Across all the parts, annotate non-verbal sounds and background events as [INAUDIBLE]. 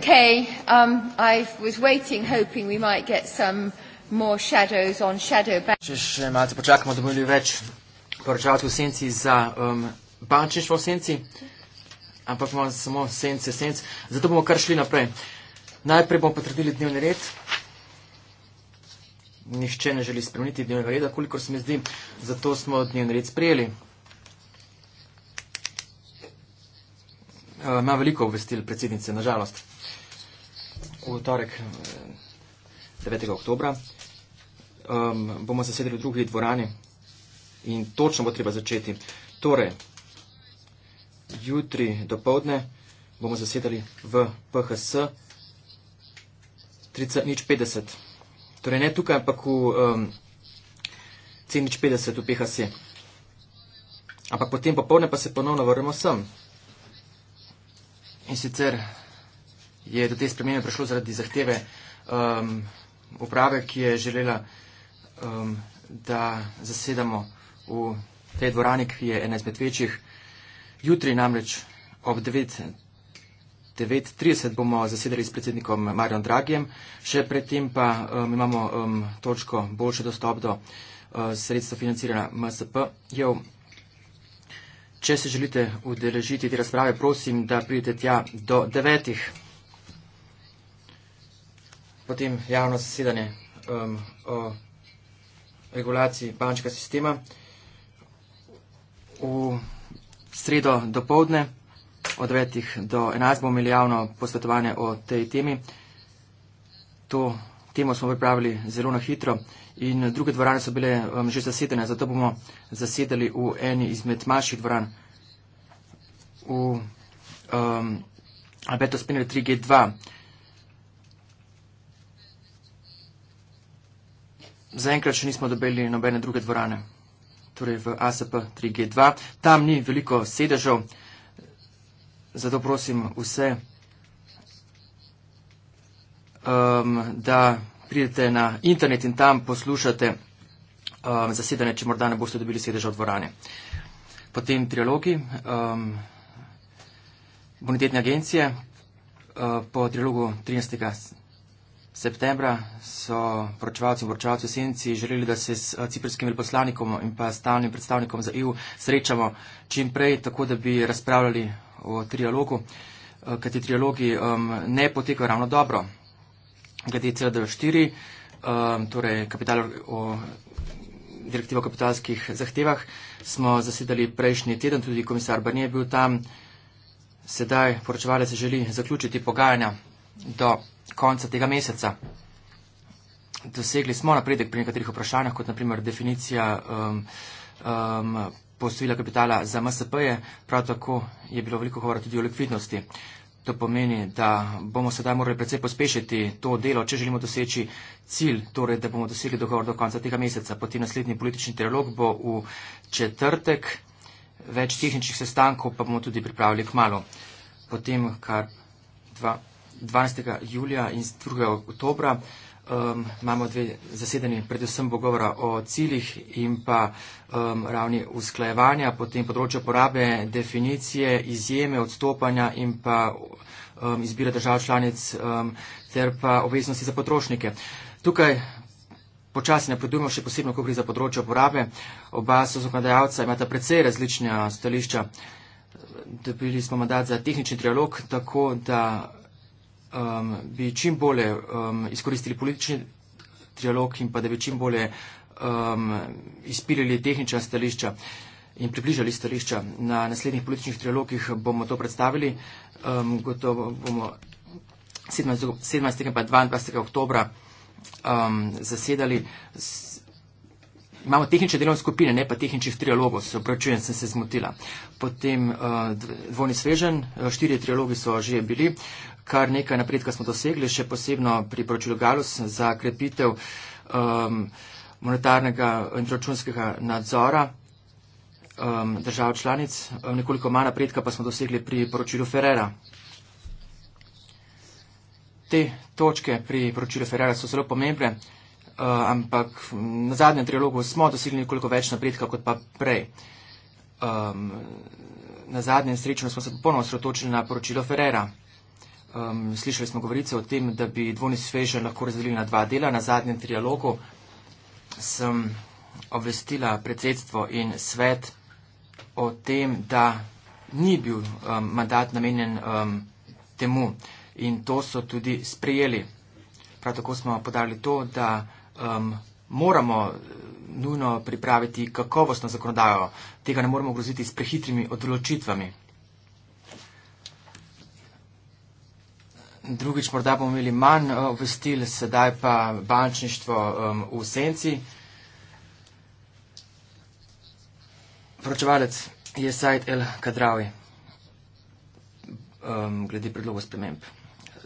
Okay, um, I was waiting, hoping we might get some more shadows on shadow um, banches. ampak imamo samo sence, sence. Zato bomo kar šli naprej. Najprej bomo potrdili dnevni red. Nihče ne želi spremeniti dnevnega reda, kolikor se mi zdi, zato smo dnevni red sprejeli. Uh, ima veliko obvestil predsednice, nažalost v torek 9. oktober. Um, bomo se sedeli v drugi dvorani in točno bo treba začeti. Torej, jutri do povdne bomo zasedali v PHS 3050. Torej ne tukaj, ampak v um, C050 v PHS. Ampak potem popovdne pa se ponovno vrnemo sem. In sicer je do te spremembe prišlo zaradi zahteve um, uprave, ki je želela, um, da zasedamo v tej dvorani, ki je ena izmed večjih. Jutri namreč ob 9.30 bomo zasedali s predsednikom Marjom Dragijem, še predtem pa um, imamo um, točko boljše dostop do uh, sredstva financiranja MSP. Jo, če se želite udeležiti te razprave, prosim, da pridete tja do 9 potem javno zasedanje um, o regulaciji bančnega sistema. V sredo do povdne, od 9 do 11, bomo imeli javno posvetovanje o tej temi. To temo smo pripravili zelo na hitro in druge dvorane so bile um, že zasedene, zato bomo zasedali v eni izmed manjših dvoran v um, Albeto Spinner 3G2. zaenkrat še nismo dobili nobene druge dvorane, torej v ASP 3G2. Tam ni veliko sedežev, zato prosim vse, um, da pridete na internet in tam poslušate um, zasedanje, če morda ne boste dobili sedeža v dvorane. Potem trilogi, um, bonitetne agencije uh, po trilogu 13. Septembra so poročevalci in poročevalci v Senci želeli, da se s eh, ciprskim veljposlanikom in pa stalnim predstavnikom za EU srečamo čim prej, tako da bi razpravljali o trialogu, eh, kajti trialogi um, ne potekajo ravno dobro. Glede CLD4, um, torej kapital o direktivo o kapitalskih zahtevah, smo zasedali prejšnji teden, tudi komisar Barnier je bil tam. Sedaj poročevalec želi zaključiti pogajanja do konca tega meseca. Dosegli smo napredek pri nekaterih vprašanjah, kot naprimer definicija um, um, posojila kapitala za MSP-je, prav tako je bilo veliko govora tudi o likvidnosti. To pomeni, da bomo sedaj morali predvsej pospešiti to delo, če želimo doseči cilj, torej da bomo dosegli dogovor do konca tega meseca. Potem naslednji politični trilog bo v četrtek, več tehničnih sestankov pa bomo tudi pripravili k malu. Potem kar dva. 12. julija in 2. oktobra. Um, imamo dve zasedanje, predvsem bo govora o ciljih in pa um, ravni usklajevanja, potem področje porabe, definicije, izjeme, odstopanja in pa um, izbira držav članic um, ter pa obveznosti za potrošnike. Tukaj počasi napredujemo še posebno, ko gre za področje porabe. Oba so zakonodajalca, imata precej različna stališča. Dobili smo mandat za tehnični dialog, tako da um, bi čim bolje um, izkoristili politični trialog in pa da bi čim bolje um, izpilili tehnična stališča in približali stališča. Na naslednjih političnih trialogih bomo to predstavili. Um, gotovo bomo 17. in 22. oktober um, zasedali. S, Imamo tehnične delovne skupine, ne pa tehničnih trialogov, se opravičujem, sem se zmotila. Potem uh, dvojni svežen, uh, štiri trialogi so že bili, uh, kar nekaj napredka smo dosegli, še posebno pri poročilu Galus za krepitev um, monetarnega in računskega nadzora um, držav članic. Um, nekoliko manj napredka pa smo dosegli pri poročilu Ferrera. Te točke pri poročilu Ferrera so zelo pomembne, uh, ampak na zadnjem trilogu smo dosegli nekoliko več napredka kot pa prej. Um, na zadnjem srečanju smo se popolnoma osredotočili na poročilo Ferrera. Um, slišali smo govorice o tem, da bi dvojni svežen lahko razdelili na dva dela. Na zadnjem trialogu sem obvestila predsedstvo in svet o tem, da ni bil um, mandat namenjen um, temu in to so tudi sprejeli. Prav tako smo podali to, da um, moramo nujno pripraviti kakovostno zakonodajo. Tega ne moremo groziti s prehitrimi odločitvami. drugič morda bomo imeli manj eh, obvestil, sedaj pa bančništvo um, v senci. Vročevalec je sajt El Kadravi, um, glede predlogov sprememb.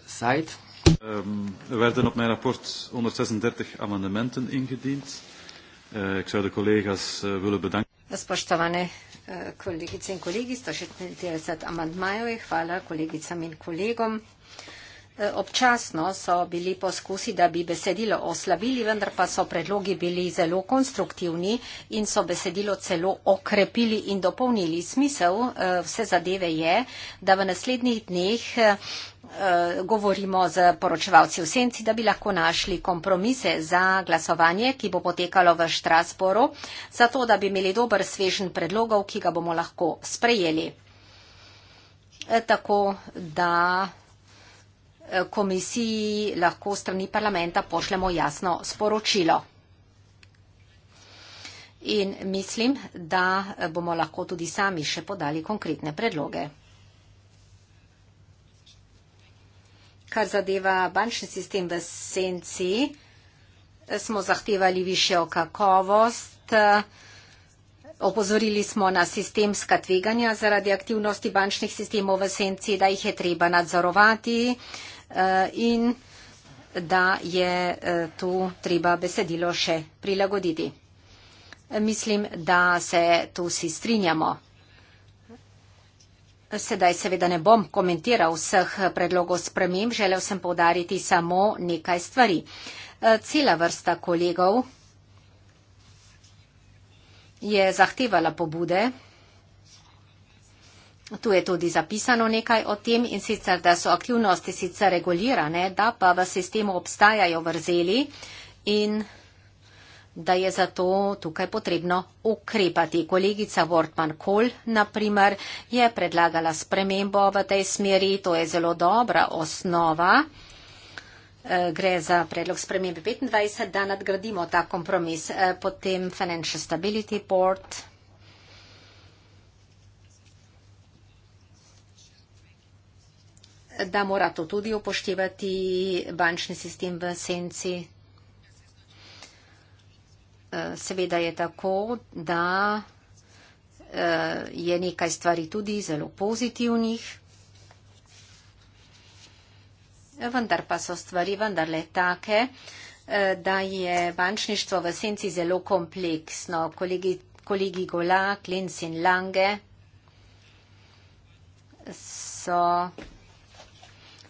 Sajt. Um, er werden op mijn rapport 136 amendementen ingediend. Uh, ik zou de collega's uh, willen bedanken. Ja, kolegice in kolegi, 136 amandmajev. Hvala kolegicam in kolegom. Eh, občasno so bili poskusi, da bi besedilo oslabili, vendar pa so predlogi bili zelo konstruktivni in so besedilo celo okrepili in dopolnili. Smisel eh, vse zadeve je, da v naslednjih dneh eh, govorimo z poročevalci v senci, da bi lahko našli kompromise za glasovanje, ki bo potekalo v Štrasporu, zato da bi imeli dober svežen predlogov, ki ga bomo lahko sprejeli. Tako da komisiji lahko strani parlamenta pošljemo jasno sporočilo. In mislim, da bomo lahko tudi sami še podali konkretne predloge. Kar zadeva bančni sistem v senci, smo zahtevali više o kakovost, opozorili smo na sistem skatveganja zaradi aktivnosti bančnih sistemov v senci, da jih je treba nadzorovati, da jih je treba nadzorovati, Eh, in da je eh, tu treba besedilo še prilagoditi. Eh, mislim, da se tu vsi strinjamo. Sedaj seveda ne bom komentiral vseh predlogov sprememb, želel sem povdariti samo nekaj stvari. Cela vrsta kolegov je zahtevala pobude, Tu je tudi zapisano nekaj o tem in sicer, da so aktivnosti sicer regulirane, da pa v sistemu obstajajo vrzeli in da je zato tukaj potrebno ukrepati. Kolegica Wortman Kohl, naprimer, je predlagala spremembo v tej smeri, to je zelo dobra osnova. Eh, gre za predlog spremembe 25, da nadgradimo ta kompromis. Eh, potem Financial Stability Board. da mora to tudi upoštevati bančni sistem v senci. Eh, seveda je tako, da eh, je nekaj stvari tudi zelo pozitivnih, vendar pa so stvari vendarle take, eh, da je bančništvo v senci zelo kompleksno. Kolegi, kolegi Gola, Klins in Lange so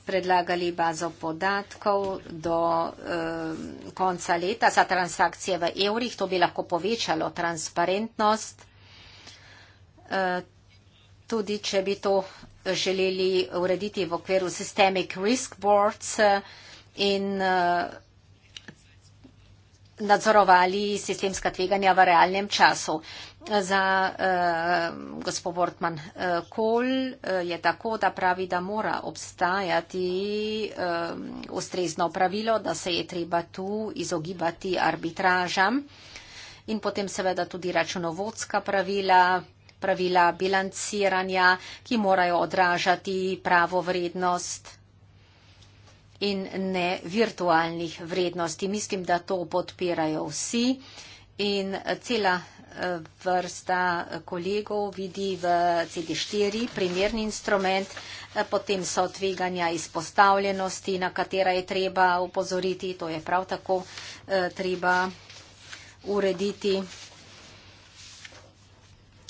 predlagali bazo podatkov do eh, konca leta za transakcije v evrih. To bi lahko povečalo transparentnost. Eh, tudi, če bi to želeli urediti v okviru Systemic Risk Boards eh, in eh, nadzorovali sistemska tveganja v realnem času za uh, eh, gospod Wortman. Uh, eh, kol uh, eh, je tako, da pravi, da mora obstajati uh, ustrezno pravilo, da se je treba tu izogibati arbitražam in potem seveda tudi računovodska pravila, pravila bilanciranja, ki morajo odražati pravo vrednost in ne virtualnih vrednosti. Mislim, da to podpirajo vsi in cela vrsta kolegov vidi v CD4 primerni instrument, potem so tveganja izpostavljenosti, na katera je treba upozoriti, to je prav tako eh, treba urediti.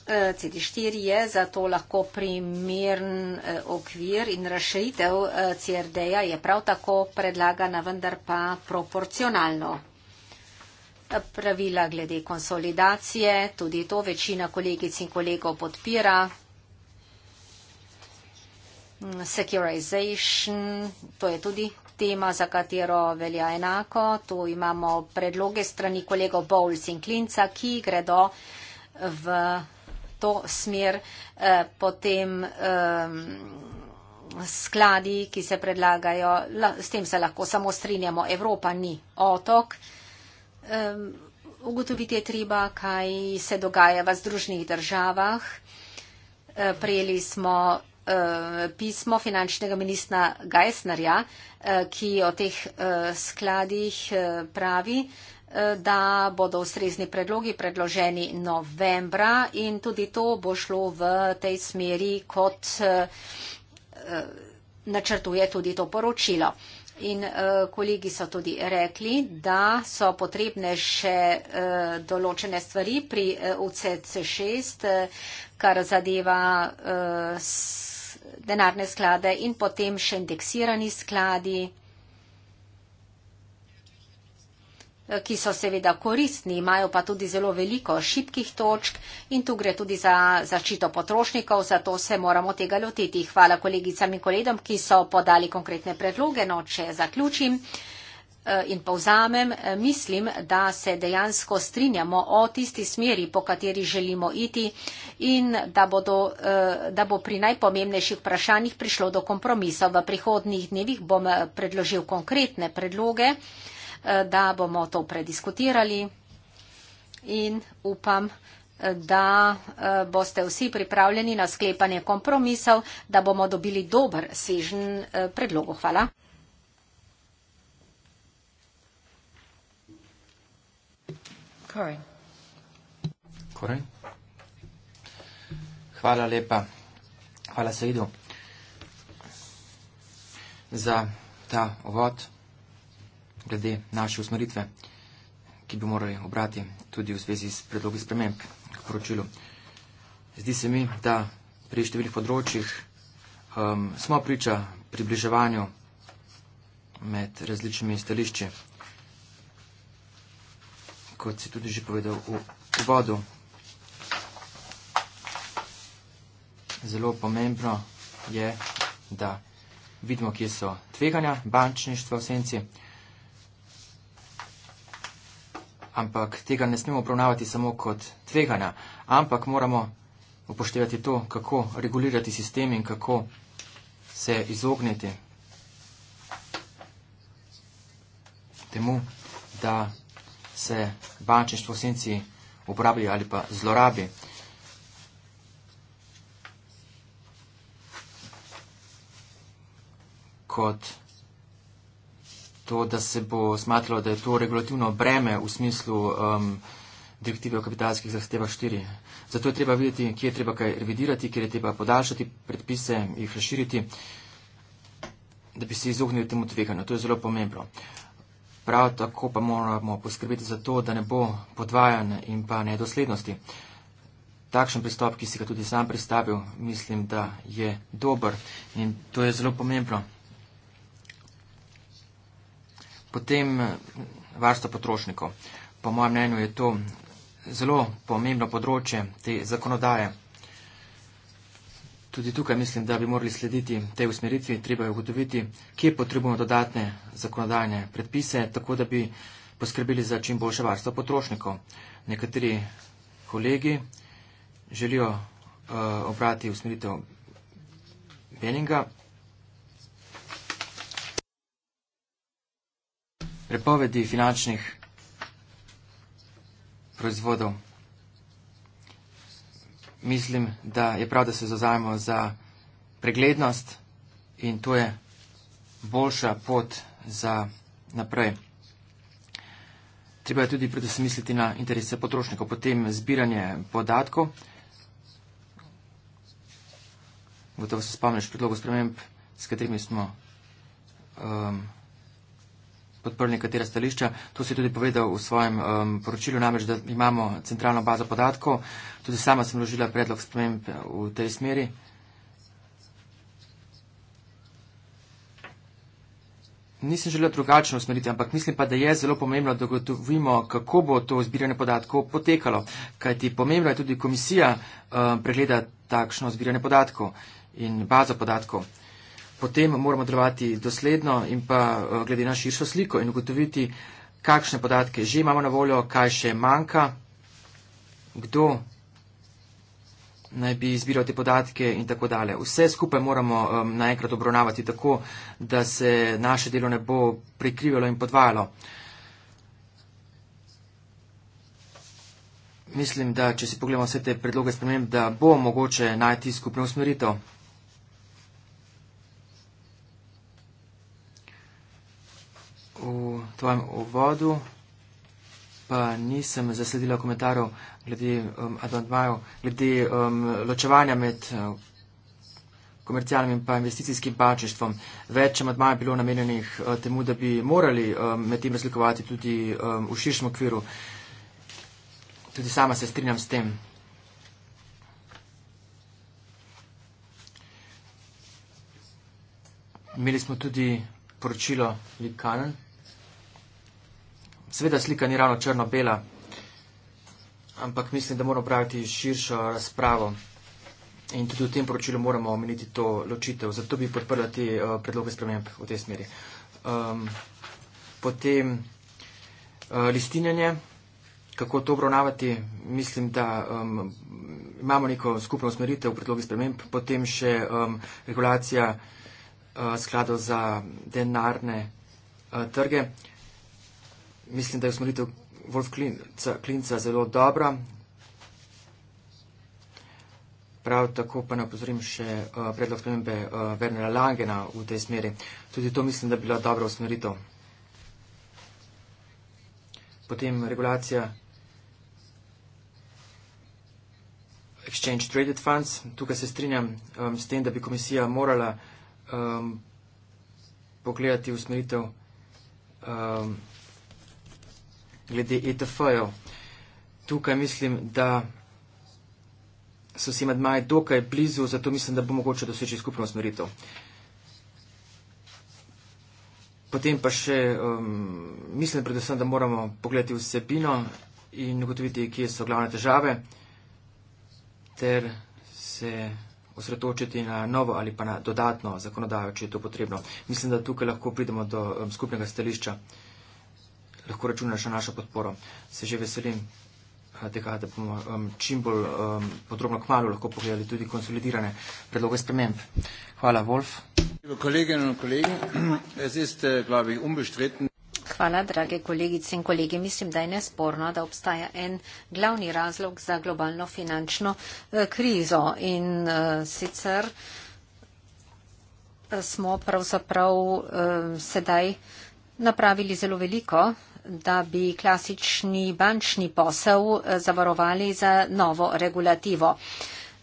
Eh, CD4 je zato lahko primern eh, okvir in razširitev CRD-ja je prav tako predlagana, vendar pa proporcionalno pravila glede konsolidacije, tudi to večina kolegic in kolegov podpira. Securization, to je tudi tema, za katero velja enako. Tu imamo predloge strani kolegov Bowles in Klinca, ki gredo v to smer. Eh, potem ehm, skladi, ki se predlagajo, s tem se lahko samo strinjamo. Evropa ni otok um, ugotoviti je treba, kaj se dogaja v združnih državah. E, Prijeli smo uh, pismo finančnega ministra Geisnerja, uh, e, ki o teh uh, skladih uh, pravi, uh, da bodo ustrezni predlogi predloženi novembra in tudi to bo šlo v tej smeri, kot uh, načrtuje tudi to poročilo. Uh, In uh, kolegi so tudi rekli, da so potrebne še uh, določene stvari pri UCC6, eh, uh, kar zadeva uh, denarne sklade in potem še indeksirani skladi. Eh, ki so seveda koristni, imajo pa tudi zelo veliko šibkih točk in tu gre tudi za zaščito potrošnikov, zato se moramo tega lotiti. Hvala kolegicam in kolegom, ki so podali konkretne predloge, no če zaključim eh, in povzamem, eh, mislim, da se dejansko strinjamo o tisti smeri, po kateri želimo iti in da, bodo, da bo pri najpomembnejših vprašanjih prišlo do kompromisa. V prihodnih dnevih bom predložil konkretne predloge da bomo to prediskutirali in upam, da eh, boste vsi pripravljeni na sklepanje kompromisov, da bomo dobili dober svežen eh, predlogo. Hvala. Korej. Hvala lepa. Hvala, Sejdu, za ta uvod glede naše usmeritve, ki bi morali obrati tudi v zvezi s predlogi sprememb k poročilu. Zdi se mi, da pri številnih področjih um, smo priča približevanju med različnimi stališči. Kot si tudi že povedal v uvodu, zelo pomembno je, da vidimo, kje so tveganja bančništva v senci ampak tega ne smemo obravnavati samo kot tvegana, ampak moramo upoštevati to, kako regulirati sistem in kako se izogniti temu, da se bančništvo v senci uporablja ali pa zlorabi. Kot to, da se bo smatralo, da je to regulativno breme v smislu um, direktive o kapitalskih zahtevah 4. Zato je treba videti, kje je treba kaj revidirati, kje je treba podaljšati predpise, jih raširiti, da bi se izognili temu tveganju. To je zelo pomembno. Prav tako pa moramo poskrbeti za to, da ne bo podvajan in pa nedoslednosti. Takšen pristop, ki si ga tudi sam predstavil, mislim, da je dober in to je zelo pomembno. Potem eh, varstvo potrošnikov. Po mojem mnenju je to zelo pomembno področje te zakonodaje. Tudi tukaj mislim, da bi morali slediti tej usmeritvi, treba je ugotoviti, kje potrebujemo dodatne zakonodajne predpise, tako da bi poskrbeli za čim boljše varstvo potrošnikov. Nekateri kolegi želijo uh, obrati usmeritev Beninga, prepovedi finančnih proizvodov. Mislim, da je prav, da se zazajmo za preglednost in to je boljša pot za naprej. Treba je tudi predvsem misliti na interese potrošnikov, potem zbiranje podatkov. Gotovo se spomniš predlogov sprememb, s katerimi smo um, podprli nekatera stališča. To si tudi povedal v svojem um, poročilu, namreč, da imamo centralno bazo podatkov. Tudi sama sem vložila predlog sprememb uh, v tej smeri. Nisem želela drugačno usmeriti, ampak mislim pa, da je zelo pomembno, da gotovimo, kako bo to zbiranje podatkov potekalo. Kajti pomembno je tudi komisija uh, pregleda takšno zbiranje podatkov in bazo podatkov potem moramo delovati dosledno in pa eh, glede na širšo sliko in ugotoviti, kakšne podatke že imamo na voljo, kaj še manjka, kdo naj bi izbiral te podatke in tako dalje. Vse skupaj moramo um, naenkrat obravnavati tako, da se naše delo ne bo prikrivalo in podvajalo. Mislim, da če si pogledamo vse te predloge sprememb, da bo mogoče najti skupno usmeritev. tvojem uvodu, pa nisem zasledila komentarov glede um, Advantmajo, glede um, ločevanja med uh, komercialnim pa investicijskim bančništvom. Več amadma je bilo namenjenih uh, temu, da bi morali um, med tem razlikovati tudi um, v širšem okviru. Tudi sama se strinjam s tem. Imeli smo tudi poročilo Lee Cannon. Sveda slika ni ravno črno-bela, ampak mislim, da moramo praviti širšo razpravo in tudi v tem poročilu moramo omeniti to ločitev. Zato bi podprla te eh, predloge sprememb v tej smeri. Um, potem uh, eh, listinjanje, kako to obravnavati. Mislim, da um, imamo neko skupno usmeritev v predlogi sprememb. Potem še um, regulacija uh, eh, sklado za denarne uh, trge mislim, da je usmeritev Wolf Klinca, Klinca zelo dobra. Prav tako pa napozorim še uh, predlog spremembe uh, Wernera Langena v tej smeri. Tudi to mislim, da bi bila dobra usmeritev. Potem regulacija Exchange Traded Funds. Tukaj se strinjam um, s tem, da bi komisija morala um, pogledati usmeritev um, glede ETF-jev. Tukaj mislim, da so si med maj dokaj blizu, zato mislim, da bo mogoče doseči skupno smeritev. Potem pa še um, mislim predvsem, da moramo pogledati vsebino in ugotoviti, kje so glavne težave, ter se osredotočiti na novo ali pa na dodatno zakonodajo, če je to potrebno. Mislim, da tukaj lahko pridemo do um, skupnega stališča lahko računaš na našo podporo. Se že veselim eh, tega, da bomo um, čim bolj um, podrobno k malu lahko pogledali tudi konsolidirane predloge sprememb. Hvala, Wolf. [CLEARS THROAT] Äh, Hvala, drage kolegice in kolegi. Mislim, da je nesporno, da obstaja en glavni razlog za globalno finančno eh, krizo in eh, sicer smo pravzaprav sedaj napravili zelo veliko da bi klasični bančni posel zavarovali za novo regulativo.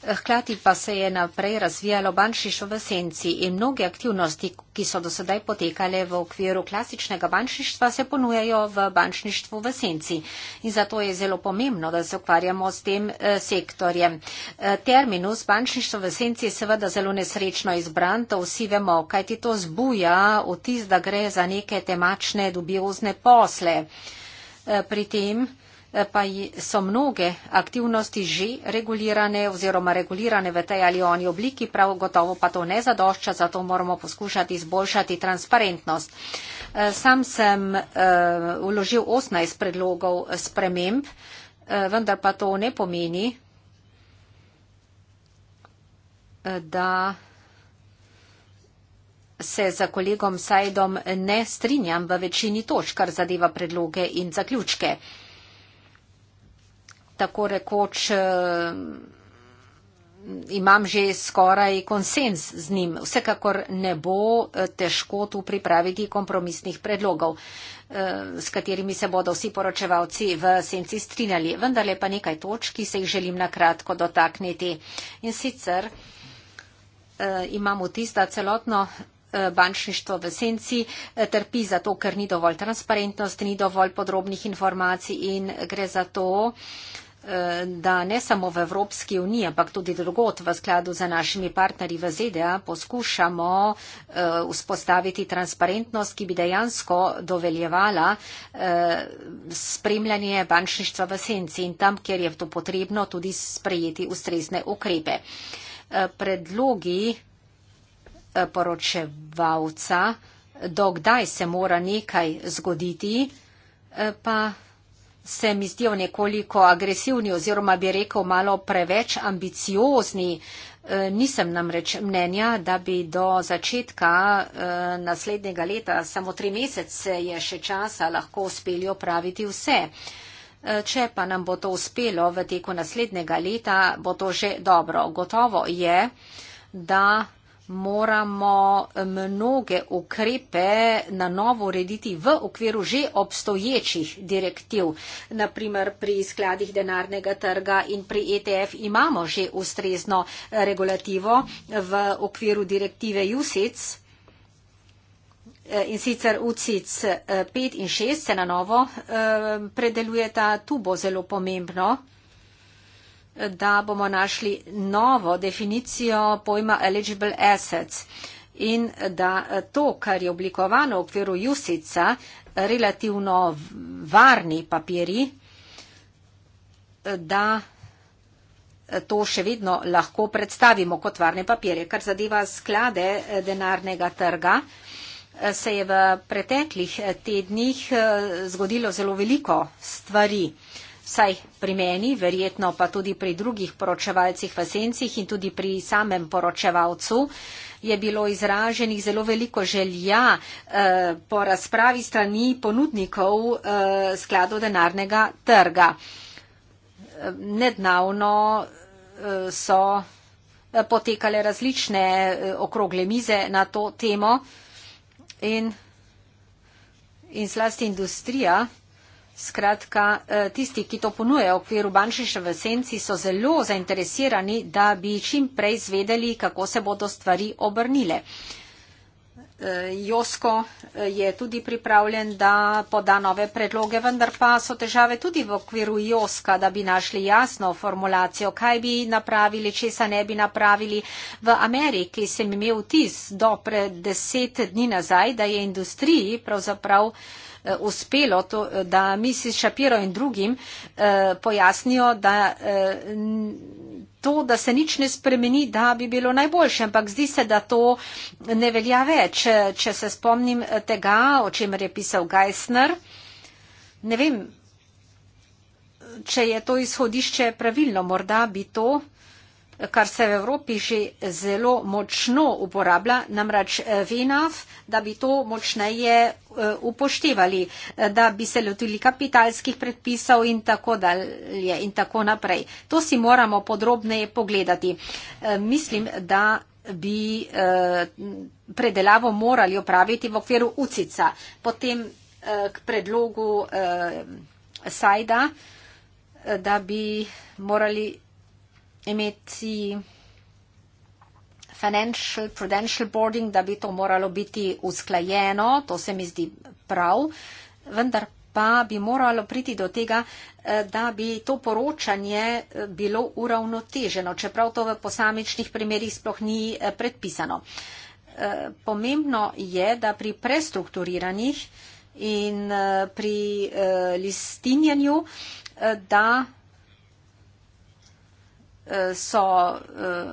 Eh, hkrati pa se je naprej razvijalo banšišo v senci in mnoge aktivnosti, ki so do sedaj potekale v okviru klasičnega banšištva, se ponujajo v banšništvu v senci. In zato je zelo pomembno, da se ukvarjamo s tem eh, sektorjem. Eh, terminus banšništvo v senci je seveda zelo nesrečno izbran, to vsi vemo, kaj ti to zbuja vtis, da gre za neke temačne dubiozne posle. Eh, pri tem eh, Eh, pa so mnoge aktivnosti že regulirane oziroma regulirane v tej ali oni obliki, prav gotovo pa to ne zadošča, zato moramo poskušati izboljšati transparentnost. Eh, sam sem uložil eh, 18 predlogov sprememb, vendar pa to ne pomeni, da se za kolegom Sajdom ne strinjam v večini toč, kar zadeva predloge in zaključke tako rekoč eh, imam že skoraj konsens z njim. Vsekakor ne bo eh, težko tu pripraviti kompromisnih predlogov, eh, s katerimi se bodo vsi poročevalci v senci strinjali. Vendar je pa nekaj točk, ki se jih želim na kratko dotakniti. In sicer imam vtis, da celotno bančništvo v senci trpi zato, ker ni dovolj transparentnosti, ni dovolj podrobnih informacij in gre za to, da ne samo v Evropski uniji, ampak tudi drugot v skladu z našimi partnerji v ZDA poskušamo eh, vzpostaviti transparentnost, ki bi dejansko doveljevala eh, spremljanje bančništva v senci in tam, kjer je to potrebno, tudi sprejeti ustrezne ukrepe. Eh, predlogi poročevalca, dokdaj se mora nekaj zgoditi, pa se mi zdijo nekoliko agresivni oziroma bi rekel malo preveč ambiciozni. E, nisem namreč mnenja, da bi do začetka e, naslednjega leta, samo tri mesece je še časa, lahko uspeli opraviti vse. E, če pa nam bo to uspelo v teku naslednjega leta, bo to že dobro. Gotovo je, da moramo mnoge ukrepe na novo urediti v okviru že obstoječih direktiv. Naprimer, pri skladih denarnega trga in pri ETF imamo že ustrezno regulativo v okviru direktive USIC. In sicer UCIC 5 eh, in 6 se na novo eh, predelujeta, tu bo zelo pomembno da bomo našli novo definicijo pojma eligible assets in da to, kar je oblikovano v okviru Jusica, relativno varni papiri, da to še vedno lahko predstavimo kot varne papirje. Kar zadeva sklade eh, denarnega trga, eh, se je v preteklih eh, tednih zgodilo zelo veliko stvari. Saj pri meni, verjetno pa tudi pri drugih poročevalcih v Sencih in tudi pri samem poročevalcu, je bilo izraženih zelo veliko želja eh, po razpravi strani ponudnikov eh, skladov denarnega trga. Nedavno eh, so eh, potekale različne eh, okrogle mize na to temo in, in slasti industrija. Skratka, eh, tisti, ki to ponujejo v okviru bančnišče v senci, so zelo zainteresirani, da bi čim prej zvedeli, kako se bodo stvari obrnile. Eh, Josko eh, je tudi pripravljen, da poda nove predloge, vendar pa so težave tudi v okviru Joska, da bi našli jasno formulacijo, kaj bi napravili, česa ne bi napravili. V Ameriki sem imel tis do pred deset dni nazaj, da je industriji pravzaprav. Eh, uspelo, to, eh, da Misi Šapiro in drugim eh, pojasnijo, da to, da se nič ne spremeni, da bi bilo najboljše, ampak zdi se, da to ne velja več. Če se spomnim tega, o čemer je pisal Geisner, ne vem, če je to izhodišče pravilno, morda bi to kar se v Evropi že zelo močno uporablja, namreč eh, VNAF, da bi to močneje eh, upoštevali, eh, da bi se lotili kapitalskih predpisov in tako dalje in tako naprej. To si moramo podrobneje pogledati. Mislim, da bi predelavo morali opraviti v okviru UCICA. Potem k predlogu Sajda, da bi morali imeti financial prudential boarding, da bi to moralo biti usklajeno, to se mi zdi prav, vendar pa bi moralo priti do tega, eh, da bi to poročanje eh, bilo uravnoteženo, čeprav to v posamičnih primerjih sploh ni eh, predpisano. Pomembno je, da pri prestrukturiranih in pri listinjanju, da so eh,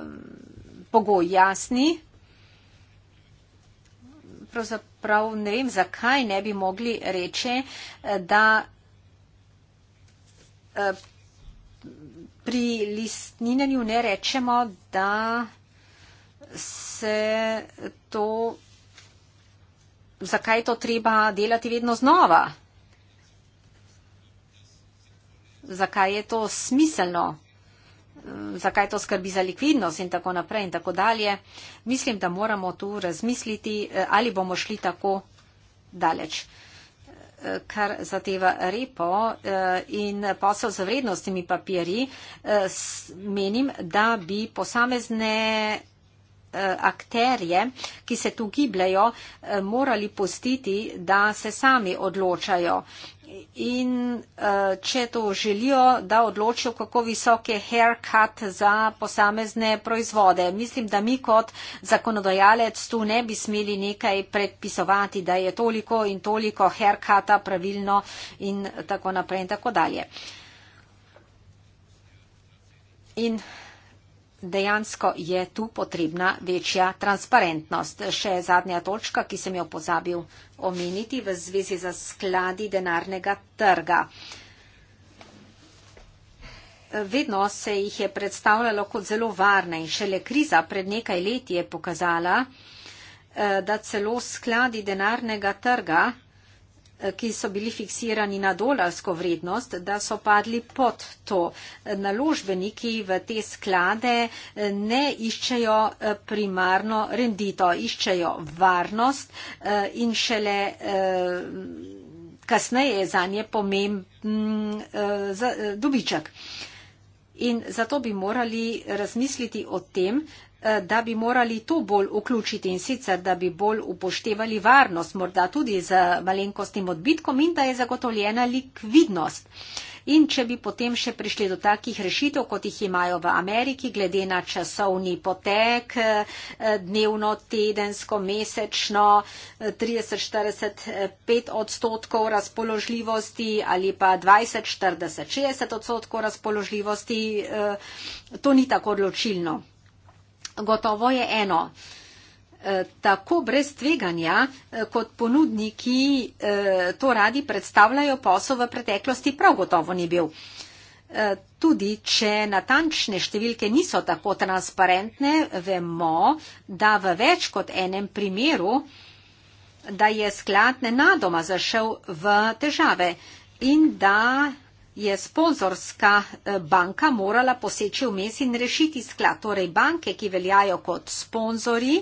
pogoji jasni. Pravzaprav ne vem, zakaj ne bi mogli reči, eh, da eh, pri listninjenju ne rečemo, da se to, zakaj je to treba delati vedno znova. Zakaj je to smiselno? zakaj to skrbi za likvidnost in tako naprej in tako dalje. Mislim, da moramo tu razmisliti, eh, ali bomo šli tako daleč eh, kar zadeva repo eh, in posel z vrednostnimi papirji, menim, da bi posamezne akterje, ki se tu gibljajo, morali pustiti, da se sami odločajo in uh, če to želijo, da odločijo, kako visok je haircut za posamezne proizvode. Mislim, da mi kot zakonodajalec tu ne bi smeli nekaj predpisovati, da je toliko in toliko haircuta pravilno in tako naprej in tako dalje. In dejansko je tu potrebna večja transparentnost. Še zadnja točka, ki sem jo pozabil omeniti v zvezi za skladi denarnega trga. Vedno se jih je predstavljalo kot zelo varne in šele kriza pred nekaj leti je pokazala, eh, da celo skladi denarnega trga ki so bili fiksirani na dolarsko vrednost, da so padli pod to. Naložbeniki v te sklade eh, ne iščejo eh, primarno rendito, iščejo varnost eh, in šele kasneje je za nje pomemben dobiček. In zato bi morali razmisliti o tem, Eh, da bi morali to bolj vključiti in sicer, da bi bolj upoštevali varnost, morda tudi z malenkostnim odbitkom in da je zagotovljena likvidnost. In če bi potem še prišli do takih rešitev, kot jih imajo v Ameriki, glede na časovni potek, eh, dnevno, tedensko, mesečno, 30, 40, 5 odstotkov razpoložljivosti ali pa 20, 40, 60 odstotkov razpoložljivosti, eh, to ni tako odločilno gotovo je eno. E, tako brez tveganja, e, kot ponudniki e, to radi predstavljajo posel v preteklosti, prav gotovo ni bil. Tudi, če natančne številke niso tako transparentne, vemo, da v več kot enem primeru, da je sklad nenadoma zašel v težave in da je sponzorska eh, banka morala poseči vmes in rešiti sklad. Torej banke, ki veljajo kot sponzori,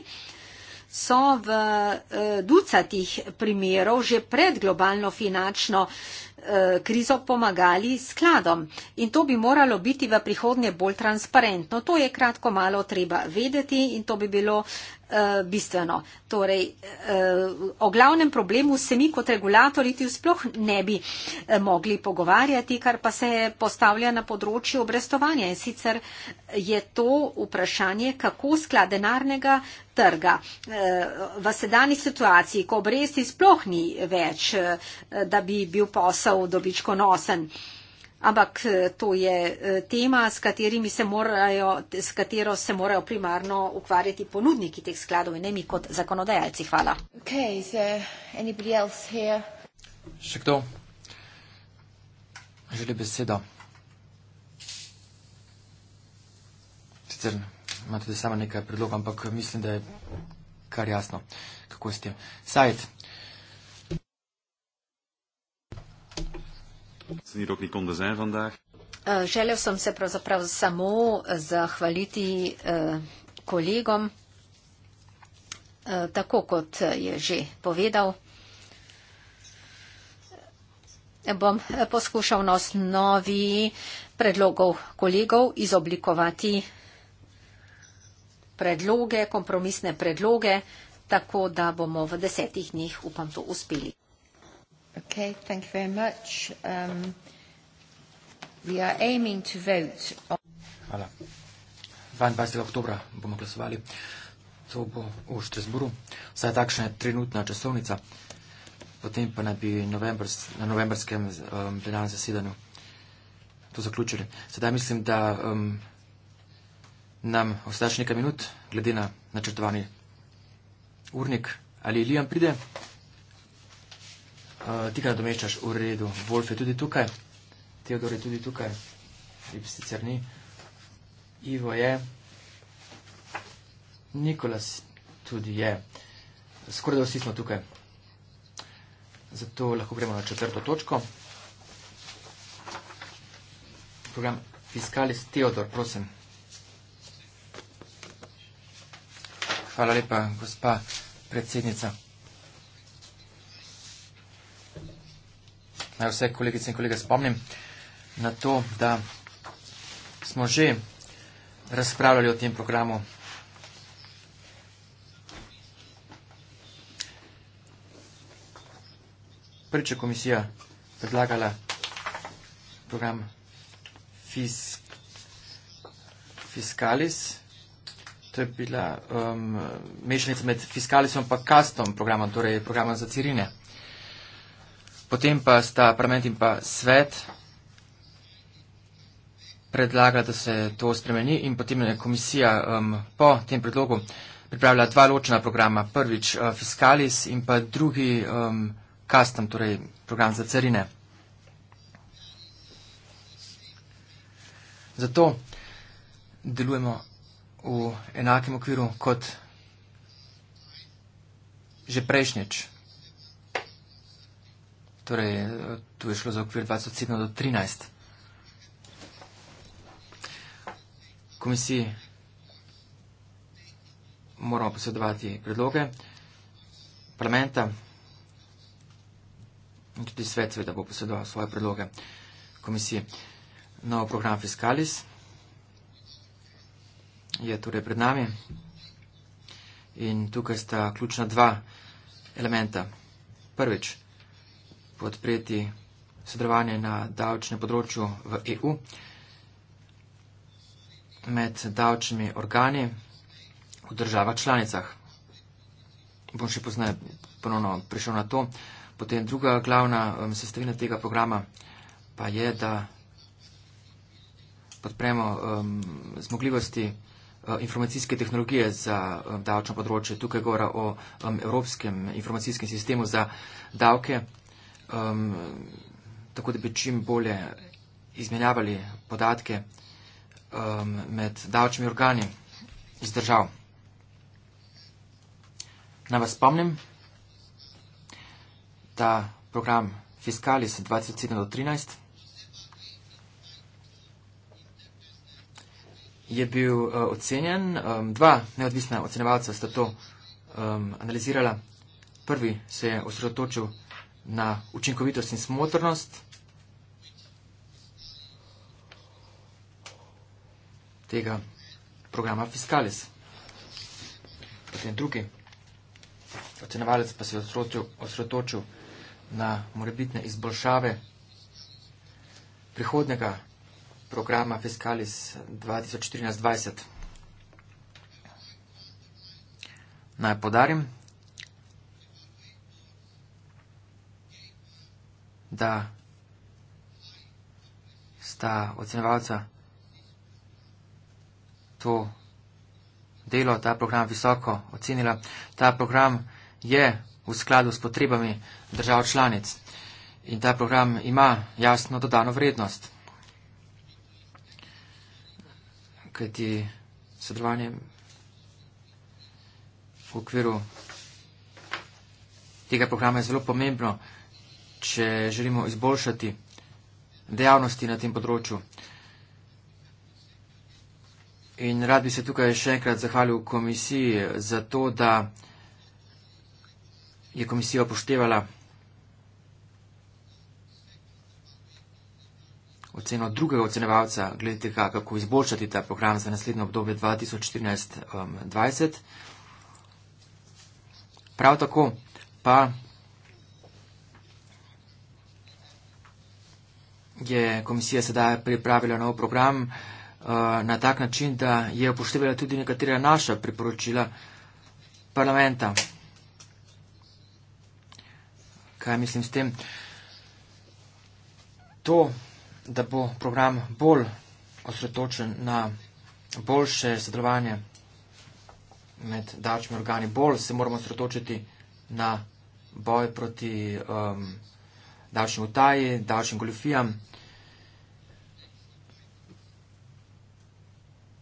so v eh, ducatih primerov že pred globalno finančno eh, krizo pomagali skladom in to bi moralo biti v prihodnje bolj transparentno. To je kratko malo treba vedeti in to bi bilo Eh, bistveno. Torej, eh, o glavnem problemu se mi kot regulatorji ti sploh ne bi eh, mogli pogovarjati, kar pa se postavlja na področju obrestovanja. In sicer je to vprašanje, kako sklad denarnega trga v sedani situaciji, ko obresti sploh ni več, da bi bil posel dobičkonosen. Ampak eh, to je eh, tema, s, se morajo, s katero se morajo primarno ukvarjati ponudniki teh skladov in ne mi kot zakonodajalci. Hvala. Okay, Še kdo? Želi besedo? Sicer imate samo nekaj predlogov, ampak mislim, da je kar jasno, kako s tem. Sajt. Sem hier ook niet konden zijn vandaag. Eh, želel sem se pravzaprav samo eh, zahvaliti eh, kolegom, tako kot je že povedal. Bom poskušal na osnovi predlogov kolegov izoblikovati predloge, kompromisne predloge, tako da bomo v desetih dneh, upam, to uspeli. Okay, thank you very much. Um, we are aiming to vote on... Hvala. 22. oktobra bomo glasovali. To bo v Štresburu. Vsaj takšna je trenutna časovnica. Potem pa naj bi novembr, na novembrskem um, plenarnem zasedanju to zaključili. Sedaj mislim, da um, nam ostaje še nekaj minut, glede na načrtovani urnik. Ali Ilijan pride? Ja. Uh, ti ga nadomeščaš v redu. Wolf je tudi tukaj. Teodor je tudi tukaj. Ibis sicer ni. Ivo je. Nikolas tudi je. Skoraj da vsi smo tukaj. Zato lahko gremo na četrto točko. Program Fiskalis Teodor, prosim. Hvala lepa, gospa predsednica. Naj vse kolegice in kolege spomnim na to, da smo že razpravljali o tem programu. Prvič je komisija predlagala program Fiskalis. To je bila um, mešanica med fiskalisom in kastom programom, torej programom za cirine. Potem pa sta parlament in pa svet predlagala, da se to spremeni in potem je komisija um, po tem predlogu pripravila dva ločena programa. Prvič uh, Fiskalis in pa drugi um, Custom, torej program za carine. Zato delujemo v enakem okviru kot že prejšnjič. Torej, eh, tu je šlo za okvir 27 do 13. Komisiji moramo posredovati predloge parlamenta in tudi svet seveda bo posredoval svoje predloge komisiji. Nov program Fiskalis je torej pred nami in tukaj sta ključna dva elementa. Prvič, podpreti sodelovanje na davčnem področju v EU med davčnimi organi v državah članicah. Bom še poznaj ponovno prišel na to. Potem druga glavna um, sestavina tega programa pa je, da podpremo um, zmogljivosti uh, informacijske tehnologije za um, davčno področje. Tukaj govora o um, Evropskem informacijskem sistemu za davke um, tako da bi čim bolje izmenjavali podatke um, med davčnimi organi iz držav. Naj vas spomnim, da program Fiskalis 27 do 13 je bil uh, ocenjen. Um, dva neodvisna ocenjevalca sta to um, analizirala. Prvi se je osredotočil na učinkovitost in smotrnost tega programa Fiskalis. Potem drugi ocenovalec pa se je osredotočil na morebitne izboljšave prihodnega programa Fiskalis 2014-2020. Naj podarim, da sta ocenjevalca to delo, ta program visoko ocenila. Ta program je v skladu s potrebami držav članic in ta program ima jasno dodano vrednost, kajti sodelovanje v okviru tega programa je zelo pomembno če želimo izboljšati dejavnosti na tem področju. In rad bi se tukaj še enkrat zahvalil komisiji za to, da je komisija upoštevala oceno drugega ocenevalca, glede tega, kako izboljšati ta program za naslednjo obdobje 2014-2020. Um, Prav tako pa je komisija sedaj pripravila nov program uh, na tak način, da je upoštevala tudi nekatera naša priporočila parlamenta. Kaj mislim s tem? To, da bo program bolj osredotočen na boljše sodelovanje med davčnimi organi, bolj se moramo osredotočiti na boj proti um, davčnim utaji, davčnim goljofijam.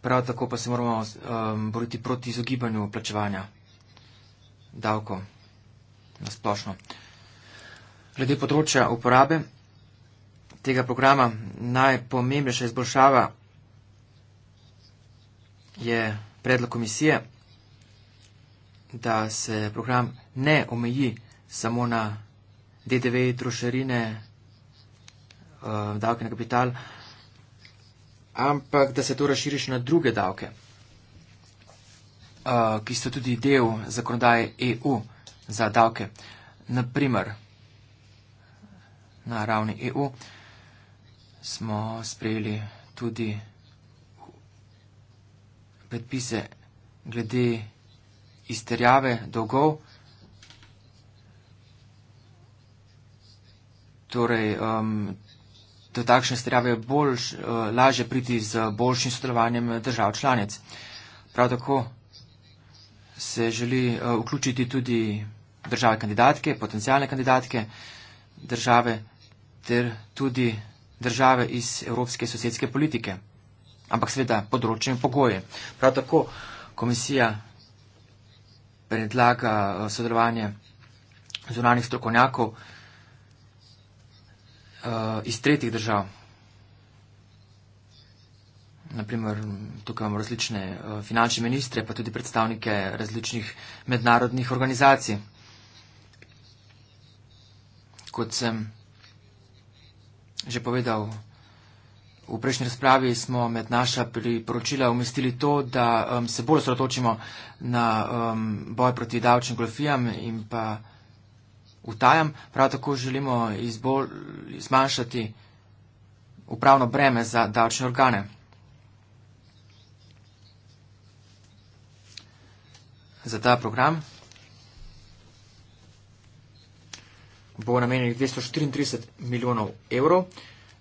Prav tako pa se moramo um, boriti proti izogibanju plačevanja davko na splošno. Glede področja uporabe tega programa najpomembnejša izboljšava je predlog komisije, da se program ne omeji samo na DDV, trošarine, eh, davke na kapital, ampak da se to razširiš na druge davke, eh, ki so tudi del zakonodaje EU za davke. Naprimer, na ravni EU smo sprejeli tudi predpise glede izterjave dolgov. torej, um, do takšne strjave boljš, uh, lažje priti z boljšim sodelovanjem držav članic. Prav tako se želi uh, vključiti tudi države kandidatke, potencijalne kandidatke, države ter tudi države iz evropske sosedske politike, ampak seveda področje in pogoje. Prav tako komisija predlaga uh, sodelovanje zunanih strokovnjakov uh, uh, iz tretjih držav. Naprimer, tukaj imamo različne uh, finančne ministre, pa tudi predstavnike različnih mednarodnih organizacij. Kot sem že povedal v prejšnji razpravi, smo med naša priporočila umestili to, da um, se bolj sredotočimo na um, boj proti davčnim golfijam in pa utajam, prav tako želimo izbolj, zmanjšati upravno breme za davčne organe. Za ta program bo namenjenih 234 milijonov evrov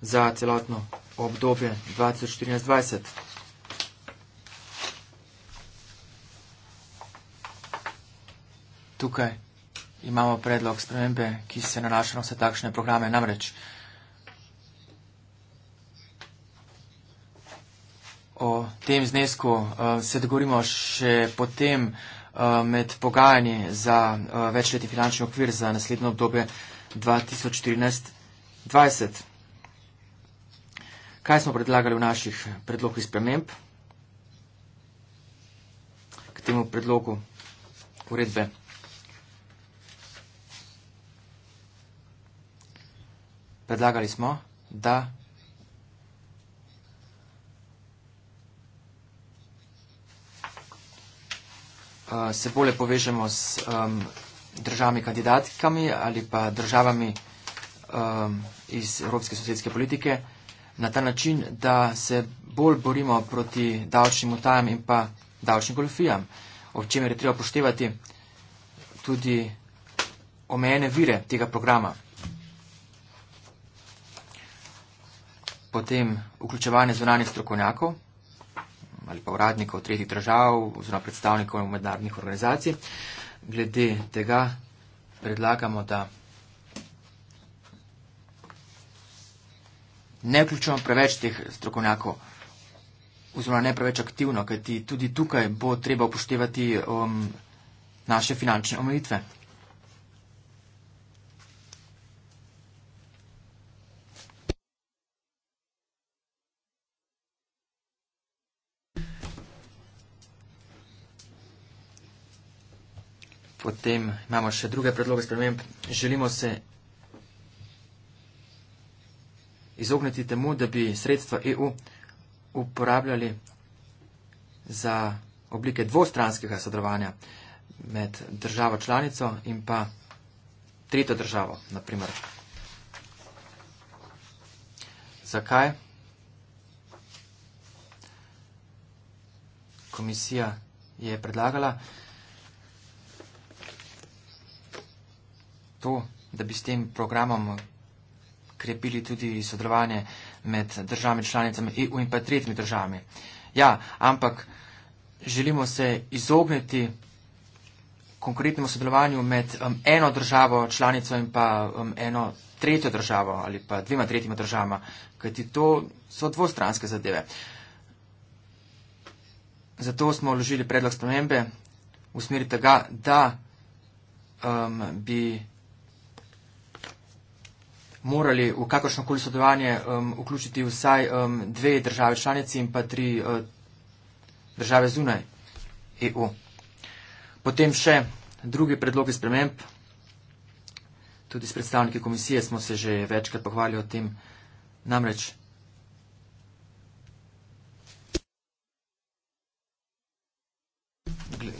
za celotno obdobje 2014-2020. Tukaj imamo predlog spremembe, ki se nanaša na vse takšne programe. Namreč o tem znesku uh, se dogovorimo še potem uh, med pogajanji za uh, večletni finančni okvir za naslednjo obdobje 2014-2020. Kaj smo predlagali v naših predlogih sprememb? temu predlogu uredbe. predlagali smo, da uh, se bolje povežemo s um, državami kandidatkami ali pa državami um, iz evropske sosedske politike na ta način, da se bolj borimo proti davčnim utajam in pa davčnim golfijam, ob čemer je treba poštevati tudi omejene vire tega programa. potem vključevanje zunanih strokovnjakov ali pa uradnikov tretjih držav oziroma predstavnikov mednarodnih organizacij. Glede tega predlagamo, da ne vključujemo preveč teh strokovnjakov oziroma ne preveč aktivno, kajti tudi tukaj bo treba upoštevati um, naše finančne omejitve. Potem imamo še druge predloge sprememb. Želimo se izogniti temu, da bi sredstva EU uporabljali za oblike dvostranskega sodelovanja med državo članico in pa tretjo državo, naprimer. Zakaj? Komisija je predlagala, da to, da bi s tem programom krepili tudi sodelovanje med državami članicami EU in pa tretjimi državami. Ja, ampak želimo se izogniti konkretnemu sodelovanju med um, eno državo članico in pa um, eno tretjo državo ali pa dvema tretjima državama, kajti to so dvostranske zadeve. Zato smo vložili predlog spremembe v smeri tega, da um, bi morali v kakršno koli sodelovanje um, vključiti vsaj um, dve države članici in pa tri uh, države zunaj EU. Potem še drugi predlogi sprememb. Tudi s predstavniki komisije smo se že večkrat pohvalili o tem. Namreč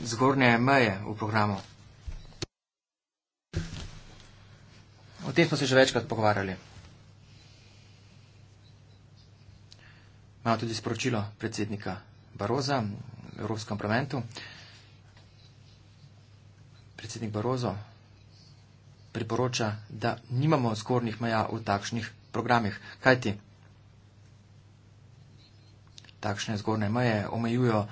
zgornje meje v programu. O tem smo se že večkrat pogovarjali. Imamo tudi sporočilo predsednika Baroza v Evropskem parlamentu. Predsednik Barozo priporoča, da nimamo zgornjih meja v takšnih programih. Kaj ti? Takšne zgornje meje omejujo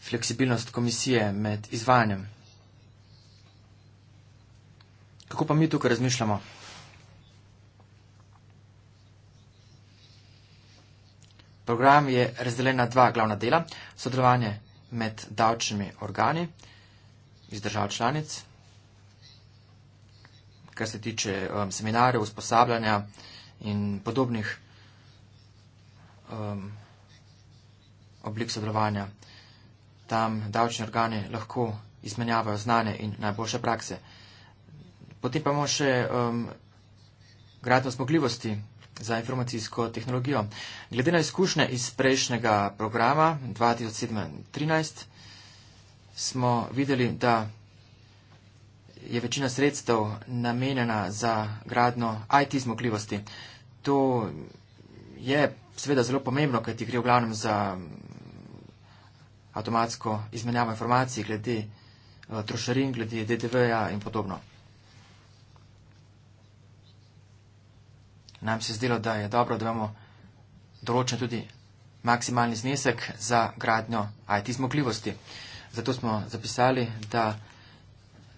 fleksibilnost komisije med izvajanjem Kako pa mi tukaj razmišljamo? Program je razdeljen na dva glavna dela. Sodelovanje med davčnimi organi iz držav članic, kar se tiče um, seminarjev, usposabljanja in podobnih um, oblik sodelovanja. Tam davčni organi lahko izmenjavajo znanje in najboljše prakse. Potem pa imamo še um, gradno zmogljivosti za informacijsko tehnologijo. Glede na izkušnje iz prejšnjega programa 2007-2013 smo videli, da je večina sredstev namenjena za gradno IT zmogljivosti. To je seveda zelo pomembno, kaj ti gre v glavnem za um, avtomatsko izmenjavo informacij glede uh, trošarin, glede DDV-ja in podobno. nam se zdelo, da je dobro, da imamo določen tudi maksimalni znesek za gradnjo IT zmogljivosti. Zato smo zapisali, da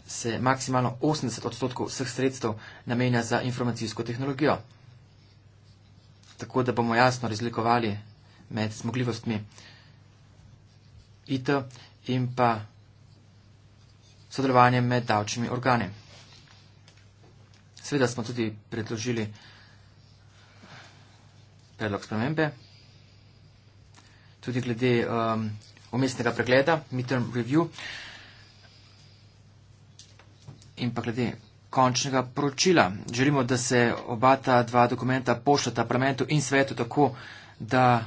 se maksimalno 80 odstotkov vseh sredstev namenja za informacijsko tehnologijo. Tako da bomo jasno razlikovali med zmogljivostmi IT in pa sodelovanjem med davčnimi organi. Sveda smo tudi predložili predlog spremembe. Tudi glede um, omestnega pregleda, midterm review in pa glede končnega poročila. Želimo, da se oba ta dva dokumenta pošljata parlamentu in svetu tako, da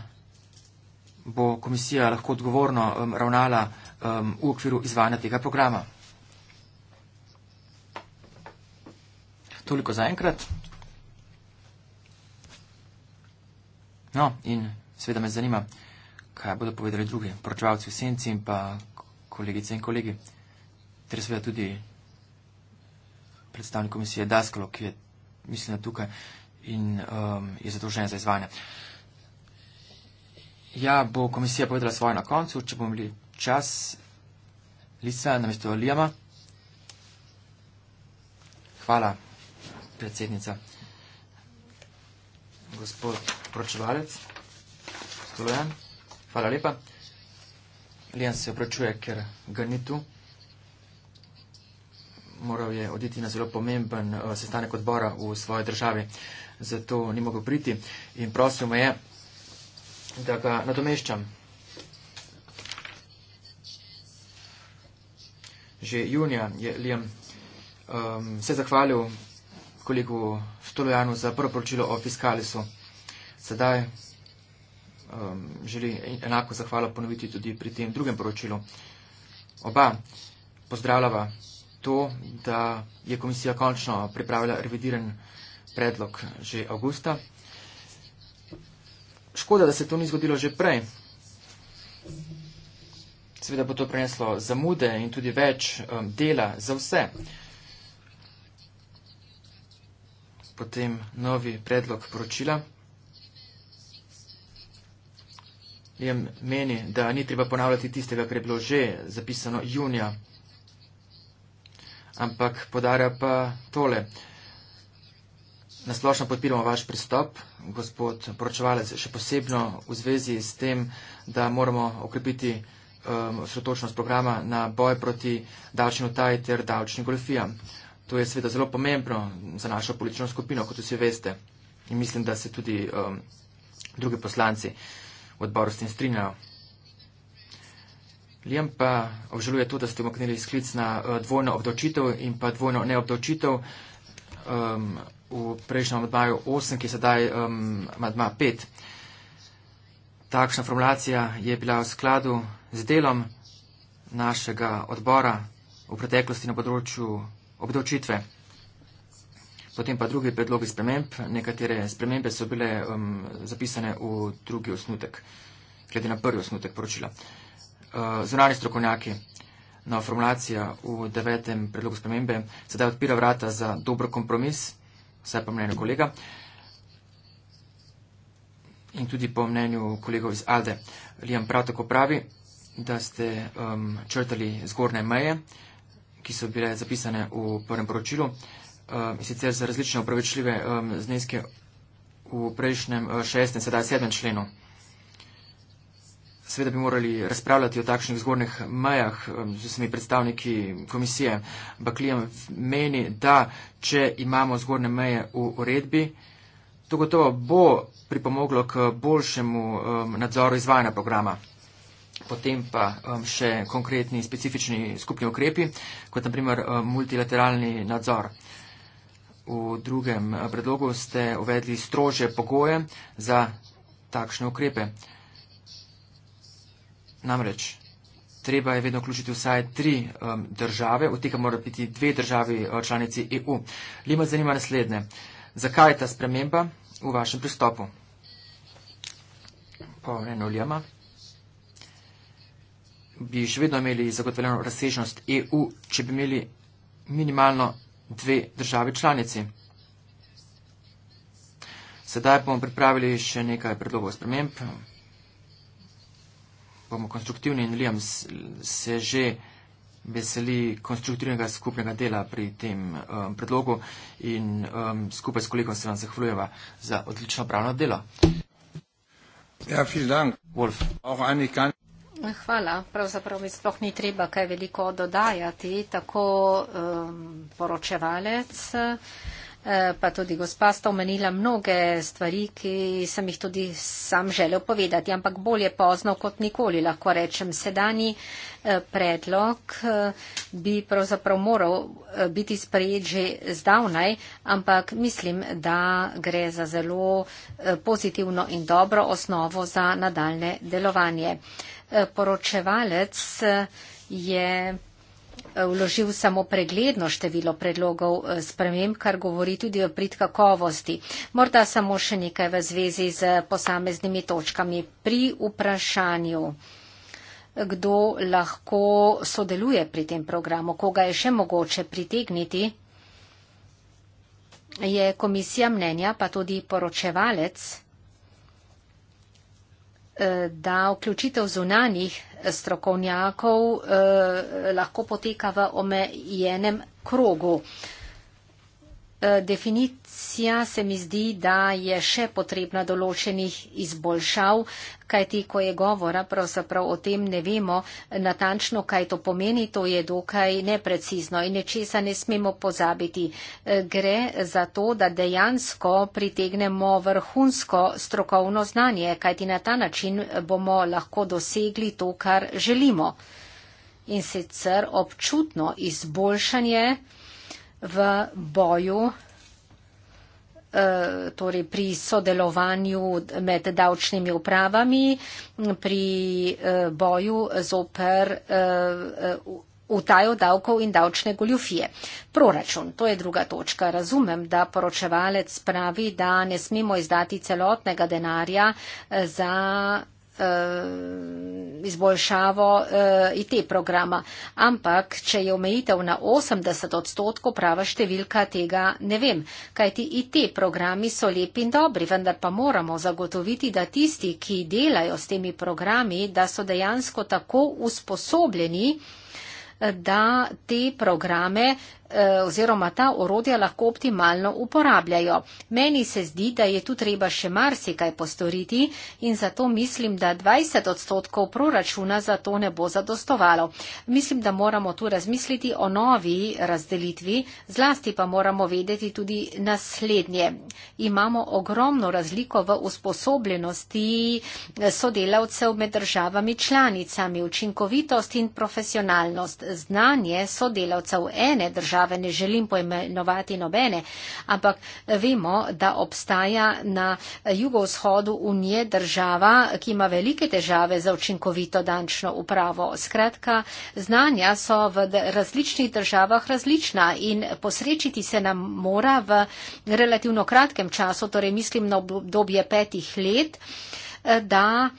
bo komisija lahko odgovorno um, ravnala um, v okviru izvajanja tega programa. Toliko za enkrat. No, in seveda me zanima, kaj bodo povedali drugi, poročevalci v senci in pa kolegice in kolegi, ter seveda tudi predstavnik komisije Daskalo, ki je, mislim, tukaj in um, je zadolžen za izvajanje. Ja, bo komisija povedala svoje na koncu, če bomo imeli čas, Lisa, namesto Lijama. Hvala, predsednica. Gospod vročevalec, stolen. Hvala lepa. Lijan se opračuje, ker ga ni tu. Moral je oditi na zelo pomemben eh, sestanek odbora v svoji državi, zato ni mogel priti in prosil me je, da ga nadomeščam. Že junija je Lijan um, ehm, se zahvalil kolegu Stolojanu za prvo poročilo o fiskalisu. Sedaj um, želim enako zahvalo ponoviti tudi pri tem drugem poročilu. Oba pozdravljava to, da je komisija končno pripravila revidiran predlog že avgusta. Škoda, da se to ni zgodilo že prej. Seveda bo to preneslo zamude in tudi več um, dela za vse. Potem novi predlog poročila. jem meni, da ni treba ponavljati tistega, kar je bilo že zapisano junija, ampak podarja pa tole. Nasplošno podpiramo vaš pristop, gospod poročevalec, še posebno v zvezi s tem, da moramo okrepiti osredotočnost um, programa na boj proti davčni utaji ter davčni golfijam. To je sveda zelo pomembno za našo politično skupino, kot vsi veste. In mislim, da se tudi um, drugi poslanci uh, odboru s tem strinjajo. Lijem pa obžaluje to, da ste umaknili sklic na eh, dvojno obdavčitev in pa dvojno neobdavčitev um, v prejšnjem amadmaju 8, ki je sedaj amadma um, 5. Takšna formulacija je bila v skladu z delom našega odbora v preteklosti na področju obdavčitve. Potem pa drugi predlogi sprememb. Nekatere spremembe so bile um, zapisane v drugi osnutek, glede na prvi osnutek poročila. Uh, Zunani strokovnjaki. Nova formulacija v devetem predlogu spremembe sedaj odpira vrata za dober kompromis, vsaj po mnenju kolega in tudi po mnenju kolegov iz Alde. Lijam prav tako pravi, da ste um, črtali zgornje meje, ki so bile zapisane v prvem poročilu. Uh, Eh, in sicer za različne upravičljive zneske v prejšnjem 16, eh, sedaj 7 členu. Seveda bi morali razpravljati o takšnih zgornjih mejah z vsemi predstavniki komisije. Baklijan meni, da če imamo zgornje meje v uredbi, to gotovo bo pripomoglo k boljšemu nadzoru izvajanja programa. Potem pa še konkretni specifični skupni ukrepi, kot naprimer multilateralni nadzor. V drugem predlogu ste uvedli strože pogoje za takšne ukrepe. Namreč, treba je vedno vključiti vsaj tri um, države, v tega mora biti dve državi uh, članici EU. Lima zanima naslednje. Zakaj je ta sprememba v vašem pristopu? Po eno Lima bi še vedno imeli zagotovljeno razsežnost EU, če bi imeli minimalno dve države članici. Sedaj bomo pripravili še nekaj predlogov sprememb. Bomo konstruktivni in Liam se že veseli konstruktivnega skupnega dela pri tem um, predlogu in um, skupaj s kolegom se vam zahvaljujeva za odlično pravno delo. Ja, vielen Dank. Wolf. Auch eigentlich gar nicht. Hvala. Pravzaprav mi sploh ni treba kaj veliko dodajati. Tako um, poročevalec, eh, pa tudi gospa sta omenila mnoge stvari, ki sem jih tudi sam želel povedati, ampak bolje pozno kot nikoli lahko rečem. Sedani eh, predlog eh, bi pravzaprav moral biti sprejet že zdavnaj, ampak mislim, da gre za zelo pozitivno in dobro osnovo za nadaljne delovanje poročevalec je eh, vložil samo pregledno število predlogov eh, sprememb, kar govori tudi o prid kakovosti. Morda samo še nekaj v zvezi z posameznimi točkami. Pri vprašanju, kdo lahko sodeluje pri tem programu, koga je še mogoče pritegniti, je komisija mnenja, pa tudi poročevalec, Eh, da vključitev zunanih eh, strokovnjakov eh, lahko poteka v omejenem krogu. Eh, definicija se mi zdi, da je še potrebna določenih izboljšav, kajti ko je govora, pravzaprav o tem ne vemo natančno, kaj to pomeni, to je dokaj neprecizno in nečesa ne smemo pozabiti. Eh, gre za to, da dejansko pritegnemo vrhunsko strokovno znanje, kajti na ta način bomo lahko dosegli to, kar želimo. In sicer občutno izboljšanje v boju, eh, torej pri sodelovanju med davčnimi upravami, pri eh, boju zoper eh, utajo davkov in davčne goljufije. Proračun, to je druga točka. Razumem, da poročevalec pravi, da ne smemo izdati celotnega denarja za Eh, izboljšavo eh, IT programa. Ampak, če je omejitev na 80 odstotkov, prava številka tega ne vem. Kaj ti IT programi so lepi in dobri, vendar pa moramo zagotoviti, da tisti, ki delajo s temi programi, da so dejansko tako usposobljeni, eh, da te programe Eh, oziroma ta orodja lahko optimalno uporabljajo. Meni se zdi, da je tu treba še marsikaj postoriti in zato mislim, da 20 odstotkov proračuna za to ne bo zadostovalo. Mislim, da moramo tu razmisliti o novi razdelitvi, zlasti pa moramo vedeti tudi naslednje. Imamo ogromno razliko v usposobljenosti eh, sodelavcev med državami članicami, učinkovitost in profesionalnost, znanje sodelavcev ene države države ne želim poimenovati nobene, ampak vemo, da obstaja na jugovzhodu Unije država, ki ima velike težave za učinkovito dančno upravo. Skratka, znanja so v različnih državah različna in posrečiti se nam mora v relativno kratkem času, torej mislim na obdobje petih let, da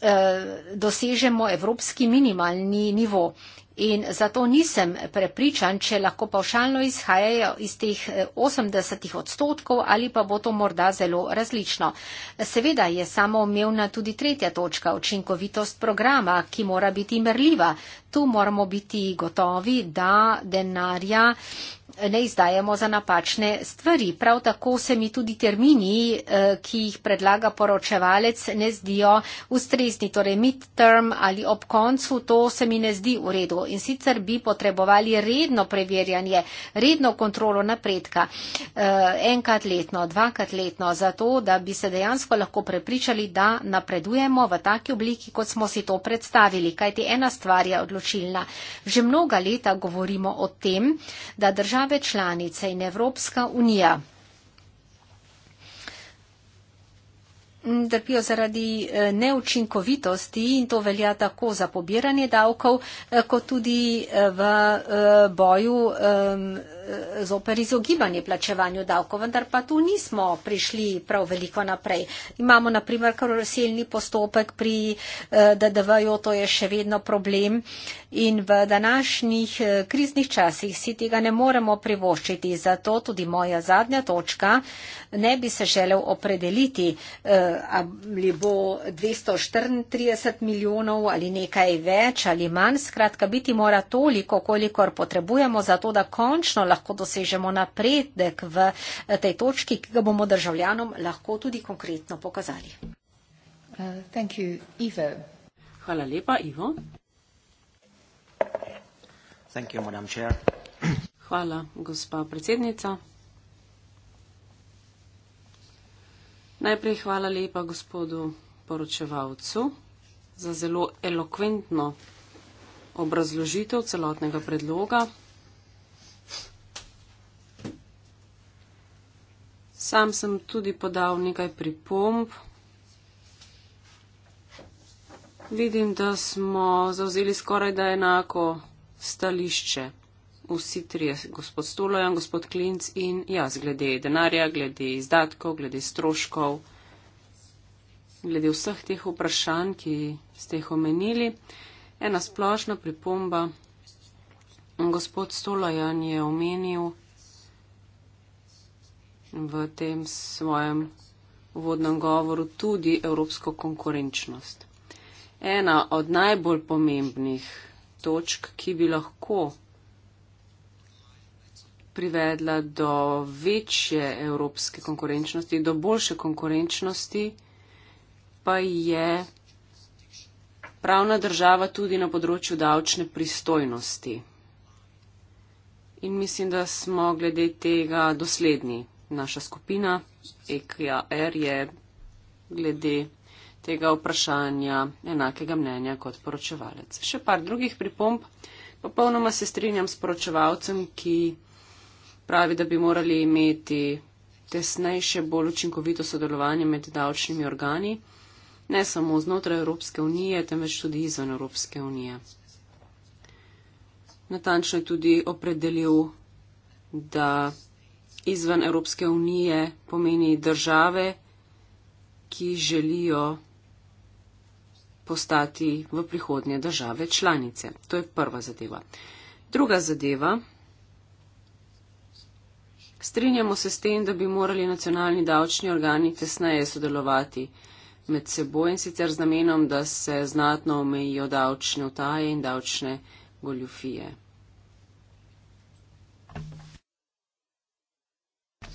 eh, dosežemo evropski minimalni nivo in zato nisem prepričan, če lahko pavšalno izhajajo iz teh 80 eh, odstotkov ali pa bo to morda zelo različno. Seveda je samo omevna tudi tretja točka, učinkovitost programa, ki mora biti merljiva. Tu moramo biti gotovi, da denarja ne izdajamo za napačne stvari. Prav tako se mi tudi termini, eh, ki jih predlaga poročevalec, ne zdijo ustrezni. Torej midterm ali ob koncu, to se mi ne zdi v redu. In sicer bi potrebovali redno preverjanje, redno kontrolo napredka, eh, enkrat letno, dvakrat letno, zato da bi se dejansko lahko prepričali, da napredujemo v taki obliki, kot smo si to predstavili. Kajti ena stvar je odločilna. Že mnoga leta govorimo o tem, da država države članice in Evropska unija. Drpijo zaradi eh, neučinkovitosti in to velja tako za pobiranje davkov, eh, kot tudi eh, v boju. Um, zoper izogibanje plačevanju davkov, vendar pa tu nismo prišli prav veliko naprej. Imamo naprimer karuselni postopek pri eh, DDV-ju, to je še vedno problem in v današnjih eh, kriznih časih si tega ne moremo privoščiti. Zato tudi moja zadnja točka, ne bi se želel opredeliti, eh, ali bo 234 milijonov ali nekaj več ali manj, skratka biti mora toliko, kolikor potrebujemo za to, da končno lahko lahko dosežemo napredek v eh, tej točki, ki ga bomo državljanom lahko tudi konkretno pokazali. Uh, you, Hvala lepa, Ivo. You, Hvala, gospa predsednica. Najprej hvala lepa gospodu poročevalcu za zelo elokventno obrazložitev celotnega predloga. Sam sem tudi podal nekaj pripomb. Vidim, da smo zauzeli skoraj da enako stališče. Vsi trije, gospod Stolojan, gospod Klinc in jaz, glede denarja, glede izdatkov, glede stroškov, glede vseh teh vprašanj, ki ste jih omenili. Ena splošna pripomba. Gospod Stolojan je omenil v tem svojem uvodnem govoru tudi evropsko konkurenčnost. Ena od najbolj pomembnih točk, ki bi lahko privedla do večje evropske konkurenčnosti, do boljše konkurenčnosti, pa je pravna država tudi na področju davčne pristojnosti. In mislim, da smo glede tega dosledni naša skupina EKR je glede tega vprašanja enakega mnenja kot poročevalec. Še par drugih pripomb. Popolnoma se strinjam s poročevalcem, ki pravi, da bi morali imeti tesnejše, bolj učinkovito sodelovanje med davčnimi organi, ne samo znotraj Evropske unije, temveč tudi izven Evropske unije. Natančno je tudi opredelil, da izven Evropske unije pomeni države, ki želijo postati v prihodnje države članice. To je prva zadeva. Druga zadeva. Strinjamo se s tem, da bi morali nacionalni davčni organi tesneje sodelovati med seboj in sicer z namenom, da se znatno omejijo davčne utaje in davčne goljufije.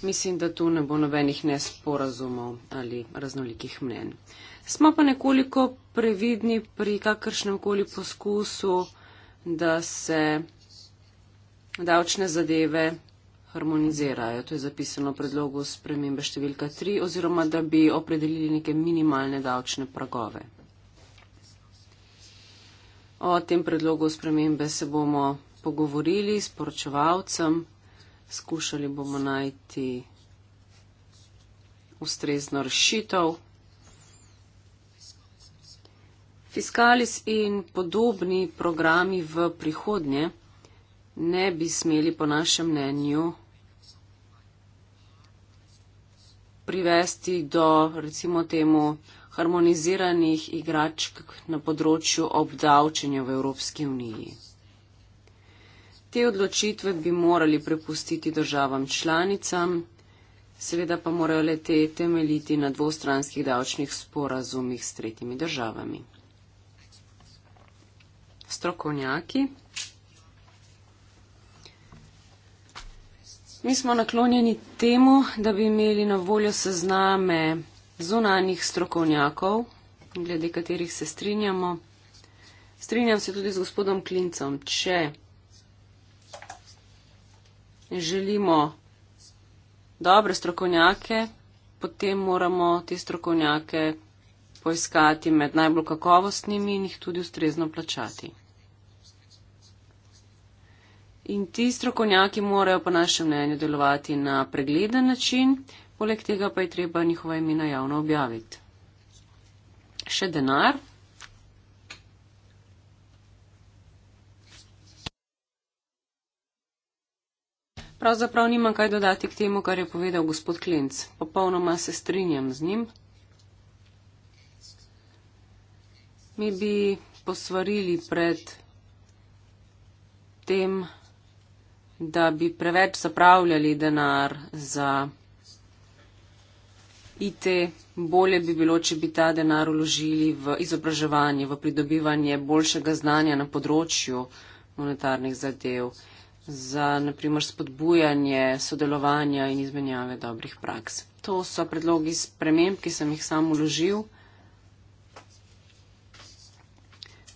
Mislim, da tu ne bo nobenih nesporazumov ali raznolikih mnen. Smo pa nekoliko previdni pri kakršnem koli poskusu, da se davčne zadeve harmonizirajo. To je zapisano v predlogu spremembe številka 3 oziroma da bi opredelili neke minimalne davčne pragove. O tem predlogu spremembe se bomo pogovorili s poročevalcem skušali bomo najti ustrezno rešitev. Fiskalis in podobni programi v prihodnje ne bi smeli po našem mnenju privesti do recimo temu harmoniziranih igračk na področju obdavčenja v Evropski uniji. Te odločitve bi morali prepustiti državam članicam, seveda pa morajo le te temeljiti na dvostranskih davčnih sporazumih s tretjimi državami. Strokovnjaki. Mi smo naklonjeni temu, da bi imeli na voljo sezname zunanih strokovnjakov, glede katerih se strinjamo. Strinjam se tudi z gospodom Klincom. Če in želimo dobre strokovnjake, potem moramo te strokovnjake poiskati med najbolj kakovostnimi in jih tudi ustrezno plačati. In ti strokovnjaki morajo po našem mnenju delovati na pregleden način, poleg tega pa je treba njihova imena javno objaviti. Še denar. Pravzaprav nimam kaj dodati k temu, kar je povedal gospod Klenc. Popolnoma se strinjam z njim. Mi bi posvarili pred tem, da bi preveč zapravljali denar za IT. Bolje bi bilo, če bi ta denar uložili v izobraževanje, v pridobivanje boljšega znanja na področju monetarnih zadev za naprimer spodbujanje sodelovanja in izmenjave dobrih praks. To so predlogi sprememb, ki sem jih sam uložil.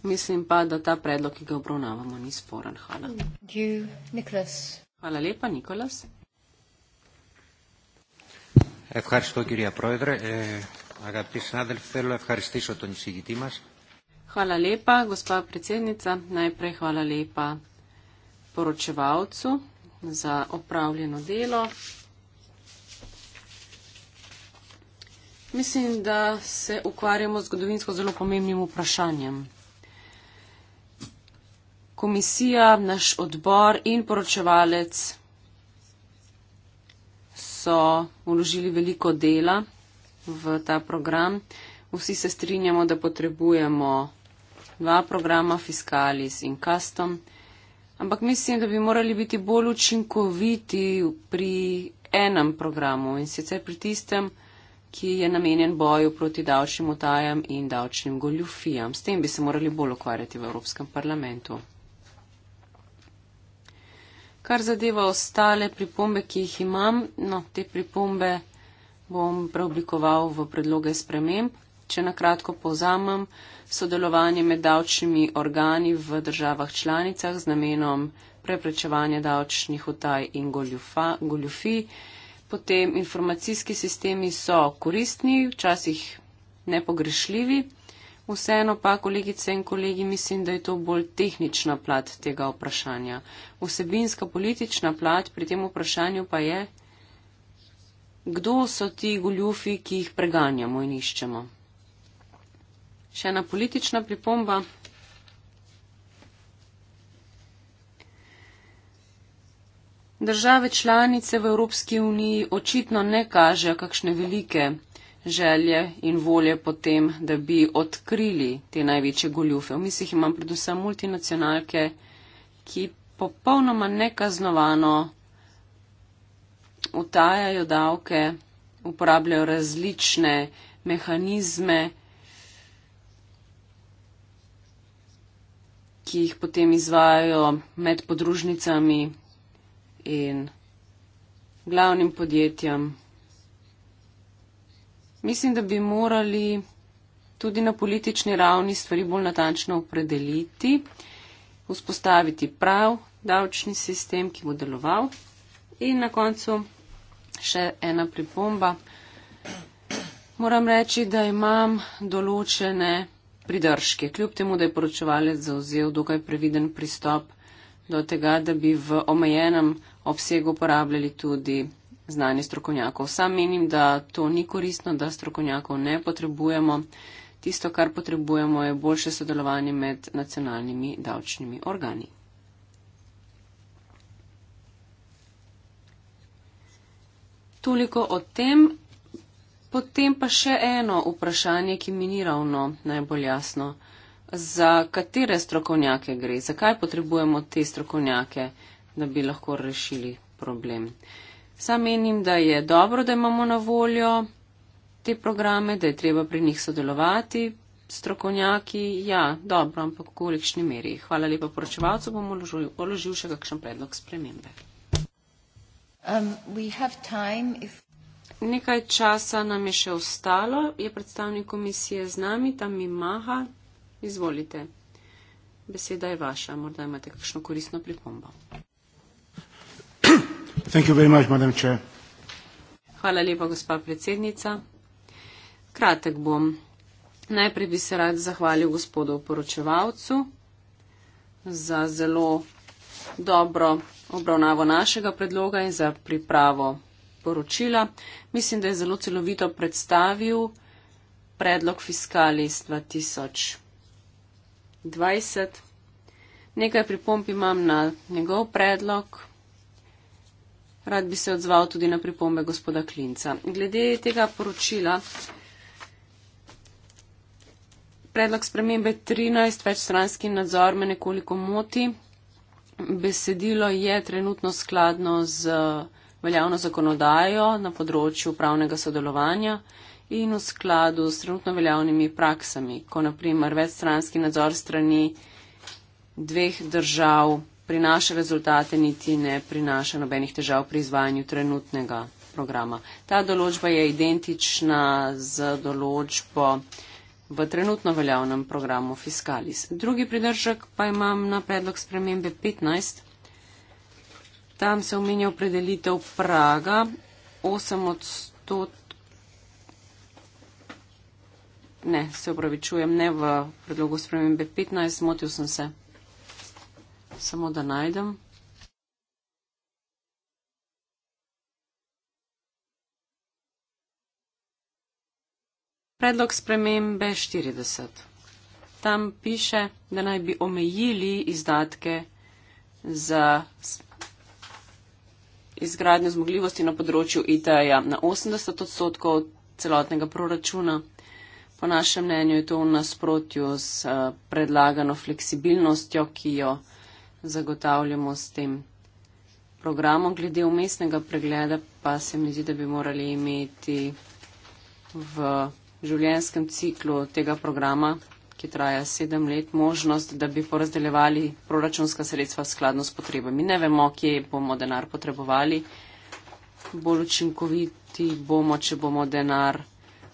Mislim pa, da ta predlog, ki ga obravnavamo, ni sporen. Hvala. Hvala lepa, Nikolas. Hvala lepa, gospa predsednica. Najprej hvala lepa poročevalcu za opravljeno delo. Mislim, da se ukvarjamo zgodovinsko zelo pomembnim vprašanjem. Komisija, naš odbor in poročevalec so uložili veliko dela v ta program. Vsi se strinjamo, da potrebujemo dva programa, Fiskalis in Custom. Ampak mislim, da bi morali biti bolj učinkoviti pri enem programu in sicer pri tistem, ki je namenjen boju proti davčnim utajam in davčnim goljufijam. S tem bi se morali bolj ukvarjati v Evropskem parlamentu. Kar zadeva ostale pripombe, ki jih imam, no, te pripombe bom preoblikoval v predloge sprememb. Če na kratko povzamem, sodelovanje med davčnimi organi v državah članicah z namenom preprečevanja davčnih utaj in goljufi, potem informacijski sistemi so koristni, včasih nepogrešljivi, vseeno pa, kolegice in kolegi, mislim, da je to bolj tehnična plat tega vprašanja. Vsebinska politična plat pri tem vprašanju pa je, kdo so ti goljufi, ki jih preganjamo in iščemo. Še ena politična pripomba. Države članice v Evropski uniji očitno ne kažejo kakšne velike želje in volje potem, da bi odkrili te največje goljufe. V mislih imam predvsem multinacionalke, ki popolnoma nekaznovano utajajo davke, uporabljajo različne mehanizme, ki jih potem izvajajo med podružnicami in glavnim podjetjem. Mislim, da bi morali tudi na politični ravni stvari bolj natančno opredeliti, vzpostaviti prav davčni sistem, ki bo deloval. In na koncu še ena pripomba. Moram reči, da imam določene pridržke, kljub temu, da je poročevalec zauzel dokaj previden pristop do tega, da bi v omejenem obsegu uporabljali tudi znanje strokovnjakov. Sam menim, da to ni koristno, da strokovnjakov ne potrebujemo. Tisto, kar potrebujemo, je boljše sodelovanje med nacionalnimi davčnimi organi. Toliko o tem, Potem pa še eno vprašanje, ki mi ni ravno najbolj jasno. Za katere strokovnjake gre? Zakaj potrebujemo te strokovnjake, da bi lahko rešili problem? Sam menim, da je dobro, da imamo na voljo te programe, da je treba pri njih sodelovati. Strokovnjaki, ja, dobro, ampak v kolikšni meri. Hvala lepa poročevalcu, bom položil še kakšen predlog spremembe. Um, nekaj časa nam je še ostalo, je predstavnik komisije z nami, tam mi maha. Izvolite. Beseda je vaša, morda imate kakšno koristno pripombo. [CLEARS THROAT] Hvala lepa, gospa predsednica. Kratek bom. Najprej bi se rad zahvalil gospodu poročevalcu za zelo dobro obravnavo našega predloga in za pripravo poročila. Mislim, da je zelo celovito predstavil predlog fiskalist 2020. Nekaj pripomb imam na njegov predlog. Rad bi se odzval tudi na pripombe gospoda Klinca. Glede tega poročila, predlog spremembe 13, večstranski nadzor me nekoliko moti. Besedilo je trenutno skladno z veljavno zakonodajo na področju pravnega sodelovanja in v skladu s trenutno veljavnimi praksami, ko naprimer večstranski nadzor strani dveh držav prinaša rezultate, niti ne prinaša nobenih težav pri izvajanju trenutnega programa. Ta določba je identična z določbo v trenutno veljavnem programu Fiskalis. Drugi pridržek pa imam na predlog spremembe 15, Tam se omenja opredelitev praga 8 odstotkov. Ne, se upravičujem, ne v predlogu spremembe 15, motil sem se. Samo da najdem. Predlog spremembe 40. Tam piše, da naj bi omejili izdatke za izgradnjo zmogljivosti na področju IT-ja na 80 odstotkov celotnega proračuna. Po našem mnenju je to v nasprotju s eh, predlagano fleksibilnostjo, ki jo zagotavljamo s tem programom. Glede umestnega pregleda pa se mi zdi, da bi morali imeti v življenskem ciklu tega programa ki traja sedem let, možnost, da bi porazdeljevali proračunska sredstva skladno s potrebami. Ne vemo, kje bomo denar potrebovali. Bolj učinkoviti bomo, če bomo denar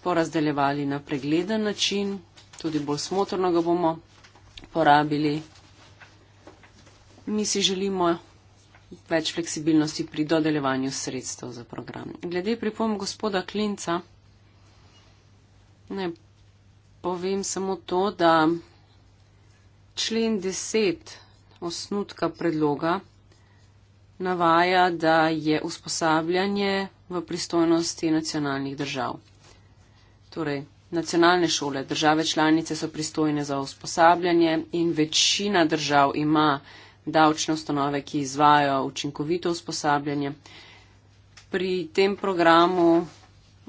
porazdeljevali na pregleden način, tudi bolj smotrno ga bomo porabili. Mi si želimo več fleksibilnosti pri dodeljevanju sredstev za program. Glede pripom gospoda Klinca, naj povem samo to, da člen 10 osnutka predloga navaja, da je usposabljanje v pristojnosti nacionalnih držav. Torej, nacionalne šole, države članice so pristojne za usposabljanje in večina držav ima davčne ustanove, ki izvajo učinkovito usposabljanje. Pri tem programu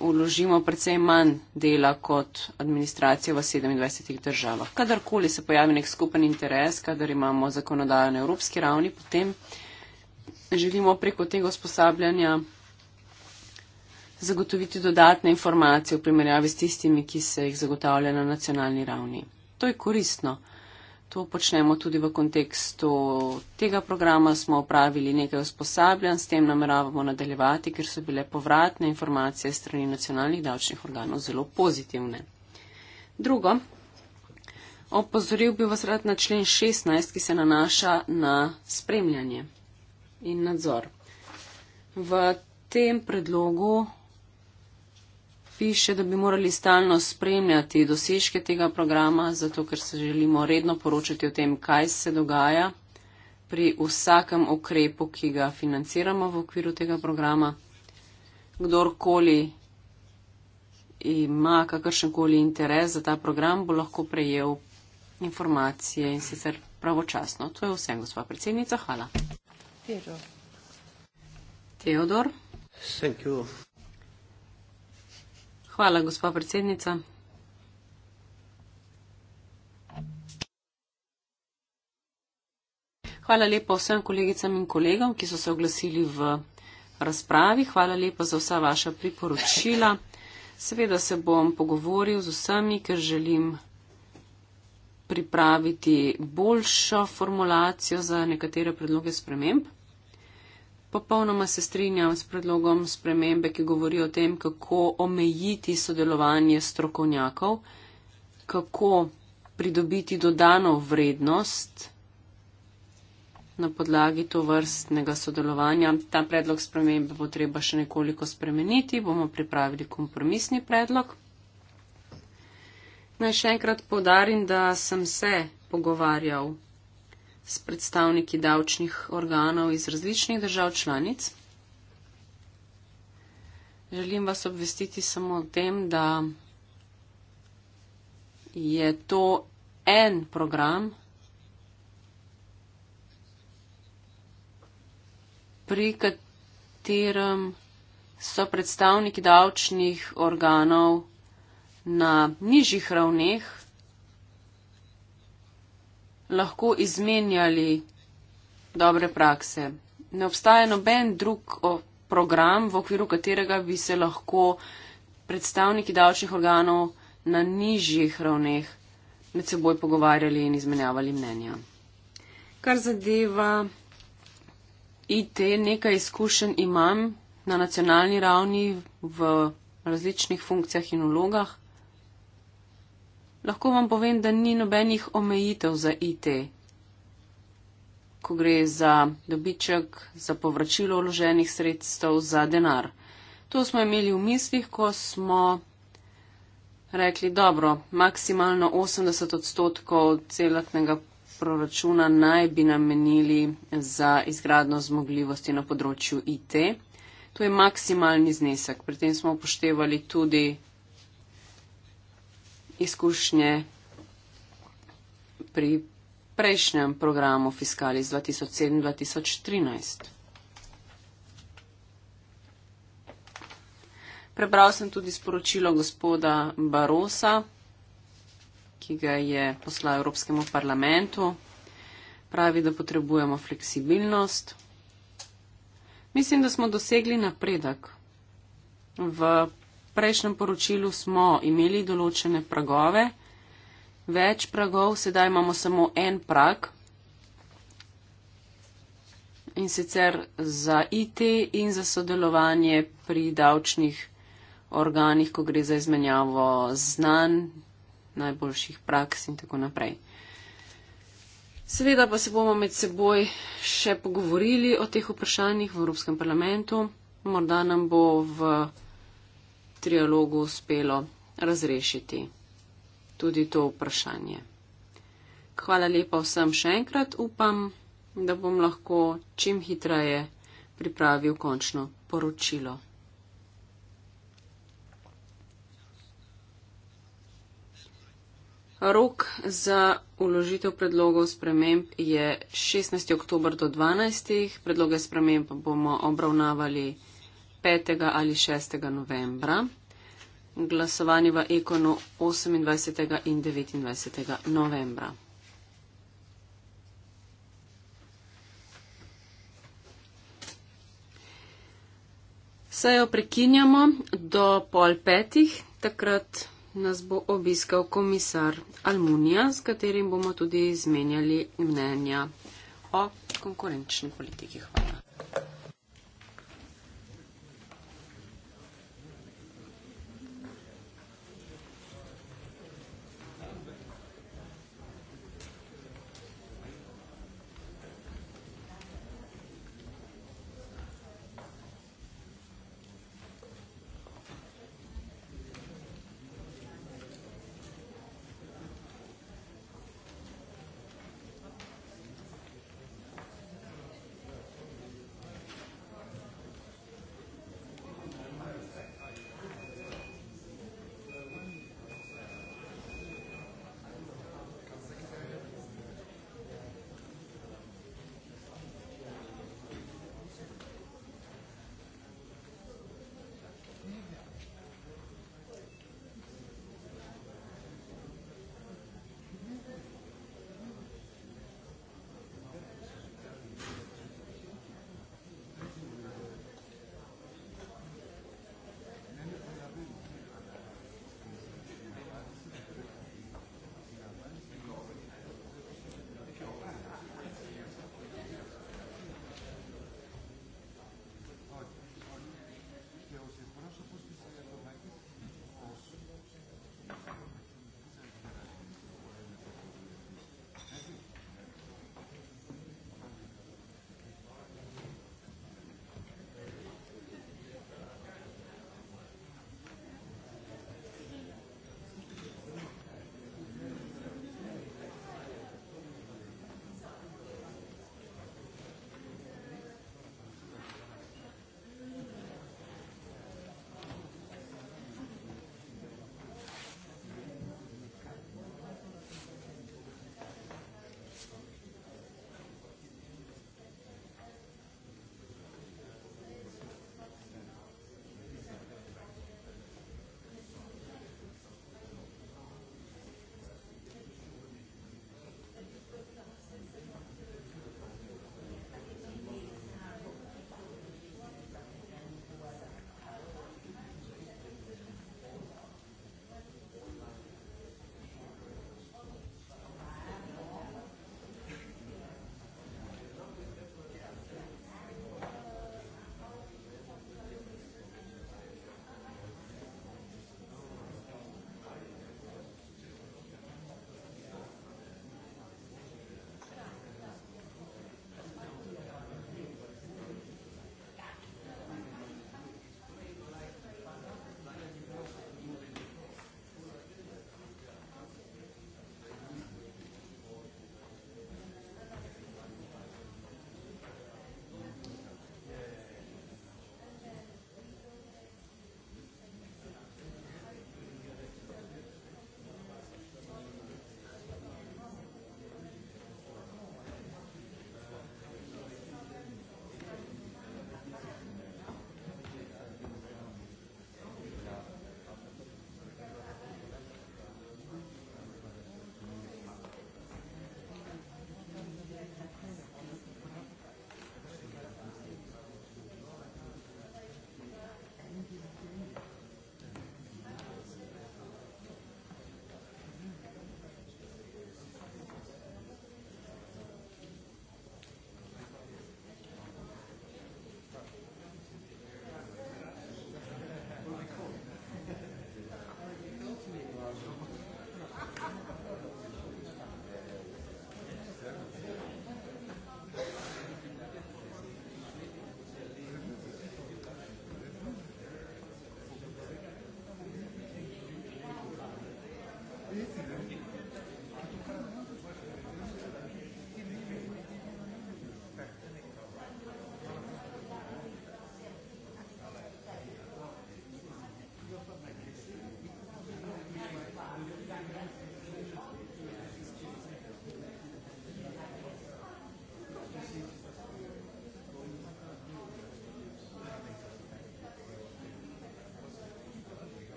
vložimo predvsej manj dela kot administracija v 27 državah. Kadarkoli se pojavi nek skupen interes, kadar imamo zakonodajo na evropski ravni, potem želimo preko tega usposabljanja zagotoviti dodatne informacije v primerjavi s tistimi, ki se jih zagotavlja na nacionalni ravni. To je koristno to počnemo tudi v kontekstu tega programa. Smo upravili nekaj usposabljanj, s tem nameravamo nadaljevati, ker so bile povratne informacije strani nacionalnih davčnih organov zelo pozitivne. Drugo, opozoril bi vas rad na člen 16, ki se nanaša na spremljanje in nadzor. V tem predlogu piše, da bi morali stalno spremljati dosežke tega programa, zato ker se želimo redno poročati o tem, kaj se dogaja pri vsakem okrepu, ki ga financiramo v okviru tega programa. Kdorkoli ima kakršenkoli interes za ta program, bo lahko prejel informacije in sicer pravočasno. To je vse, gospa predsednica. Hvala. Teodor. Thank you. Hvala, gospa predsednica. Hvala lepa vsem kolegicam in kolegom, ki so se oglasili v razpravi. Hvala lepa za vsa vaša priporočila. Seveda se bom pogovoril z vsemi, ker želim pripraviti boljšo formulacijo za nekatere predloge sprememb popolnoma se strinjam s predlogom spremembe, ki govori o tem, kako omejiti sodelovanje strokovnjakov, kako pridobiti dodano vrednost na podlagi to vrstnega sodelovanja. Ta predlog spremembe bo treba še nekoliko spremeniti, bomo pripravili kompromisni predlog. Naj še enkrat povdarim, da sem se pogovarjal s predstavniki davčnih organov iz različnih držav članic. Želim vas obvestiti samo o tem, da je to en program pri katerem so predstavniki davčnih organov na nižjih ravneh lahko izmenjali dobre prakse. Ne obstaja noben drug program, v okviru katerega bi se lahko predstavniki davčnih organov na nižjih ravneh med seboj pogovarjali in izmenjavali mnenja. Kar zadeva IT, nekaj izkušenj imam na nacionalni ravni v različnih funkcijah in vlogah lahko vam povem, da ni nobenih omejitev za IT. Ko gre za dobiček, za povračilo vloženih sredstev, za denar. To smo imeli v mislih, ko smo rekli, dobro, maksimalno 80 odstotkov celotnega proračuna naj bi namenili za izgradno zmogljivosti na področju IT. To je maksimalni znesek. Pri tem smo upoštevali tudi izkušnje pri prejšnjem programu fiskali z 2007-2013. Prebral sem tudi sporočilo gospoda Barosa, ki ga je poslal Evropskemu parlamentu. Pravi, da potrebujemo fleksibilnost. Mislim, da smo dosegli napredek v prejšnjem poročilu smo imeli določene pragove, več pragov, sedaj imamo samo en prag. In sicer za IT in za sodelovanje pri davčnih organih, ko gre za izmenjavo znanj, najboljših praks in tako naprej. Seveda pa se bomo med seboj še pogovorili o teh vprašanjih v Evropskem parlamentu. Morda nam bo v trialogu uspelo razrešiti tudi to vprašanje. Hvala lepa vsem še enkrat. Upam, da bom lahko čim hitreje pripravil končno poročilo. Rok za uložitev predlogov sprememb je 16. oktober do 12. Predloge sprememb bomo obravnavali 5. ali 6. novembra, glasovanje v Ekonu 28. in 29. novembra. Sejo prekinjamo do pol petih, takrat nas bo obiskal komisar Almunija, s katerim bomo tudi izmenjali mnenja o konkurenčni politiki. Hvala.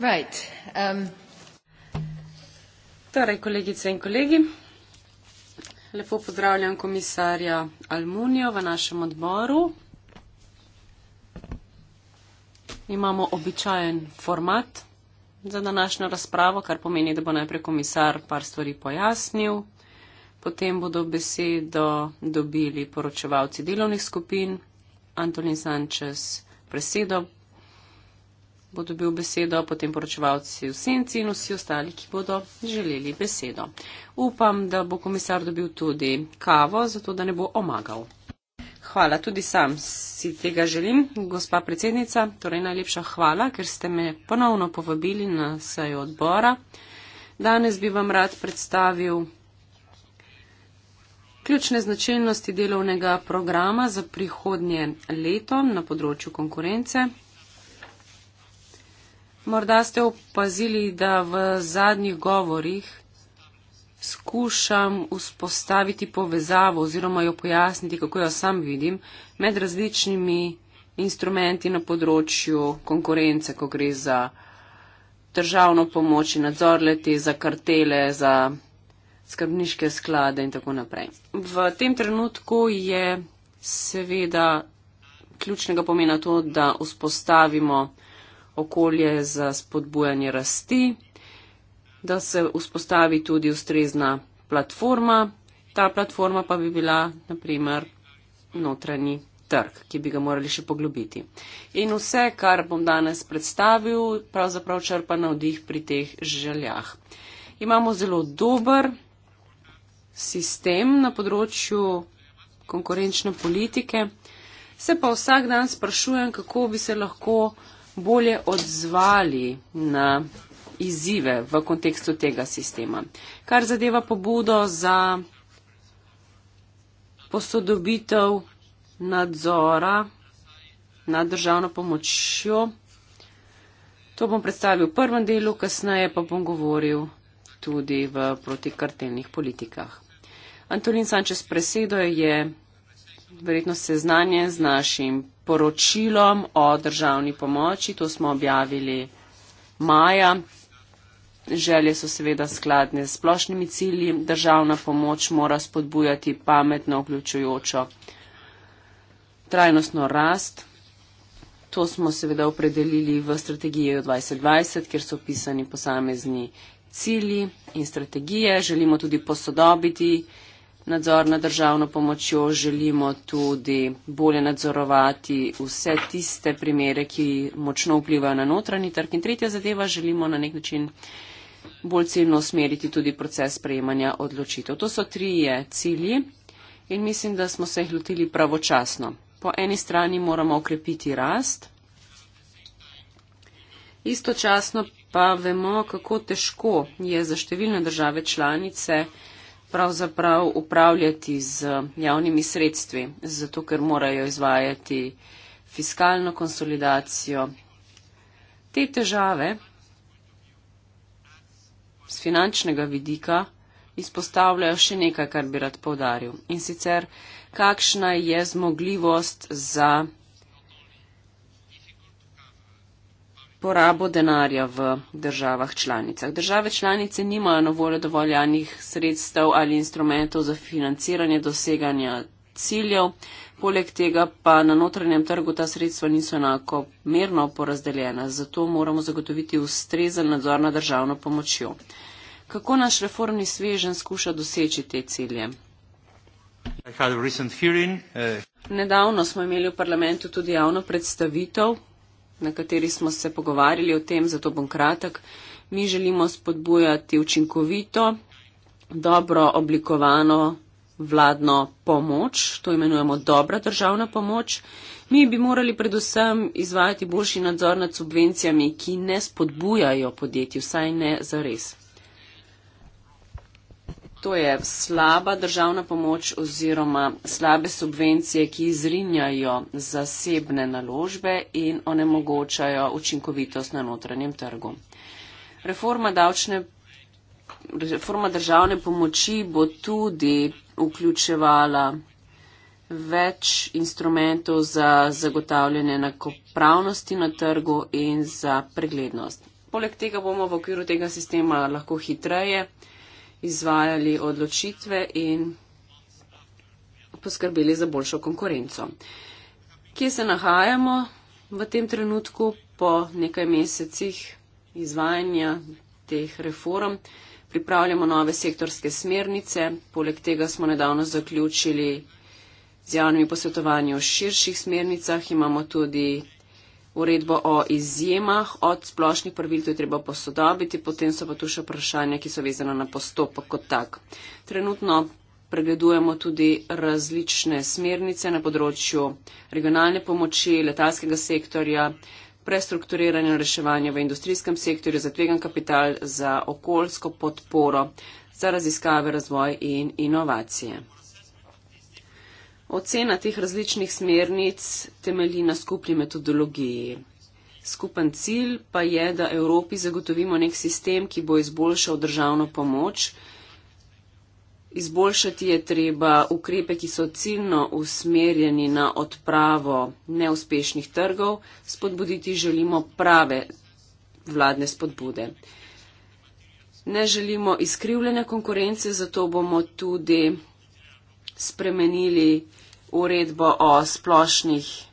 Right. Um. Torej, kolegice in kolegi, lepo pozdravljam komisarja Almunijo v našem odboru. Imamo običajen format za današnjo razpravo, kar pomeni, da bo najprej komisar par stvari pojasnil, potem bodo besedo dobili poročevalci delovnih skupin, Antolin Sančes presedo bo dobil besedo, potem poročevalci v senci in vsi ostali, ki bodo želeli besedo. Upam, da bo komisar dobil tudi kavo, zato da ne bo omagal. Hvala, tudi sam si tega želim, gospa predsednica. Torej najlepša hvala, ker ste me ponovno povabili na sejo odbora. Danes bi vam rad predstavil ključne značilnosti delovnega programa za prihodnje leto na področju konkurence Morda ste opazili, da v zadnjih govorih skušam vzpostaviti povezavo oziroma jo pojasniti, kako jo sam vidim, med različnimi instrumenti na področju konkurence, ko gre za državno pomoč in nadzor leti, za kartele, za skrbniške sklade in tako naprej. V tem trenutku je seveda ključnega pomena to, da vzpostavimo okolje za spodbujanje rasti, da se vzpostavi tudi ustrezna platforma. Ta platforma pa bi bila naprimer notranji trg, ki bi ga morali še poglobiti. In vse, kar bom danes predstavil, pravzaprav črpa na vdih pri teh željah. Imamo zelo dober sistem na področju konkurenčne politike, se pa vsak dan sprašujem, kako bi se lahko bolje odzvali na izzive v kontekstu tega sistema. Kar zadeva pobudo za posodobitev nadzora nad državno pomočjo, to bom predstavil v prvem delu, kasneje pa bom govoril tudi v protikartelnih politikah. Antolin Sančes Presedo je verjetno seznanjen z našim poročilom o državni pomoči. To smo objavili maja. Želje so seveda skladne s splošnimi cilji. Državna pomoč mora spodbujati pametno, vključujočo trajnostno rast. To smo seveda opredelili v strategiji 2020, kjer so pisani posamezni cilji in strategije. Želimo tudi posodobiti nadzor nad državno pomočjo želimo tudi bolje nadzorovati vse tiste primere, ki močno vplivajo na notranji trg. In tretja zadeva, želimo na nek način bolj ciljno usmeriti tudi proces sprejemanja odločitev. To so trije cilji in mislim, da smo se jih lotili pravočasno. Po eni strani moramo okrepiti rast, istočasno pa vemo, kako težko je za številne države članice pravzaprav upravljati z javnimi sredstvi, zato ker morajo izvajati fiskalno konsolidacijo. Te težave z finančnega vidika izpostavljajo še nekaj, kar bi rad povdaril. In sicer, kakšna je zmogljivost za porabo denarja v državah članicah. Države članice nimajo na voljo dovoljanih sredstev ali instrumentov za financiranje doseganja ciljev, poleg tega pa na notranjem trgu ta sredstva niso enako merno porazdeljena, zato moramo zagotoviti ustrezen nadzor nad državno pomočjo. Kako naš reformni svežen skuša doseči te cilje? Hearing, uh... Nedavno smo imeli v parlamentu tudi javno predstavitev na kateri smo se pogovarjali o tem, zato bom kratek. Mi želimo spodbujati učinkovito, dobro oblikovano vladno pomoč, to imenujemo dobra državna pomoč. Mi bi morali predvsem izvajati boljši nadzor nad subvencijami, ki ne spodbujajo podjetij, vsaj ne zares to je slaba državna pomoč oziroma slabe subvencije, ki izrinjajo zasebne naložbe in onemogočajo učinkovitost na notranjem trgu. Reforma, davčne, reforma državne pomoči bo tudi vključevala več instrumentov za zagotavljanje enakopravnosti na trgu in za preglednost. Poleg tega bomo v okviru tega sistema lahko hitreje izvajali odločitve in poskrbeli za boljšo konkurenco. Kje se nahajamo v tem trenutku po nekaj mesecih izvajanja teh reform? Pripravljamo nove sektorske smernice, poleg tega smo nedavno zaključili z javnimi posvetovanji o širših smernicah, imamo tudi uredbo o izjemah od splošnih pravil, to je treba posodobiti, potem so pa tu še vprašanja, ki so vezana na postopek kot tak. Trenutno pregledujemo tudi različne smernice na področju regionalne pomoči, letalskega sektorja, prestrukturiranja reševanja v industrijskem sektorju, za tvegan kapital, za okoljsko podporo, za raziskave, razvoj in inovacije. Ocena teh različnih smernic temelji na skupni metodologiji. Skupen cilj pa je, da Evropi zagotovimo nek sistem, ki bo izboljšal državno pomoč. Izboljšati je treba ukrepe, ki so ciljno usmerjeni na odpravo neuspešnih trgov, spodbuditi želimo prave vladne spodbude. Ne želimo izkrivljene konkurence, zato bomo tudi spremenili uredbo o splošnih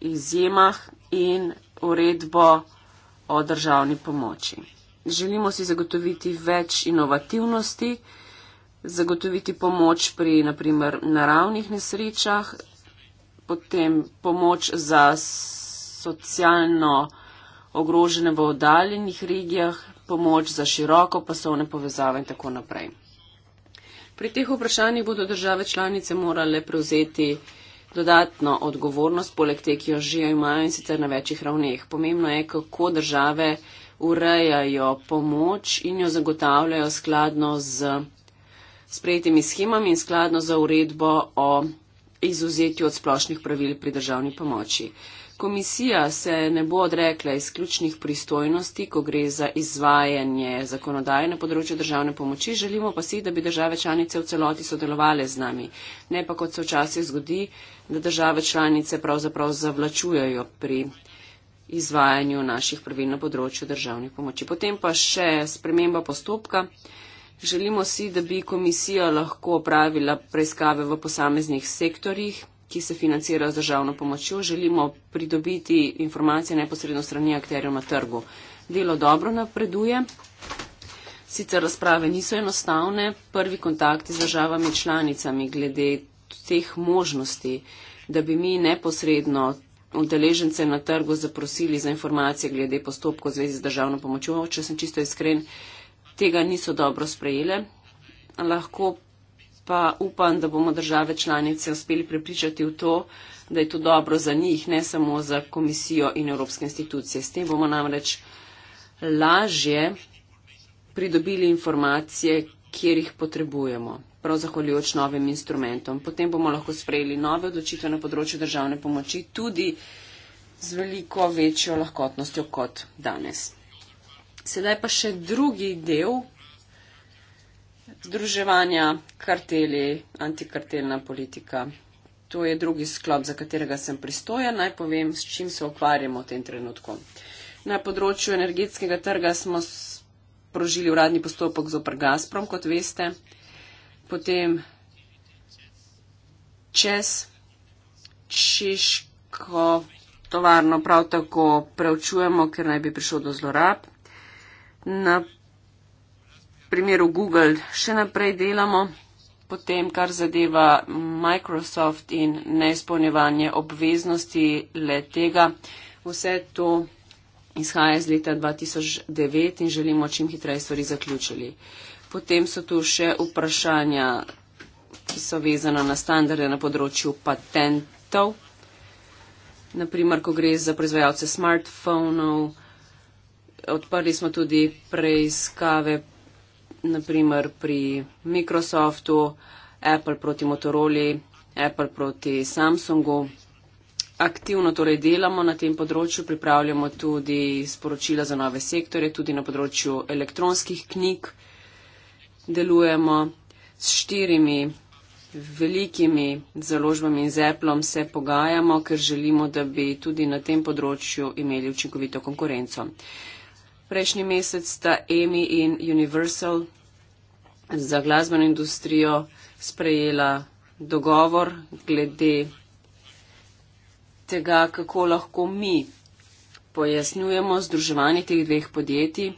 izjemah in uredbo o državni pomoči. Želimo si zagotoviti več inovativnosti, zagotoviti pomoč pri naprimer naravnih nesrečah, potem pomoč za socialno ogrožene v oddaljenih regijah, pomoč za široko pasovne povezave in tako naprej. Pri teh vprašanjih bodo države članice morale prevzeti dodatno odgovornost, poleg te, ki jo že imajo in sicer na večjih ravneh. Pomembno je, kako države urejajo pomoč in jo zagotavljajo skladno z sprejetimi schemami in skladno za uredbo o izuzetju od splošnih pravil pri državni pomoči. Komisija se ne bo odrekla izključnih pristojnosti, ko gre za izvajanje zakonodaje na področju državne pomoči, želimo pa si, da bi države članice v celoti sodelovale z nami, ne pa kot se včasih zgodi, da države članice pravzaprav zavlačujejo pri izvajanju naših pravil na področju državne pomoči. Potem pa še sprememba postopka. Želimo si, da bi komisija lahko opravila preiskave v posameznih sektorjih ki se financirajo z državno pomočjo, želimo pridobiti informacije neposredno strani akterjev na trgu. Delo dobro napreduje, sicer razprave niso enostavne, prvi kontakti z državami članicami glede teh možnosti, da bi mi neposredno udeležence na trgu zaprosili za informacije glede postopkov v zvezi z državno pomočjo, če sem čisto iskren, tega niso dobro sprejele. Lahko pa upam, da bomo države članice uspeli prepričati v to, da je to dobro za njih, ne samo za komisijo in evropske institucije. S tem bomo namreč lažje pridobili informacije, kjer jih potrebujemo, prav zahvaljujoč novim instrumentom. Potem bomo lahko sprejeli nove odločitve na področju državne pomoči, tudi z veliko večjo lahkotnostjo kot danes. Sedaj pa še drugi del združevanja, karteli, antikartelna politika. To je drugi sklop, za katerega sem pristojen. Naj povem, s čim se ukvarjamo v tem trenutku. Na področju energetskega trga smo prožili uradni postopek z opr Gazprom, kot veste. Potem čez Češko tovarno prav tako preučujemo, ker naj bi prišlo do zlorab. Na primeru Google še naprej delamo, potem kar zadeva Microsoft in neizpolnjevanje obveznosti le tega. Vse to izhaja iz leta 2009 in želimo čim hitreje stvari zaključili. Potem so tu še vprašanja, ki so vezana na standarde na področju patentov. Naprimer, ko gre za proizvajalce smartfonov, odprli smo tudi preiskave naprimer pri Microsoftu, Apple proti Motorola, Apple proti Samsungu. Aktivno torej delamo na tem področju, pripravljamo tudi sporočila za nove sektore, tudi na področju elektronskih knjig delujemo s štirimi velikimi založbami in z Appleom se pogajamo, ker želimo, da bi tudi na tem področju imeli učinkovito konkurenco. Prejšnji mesec sta EMI in Universal za glasbeno industrijo sprejela dogovor glede tega, kako lahko mi pojasnjujemo združevanje teh dveh podjetij.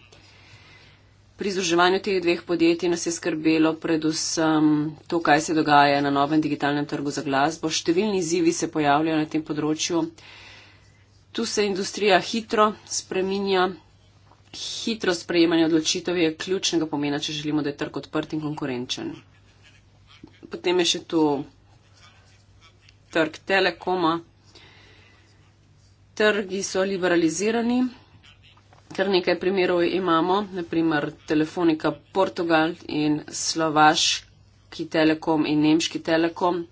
Pri združevanju teh dveh podjetij nas je skrbelo predvsem to, kaj se dogaja na novem digitalnem trgu za glasbo. Številni zivi se pojavljajo na tem področju. Tu se industrija hitro spreminja, hitro sprejemanje odločitev je ključnega pomena, če želimo, da je trg odprt in konkurenčen. Potem je še tu trg telekoma. Trgi so liberalizirani, kar nekaj primerov imamo, naprimer Telefonika Portugal in Slovaški telekom in Nemški telekom,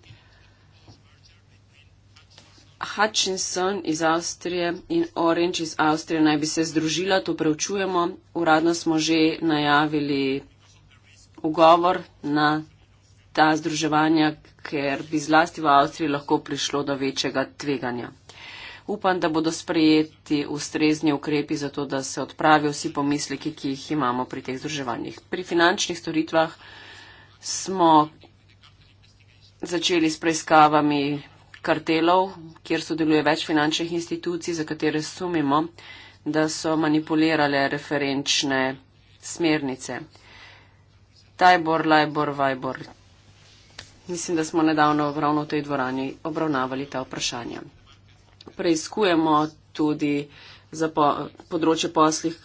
Hutchinson iz Avstrije in Orange iz Avstrije naj bi se združila, to preučujemo. Uradno smo že najavili ugovor na ta združevanja, ker bi zlasti v Avstriji lahko prišlo do večjega tveganja. Upam, da bodo sprejeti ustrezni ukrepi za to, da se odpravijo vsi pomisleki, ki jih imamo pri teh združevanjih. Pri finančnih storitvah smo začeli s preiskavami kartelov, kjer sodeluje več finančnih institucij, za katere sumimo, da so manipulirale referenčne smernice. Tajbor, Lajbor, Vajbor. Mislim, da smo nedavno ravno v tej dvorani obravnavali ta vprašanja. Preiskujemo tudi za po, področje poslih,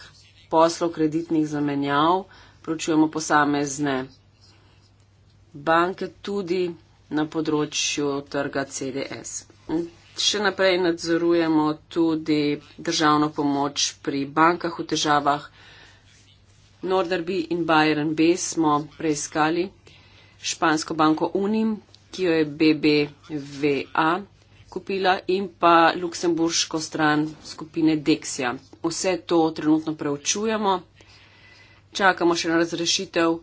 poslov kreditnih zamenjav, pročujemo posamezne banke tudi na področju trga CDS. Še naprej nadzorujemo tudi državno pomoč pri bankah v težavah. Norderby in Bayern B smo preiskali špansko banko Unim, ki jo je BBVA kupila in pa luksemburško stran skupine Dexia. Vse to trenutno preučujemo. Čakamo še na razrešitev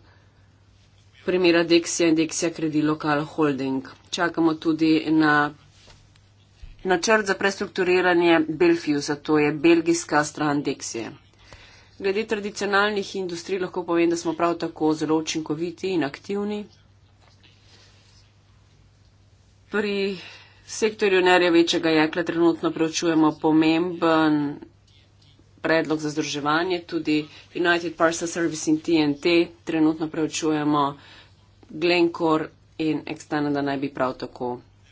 primera Dexia in Dexia Credi Local Holding. Čakamo tudi na načrt za prestrukturiranje Belfusa, to je belgijska stran Dexije. Glede tradicionalnih industrij lahko povem, da smo prav tako zelo učinkoviti in aktivni. Pri sektorju nerjevečega jekla trenutno preučujemo pomemben predlog za združevanje, tudi United Parcel Service in TNT trenutno preučujemo. Glencore in Extana, da naj bi prav tako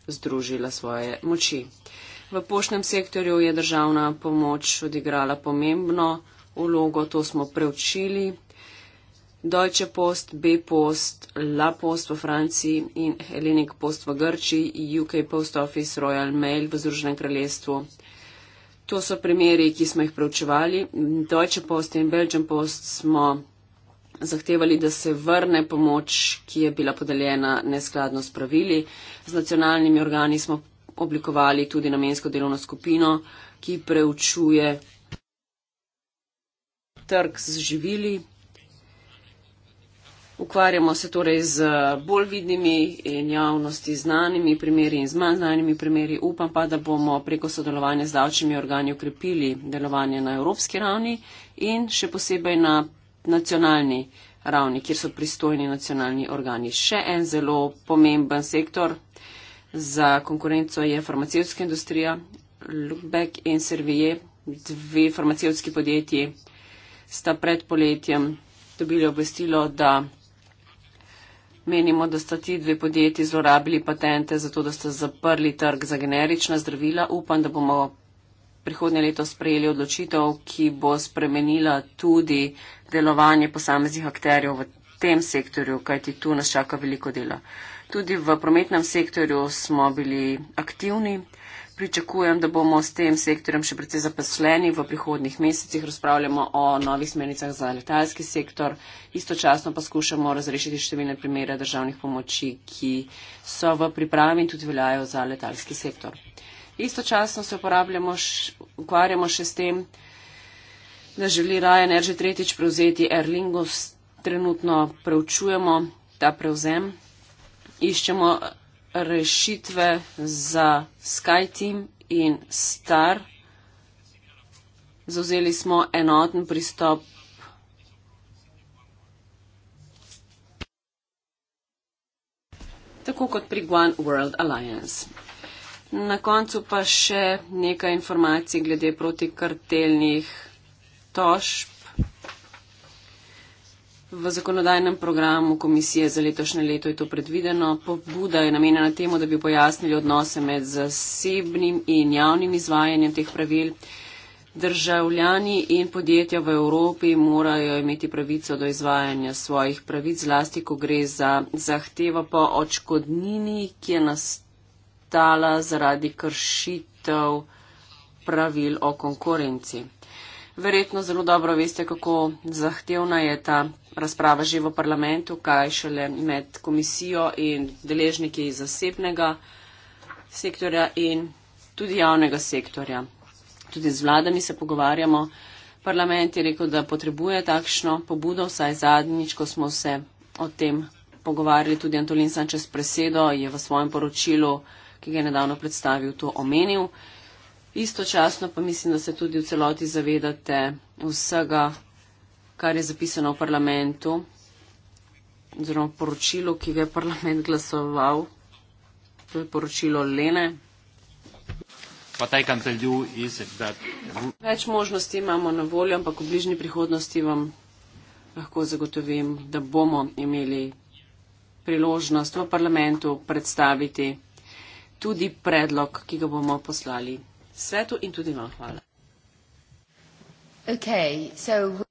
združila svoje moči. V poštnem sektorju je državna pomoč odigrala pomembno ulogo, to smo preučili. Deutsche Post, B Post, La Post v Franciji in Hellenic Post v Grči, UK Post Office, Royal Mail v Združenem kraljestvu. To so primeri, ki smo jih preučevali. Deutsche Post in Belgian Post smo preučevali zahtevali, da se vrne pomoč, ki je bila podeljena neskladno s pravili. Z nacionalnimi organi smo oblikovali tudi namensko delovno skupino, ki preučuje trg z živili. Ukvarjamo se torej z bolj vidnimi in javnosti znanimi primeri in z manj znanimi primeri. Upam pa, da bomo preko sodelovanja z davčnimi organi ukrepili delovanje na evropski ravni in še posebej na nacionalni ravni, kjer so pristojni nacionalni organi. Še en zelo pomemben sektor za konkurenco je farmacevtska industrija, Lubeck in Servije, dve farmacevtski podjetji sta pred poletjem dobili obvestilo, da menimo, da sta ti dve podjetji zlorabili patente za to, da sta zaprli trg za generična zdravila. Upam, da bomo prihodnje leto sprejeli odločitev, ki bo spremenila tudi delovanje posameznih akterjev v tem sektorju, kajti tu nas čaka veliko dela. Tudi v prometnem sektorju smo bili aktivni. Pričakujem, da bomo s tem sektorjem še predvsej zaposleni v prihodnih mesecih. Razpravljamo o novih smernicah za letalski sektor. Istočasno pa skušamo razrešiti številne primere državnih pomoči, ki so v pripravi in tudi veljajo za letalski sektor. Istočasno se uporabljamo, ukvarjamo še s tem, da želi Ryanair že tretjič prevzeti Aer Lingus. Trenutno preučujemo ta prevzem. Iščemo rešitve za SkyTeam in Star. Zauzeli smo enoten pristop. tako kot pri One World Alliance. Na koncu pa še nekaj informacij glede protikartelnih tožb v zakonodajnem programu komisije za letošnje leto je to predvideno. Pobuda je namenjena temu, da bi pojasnili odnose med zasebnim in javnim izvajanjem teh pravil. Državljani in podjetja v Evropi morajo imeti pravico do izvajanja svojih pravic, zlasti ko gre za zahtevo po očkodnini, ki je nastala zaradi kršitev pravil o konkurenci verjetno zelo dobro veste, kako zahtevna je ta razprava že v parlamentu, kaj šele med komisijo in deležniki iz zasebnega sektorja in tudi javnega sektorja. Tudi z vladami se pogovarjamo. Parlament je rekel, da potrebuje takšno pobudo, vsaj zadnjič, ko smo se o tem pogovarjali, tudi Antolin Sančes presedo je v svojem poročilu, ki ga je nedavno predstavil, to omenil istočasno pa mislim, da se tudi v celoti zavedate vsega, kar je zapisano v parlamentu oziroma poročilo, ki ga je parlament glasoval. To je poročilo Lene. Več možnosti imamo na voljo, ampak v bližnji prihodnosti vam lahko zagotovim, da bomo imeli priložnost v parlamentu predstaviti tudi predlog, ki ga bomo poslali svetu in tudi vam hvala. Okay, so...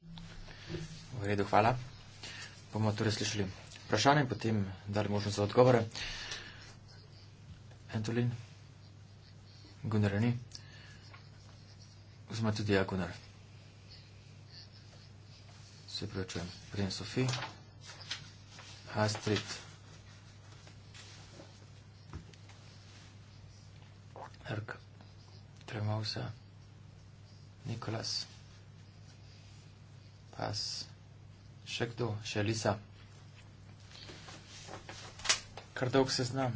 V redu, hvala. Bomo torej slišali vprašanje in potem dali možnost za odgovore. Antolin, Gunnar ni. Vzma tudi ja, Gunnar. Se pravčujem. Prijem Sofi. Astrid. Erka. Tremosa, Nikolas, Paz, še kdo, še Lisa. Kar dolg se znam.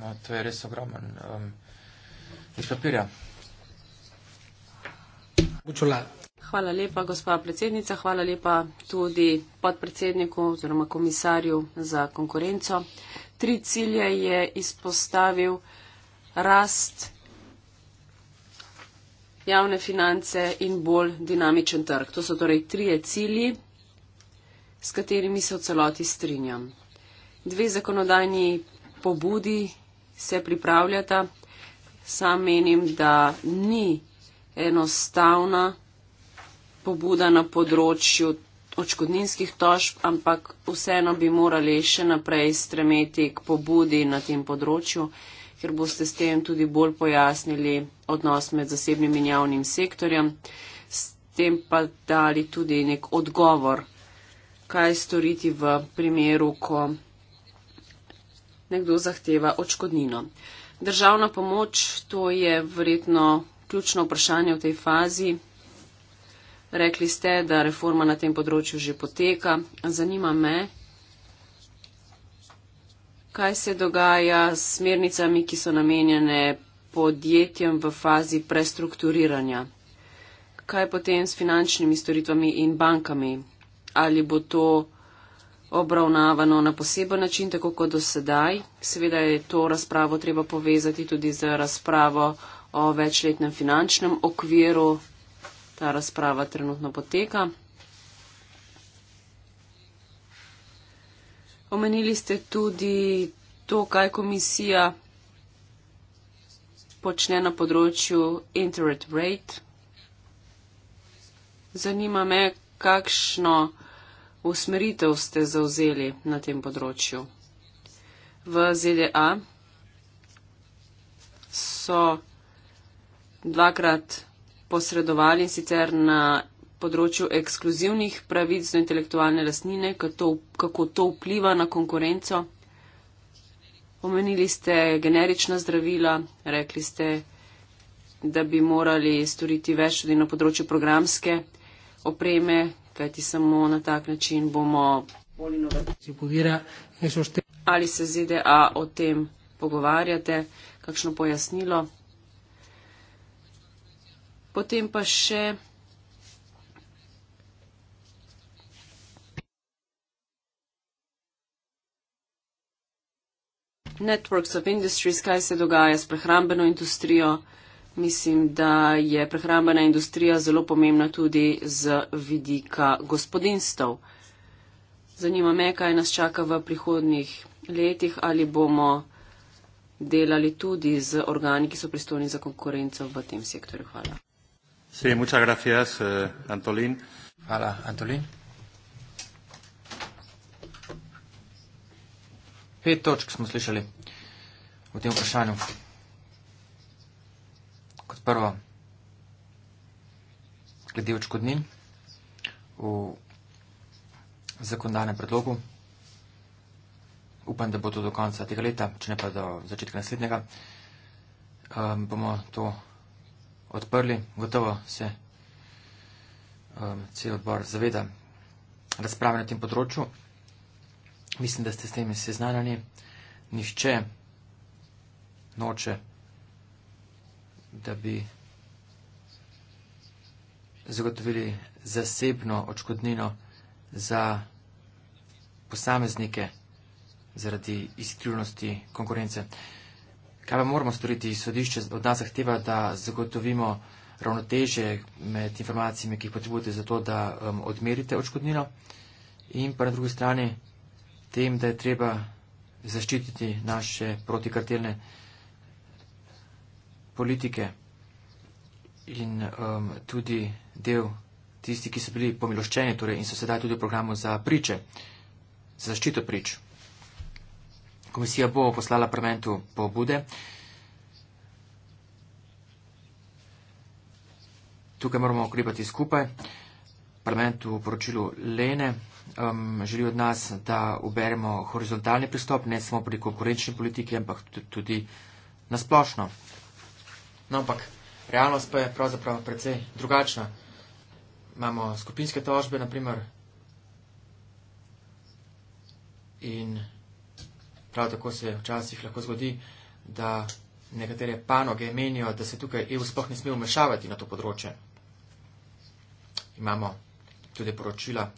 No, to je res ogromen. Um, iz papirja. Učula. Hvala lepa, gospa predsednica. Hvala lepa tudi podpredsedniku oziroma komisarju za konkurenco. Tri cilje je izpostavil rast javne finance in bolj dinamičen trg. To so torej trije cilji, s katerimi se v celoti strinjam. Dve zakonodajni pobudi se pripravljata. Sam menim, da ni enostavna pobuda na področju očkodninskih tožb, ampak vseeno bi morali še naprej stremeti k pobudi na tem področju, ker boste s tem tudi bolj pojasnili odnos med zasebnim in javnim sektorjem, s tem pa dali tudi nek odgovor, kaj storiti v primeru, ko nekdo zahteva očkodnino. Državna pomoč, to je verjetno ključno vprašanje v tej fazi. Rekli ste, da reforma na tem področju že poteka. Zanima me, kaj se dogaja s smernicami, ki so namenjene podjetjem v fazi prestrukturiranja. Kaj potem s finančnimi storitvami in bankami? Ali bo to obravnavano na poseben način, tako kot do sedaj? Seveda je to razpravo treba povezati tudi z razpravo o večletnem finančnem okviru ta razprava trenutno poteka. Omenili ste tudi to, kaj komisija počne na področju internet rate. Zanima me, kakšno usmeritev ste zauzeli na tem področju. V ZDA so dvakrat posredovali in sicer na področju ekskluzivnih pravic do intelektualne lasnine, kako to vpliva na konkurenco. Omenili ste generična zdravila, rekli ste, da bi morali storiti več tudi na področju programske opreme, kajti samo na tak način bomo. Ali se ZDA o tem pogovarjate? Kakšno pojasnilo? potem pa še. Networks of Industries, kaj se dogaja s prehrambeno industrijo. Mislim, da je prehrambena industrija zelo pomembna tudi z vidika gospodinstv. Zanima me, kaj nas čaka v prihodnjih letih, ali bomo delali tudi z organi, ki so pristojni za konkurenco v tem sektorju. Hvala. Sí, muchas gracias, eh, Antolín. Hola, Antolín. Pet točk smo slišali v tem vprašanju. Kot prvo, glede očkodnin v zakonodajnem predlogu. Upam, da bo to do konca tega leta, če ne pa do začetka naslednjega. Um, bomo to odprli, gotovo se um, cel odbor zaveda razprave na tem področju. Mislim, da ste s temi seznanjeni. Nihče noče, da bi zagotovili zasebno očkodnino za posameznike zaradi izkrivnosti konkurence. Kaj pa moramo storiti? Sodišče od nas zahteva, da zagotovimo ravnoteže med informacijami, ki jih potrebujete za to, da um, odmerite očkodnino in pa na drugi strani tem, da je treba zaščititi naše protikartelne politike in um, tudi del tisti, ki so bili pomiloščeni torej, in so sedaj tudi v programu za priče, za zaščito prič. Komisija bo poslala parlamentu pobude. Tukaj moramo ukrepati skupaj. Parlament v poročilu Lene um, želi od nas, da uberemo horizontalni pristop, ne samo pri konkurenčni politiki, ampak tudi nasplošno. No, ampak realnost pa je pravzaprav precej drugačna. Imamo skupinske tožbe, naprimer, in Prav tako se včasih lahko zgodi, da nekatere panoge menijo, da se tukaj EU sploh ne sme umešavati na to področje. Imamo tudi poročila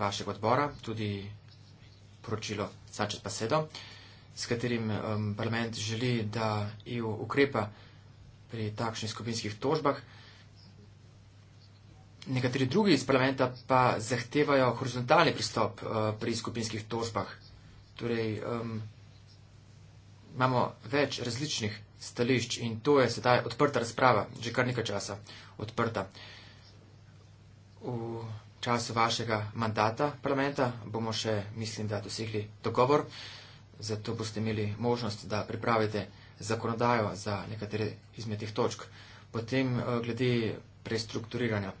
vašega odbora, tudi poročilo Sanchez Pasedo, s katerim um, parlament želi, da EU ukrepa pri takšnih skupinskih tožbah. Nekateri drugi iz parlamenta pa zahtevajo horizontalni pristop uh, pri skupinskih tožbah. Torej, um, imamo več različnih stališč in to je sedaj odprta razprava, že kar nekaj časa odprta. V času vašega mandata parlamenta bomo še, mislim, da dosegli dogovor, zato boste imeli možnost, da pripravite zakonodajo za nekatere izmed teh točk. Potem eh, glede prestrukturiranja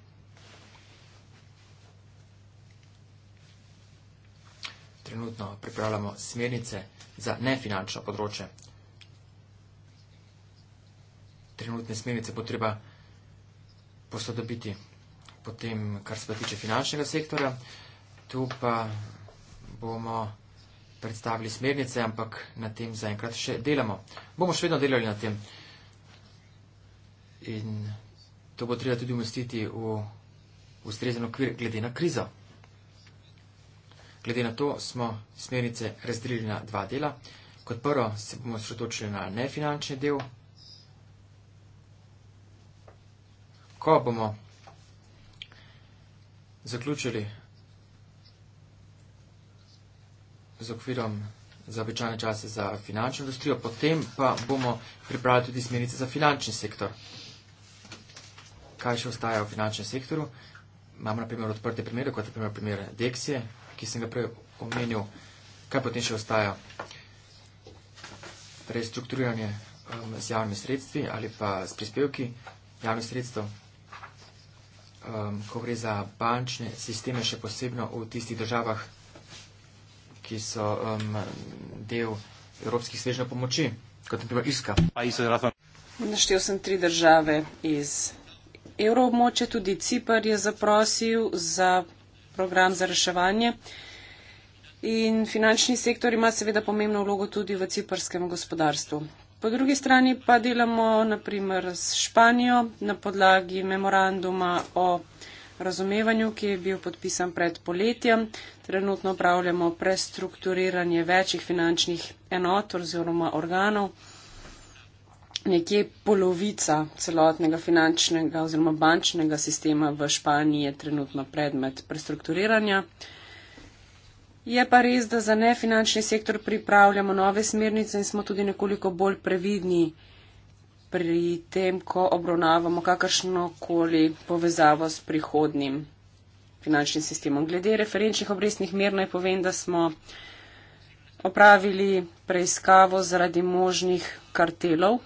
trenutno pripravljamo smernice za nefinančno področje. Trenutne smernice bo treba posodobiti potem, kar se pa tiče finančnega sektora. Tu pa bomo predstavili smernice, ampak na tem zaenkrat še delamo. Bomo še vedno delali na tem. In to bo treba tudi umestiti v ustrezen okvir glede na krizo. Glede na to smo smernice razdelili na dva dela. Kot prvo se bomo sredočili na nefinančni del. Ko bomo zaključili z okvirom za običajne čase za finančno industrijo, potem pa bomo pripravili tudi smernice za finančni sektor. Kaj še ostaja v finančnem sektoru? Imamo na primer odprte primere, kot je primer Dexie, ki sem ga prej omenil, kaj potem še ostaja? Restrukturiranje um, z javnimi sredstvi ali pa s prispevki javnih sredstev, um, ko gre za bančne sisteme, še posebno v tistih državah, ki so um, del evropskih svežno pomoči, kot je bila Irska. Naštel sem tri države iz evroobmoče, tudi Cipr je zaprosil za program za reševanje. In finančni sektor ima seveda pomembno vlogo tudi v ciprskem gospodarstvu. Po drugi strani pa delamo naprimer s Španijo na podlagi memoranduma o razumevanju, ki je bil podpisan pred poletjem. Trenutno upravljamo prestrukturiranje večjih finančnih enot oziroma organov nekje polovica celotnega finančnega oziroma bančnega sistema v Španiji je trenutno predmet prestrukturiranja. Je pa res, da za nefinančni sektor pripravljamo nove smernice in smo tudi nekoliko bolj previdni pri tem, ko obravnavamo kakršno koli povezavo s prihodnim finančnim sistemom. Glede referenčnih obrestnih mer naj povem, da smo opravili preiskavo zaradi možnih kartelov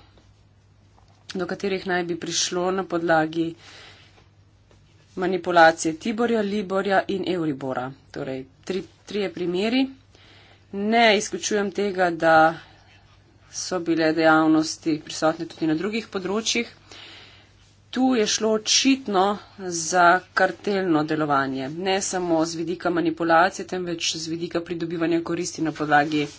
do katerih naj bi prišlo na podlagi manipulacije Tiborja, Liborja in Euribora. Torej, tri, trije primeri. Ne izključujem tega, da so bile dejavnosti prisotne tudi na drugih področjih. Tu je šlo očitno za kartelno delovanje, ne samo z vidika manipulacije, temveč z vidika pridobivanja koristi na podlagi uh,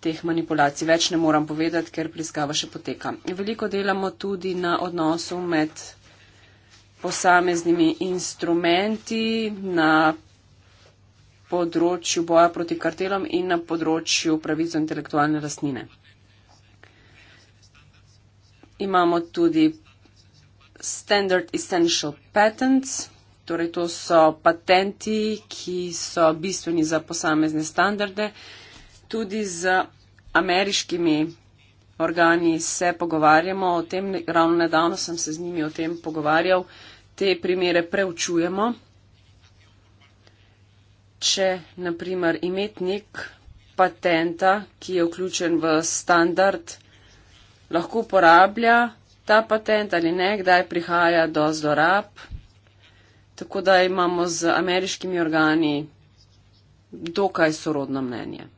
teh manipulacij več ne moram povedati, ker preiskava še poteka. Veliko delamo tudi na odnosu med posameznimi instrumenti na področju boja proti kartelom in na področju pravico intelektualne lastnine. Imamo tudi Standard Essential Patents, torej to so patenti, ki so bistveni za posamezne standarde tudi z ameriškimi organi se pogovarjamo o tem, ravno nedavno sem se z njimi o tem pogovarjal, te primere preučujemo. Če, naprimer, imetnik patenta, ki je vključen v standard, lahko uporablja ta patent ali ne, kdaj prihaja do zlorab. Tako da imamo z ameriškimi organi dokaj sorodno mnenje.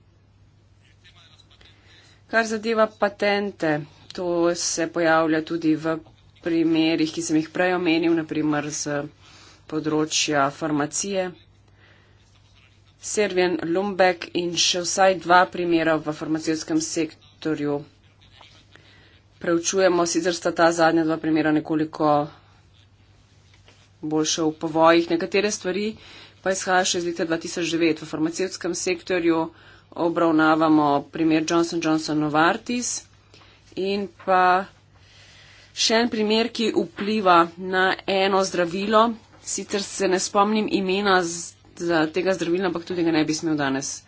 Kar zadeva patente, to se pojavlja tudi v primerih, ki sem jih prej omenil, naprimer z področja farmacije. Servjen Lumbek in še vsaj dva primera v farmacijskem sektorju. Preučujemo, sicer sta ta zadnja dva primera nekoliko boljša v povojih. Nekatere stvari pa izhajajo še iz leta 2009 v farmacijskem sektorju obravnavamo primer Johnson Johnson Novartis in pa še en primer, ki vpliva na eno zdravilo. Sicer se ne spomnim imena z, tega zdravila, ampak tudi ga ne bi smel danes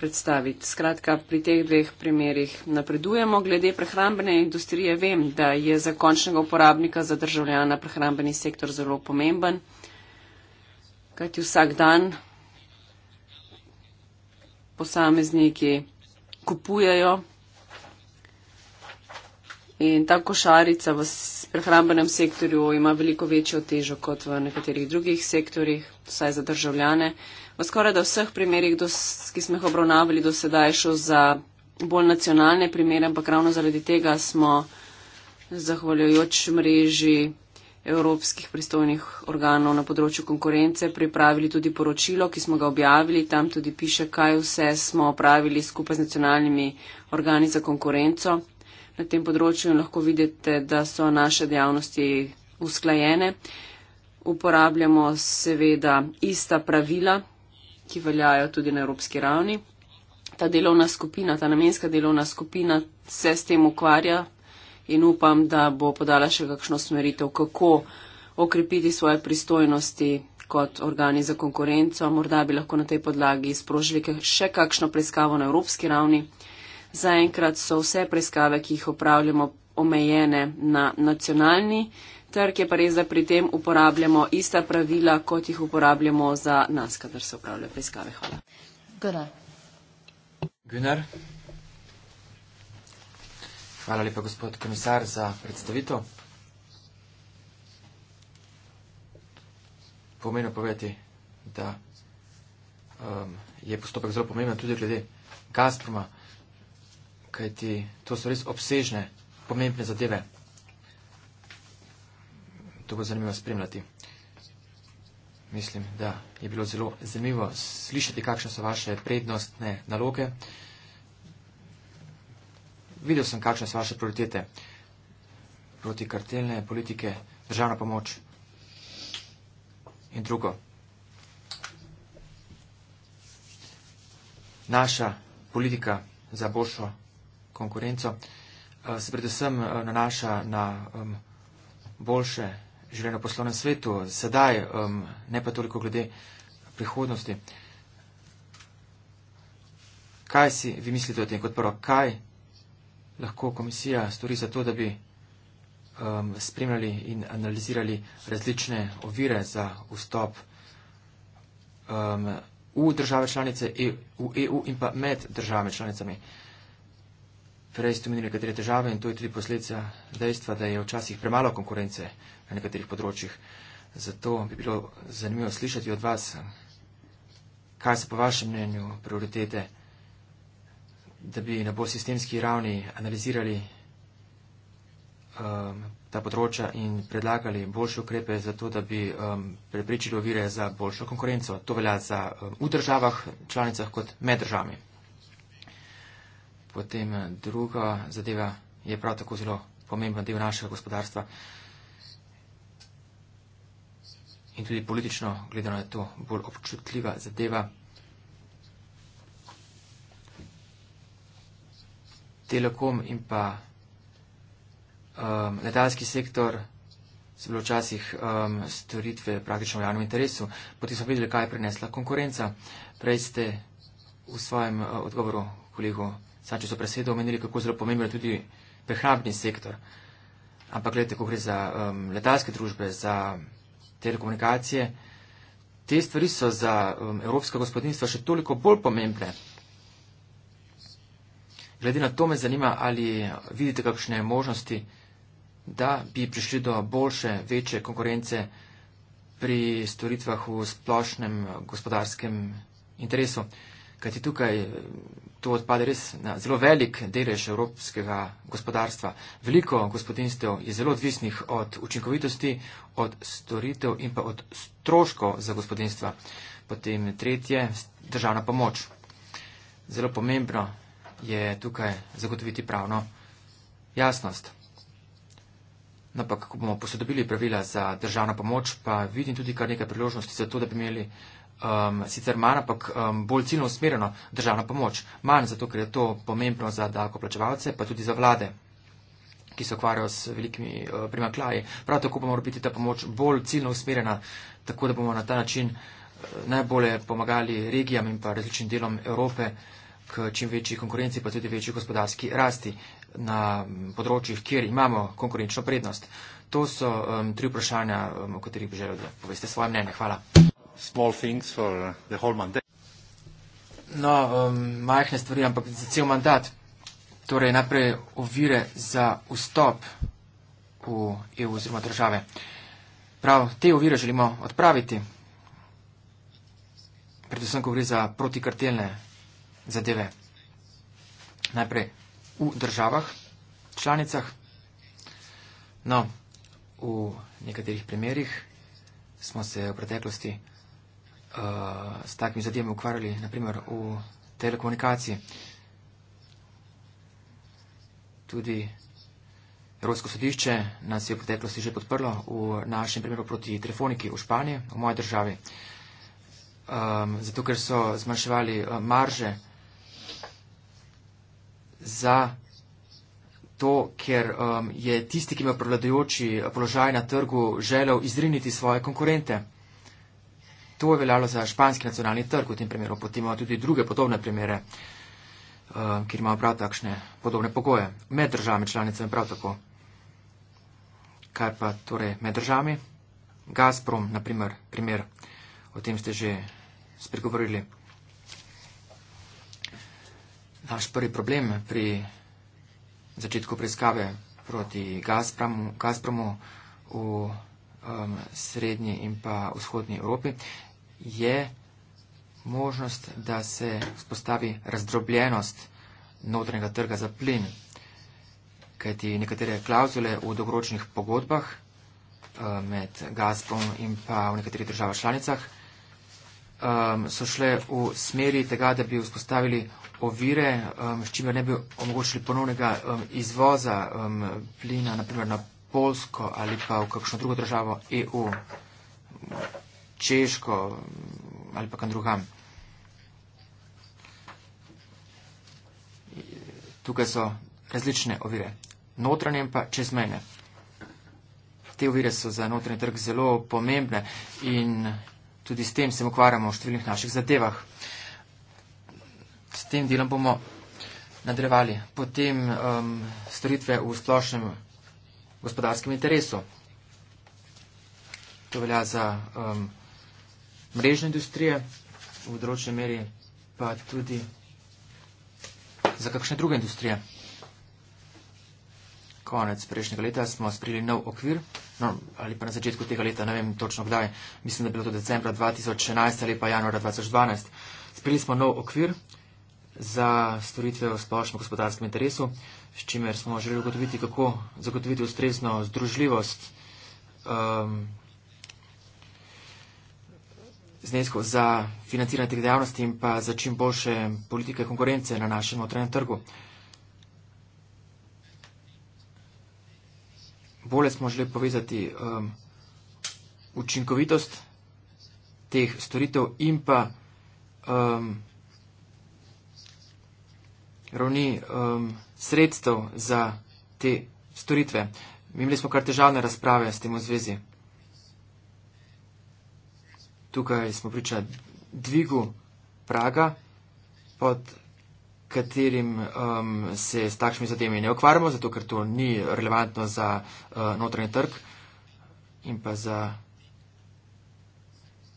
predstaviti. Skratka, pri teh dveh primerjih napredujemo. Glede prehrambene industrije vem, da je za končnega uporabnika, za državljana prehrambeni sektor zelo pomemben. Kajti vsak dan posamezniki kupujejo. In ta košarica v prehrambenem sektorju ima veliko večjo težo kot v nekaterih drugih sektorjih, vsaj za državljane. V skoraj da vseh primerjih, ki smo jih obravnavali do sedaj, šlo za bolj nacionalne primere, ampak ravno zaradi tega smo zahvaljujoč mreži evropskih pristojnih organov na področju konkurence pripravili tudi poročilo, ki smo ga objavili. Tam tudi piše, kaj vse smo opravili skupaj z nacionalnimi organi za konkurenco. Na tem področju lahko vidite, da so naše dejavnosti usklajene. Uporabljamo seveda ista pravila, ki veljajo tudi na evropski ravni. Ta delovna skupina, ta namenska delovna skupina se s tem ukvarja, in upam, da bo podala še kakšno smeritev, kako okrepiti svoje pristojnosti kot organi za konkurenco. Morda bi lahko na tej podlagi sprožili še kakšno preiskavo na evropski ravni. Zaenkrat so vse preiskave, ki jih upravljamo, omejene na nacionalni trg, je pa res, da pri tem uporabljamo ista pravila, kot jih uporabljamo za nas, kadar se upravljajo preiskave. Hvala. Gunnar. Gunnar. Hvala lepa, gospod komisar, za predstavitev. Pomeno povedati, da um, je postopek zelo pomemben tudi glede Gazproma, kajti to so res obsežne, pomembne zadeve. To bo zanimivo spremljati. Mislim, da je bilo zelo zanimivo slišati, kakšne so vaše prednostne naloge. Videl sem, kakšne so vaše prioritete. Proti kartelne politike, državna pomoč in drugo. Naša politika za boljšo konkurenco eh, se predvsem eh, nanaša na boljše življenje v poslovnem svetu, sedaj, ne pa toliko glede prihodnosti. Kaj si vi mislite o tem? Kot prvo, kaj lahko komisija stori za to, da bi um, spremljali in analizirali različne ovire za vstop um, v države članice EU, e EU in pa med državami članicami. Prej ste omenili nekatere težave in to je tudi posledica dejstva, da je včasih premalo konkurence na nekaterih področjih. Zato bi bilo zanimivo slišati od vas, kaj so po vašem mnenju prioritete da bi na bolj sistemski ravni analizirali um, ta področja in predlagali boljše ukrepe za to, da bi um, prepričali ovire za boljšo konkurenco. To velja za um, v državah, članicah kot med državami. Potem uh, druga zadeva je prav tako zelo pomemben del našega gospodarstva. In tudi politično gledano je to bolj občutljiva zadeva. telekom in pa um, letalski sektor so bile včasih um, storitve praktično v javnem interesu. Potem smo videli, kaj je prinesla konkurenca. Prej ste v svojem uh, odgovoru, kolego Sančeso presedo, omenili, kako zelo pomembno je tudi prehrambni sektor. Ampak gledajte, ko gre za um, letalske družbe, za telekomunikacije, te stvari so za um, evropska gospodinstva še toliko bolj pomembne. Glede na to me zanima, ali vidite kakšne možnosti, da bi prišli do boljše, večje konkurence pri storitvah v splošnem gospodarskem interesu. Kajti tukaj to odpade res na zelo velik delež evropskega gospodarstva. Veliko gospodinstev je zelo odvisnih od učinkovitosti, od storitev in pa od stroškov za gospodinstva. Potem tretje, državna pomoč. Zelo pomembno je tukaj zagotoviti pravno jasnost. No pa, ko bomo posodobili pravila za državno pomoč, pa vidim tudi kar nekaj priložnosti za to, da bi imeli um, sicer manj, ampak um, bolj ciljno usmerjeno državno pomoč. Manj zato, ker je to pomembno za davkoplačevalce, pa tudi za vlade, ki se ukvarjajo s velikimi uh, primaklaji. Prav tako bomo morali biti ta pomoč bolj ciljno usmerjena, tako da bomo na ta način uh, najbolje pomagali regijam in pa različnim delom Evrope. Uh, čim večji konkurenci, pa tudi večji gospodarski rasti na področjih, kjer imamo konkurenčno prednost. To so um, tri vprašanja, um, o katerih bi želel, da poveste svoje mnenje. Hvala. No, um, majhne stvari, ampak za cel mandat. Torej, najprej ovire za vstop v EU oziroma države. Prav te ovire želimo odpraviti. Predvsem, ko gre za protikartelne zadeve. Najprej v državah, članicah. No, v nekaterih primerjih smo se v preteklosti uh, s takimi zadevami ukvarjali, naprimer v telekomunikaciji. Tudi Evropsko sodišče nas je v preteklosti že podprlo v našem primeru proti telefoniki v Španiji, v moji državi, um, zato ker so zmanjševali uh, marže za to, ker um, je tisti, ki ima prevladojoči položaj na trgu, želel izriniti svoje konkurente. To je veljalo za španski nacionalni trg v tem primeru, potem imamo tudi druge podobne primere, um, kjer imamo prav takšne podobne pogoje. Med državami članicami prav tako. Kaj pa torej med državami? Gazprom, na primer, o tem ste že spregovorili. Vaš prvi problem pri začetku preiskave proti Gazpromu, Gazpromu v um, srednji in pa vzhodni Evropi je možnost, da se spostavi razdrobljenost notranjega trga za plin, kajti nekatere klauzule v dogoročnih pogodbah uh, med Gazprom in pa v nekaterih državah članicah um, so šle v smeri tega, da bi vzpostavili ovire, um, s čimer ne bi omogočili ponovnega um, izvoza um, plina, naprimer na Polsko ali pa v kakšno drugo državo EU, Češko um, ali pa kam drugam. Tukaj so različne ovire, notranje in pa čezmejne. Te ovire so za notranji trg zelo pomembne in tudi s tem se ukvarjamo v številnih naših zadevah tem delom bomo nadrevali. Potem um, storitve v splošnem gospodarskem interesu. To velja za um, mrežne industrije, v odročni meri pa tudi za kakšne druge industrije. Konec prejšnjega leta smo sprejeli nov okvir, no, ali pa na začetku tega leta, ne vem točno kdaj, mislim, da je bilo to decembra 2011 ali pa januar 2012. Sprejeli smo nov okvir, za storitve v splošnem gospodarskem interesu, s čimer smo želeli ugotoviti, kako zagotoviti ustrezno združljivost um, zneskov za financiranje teh dejavnosti in pa za čim boljše politike konkurence na našem notranjem trgu. Bole smo želeli povezati um, učinkovitost teh storitev in pa um, ravni um, sredstev za te storitve. Imeli smo kar težavne razprave s tem v zvezi. Tukaj smo priča dvigu praga, pod katerim um, se s takšnimi zadevami ne okvarjamo, zato ker to ni relevantno za uh, notranji trg in pa za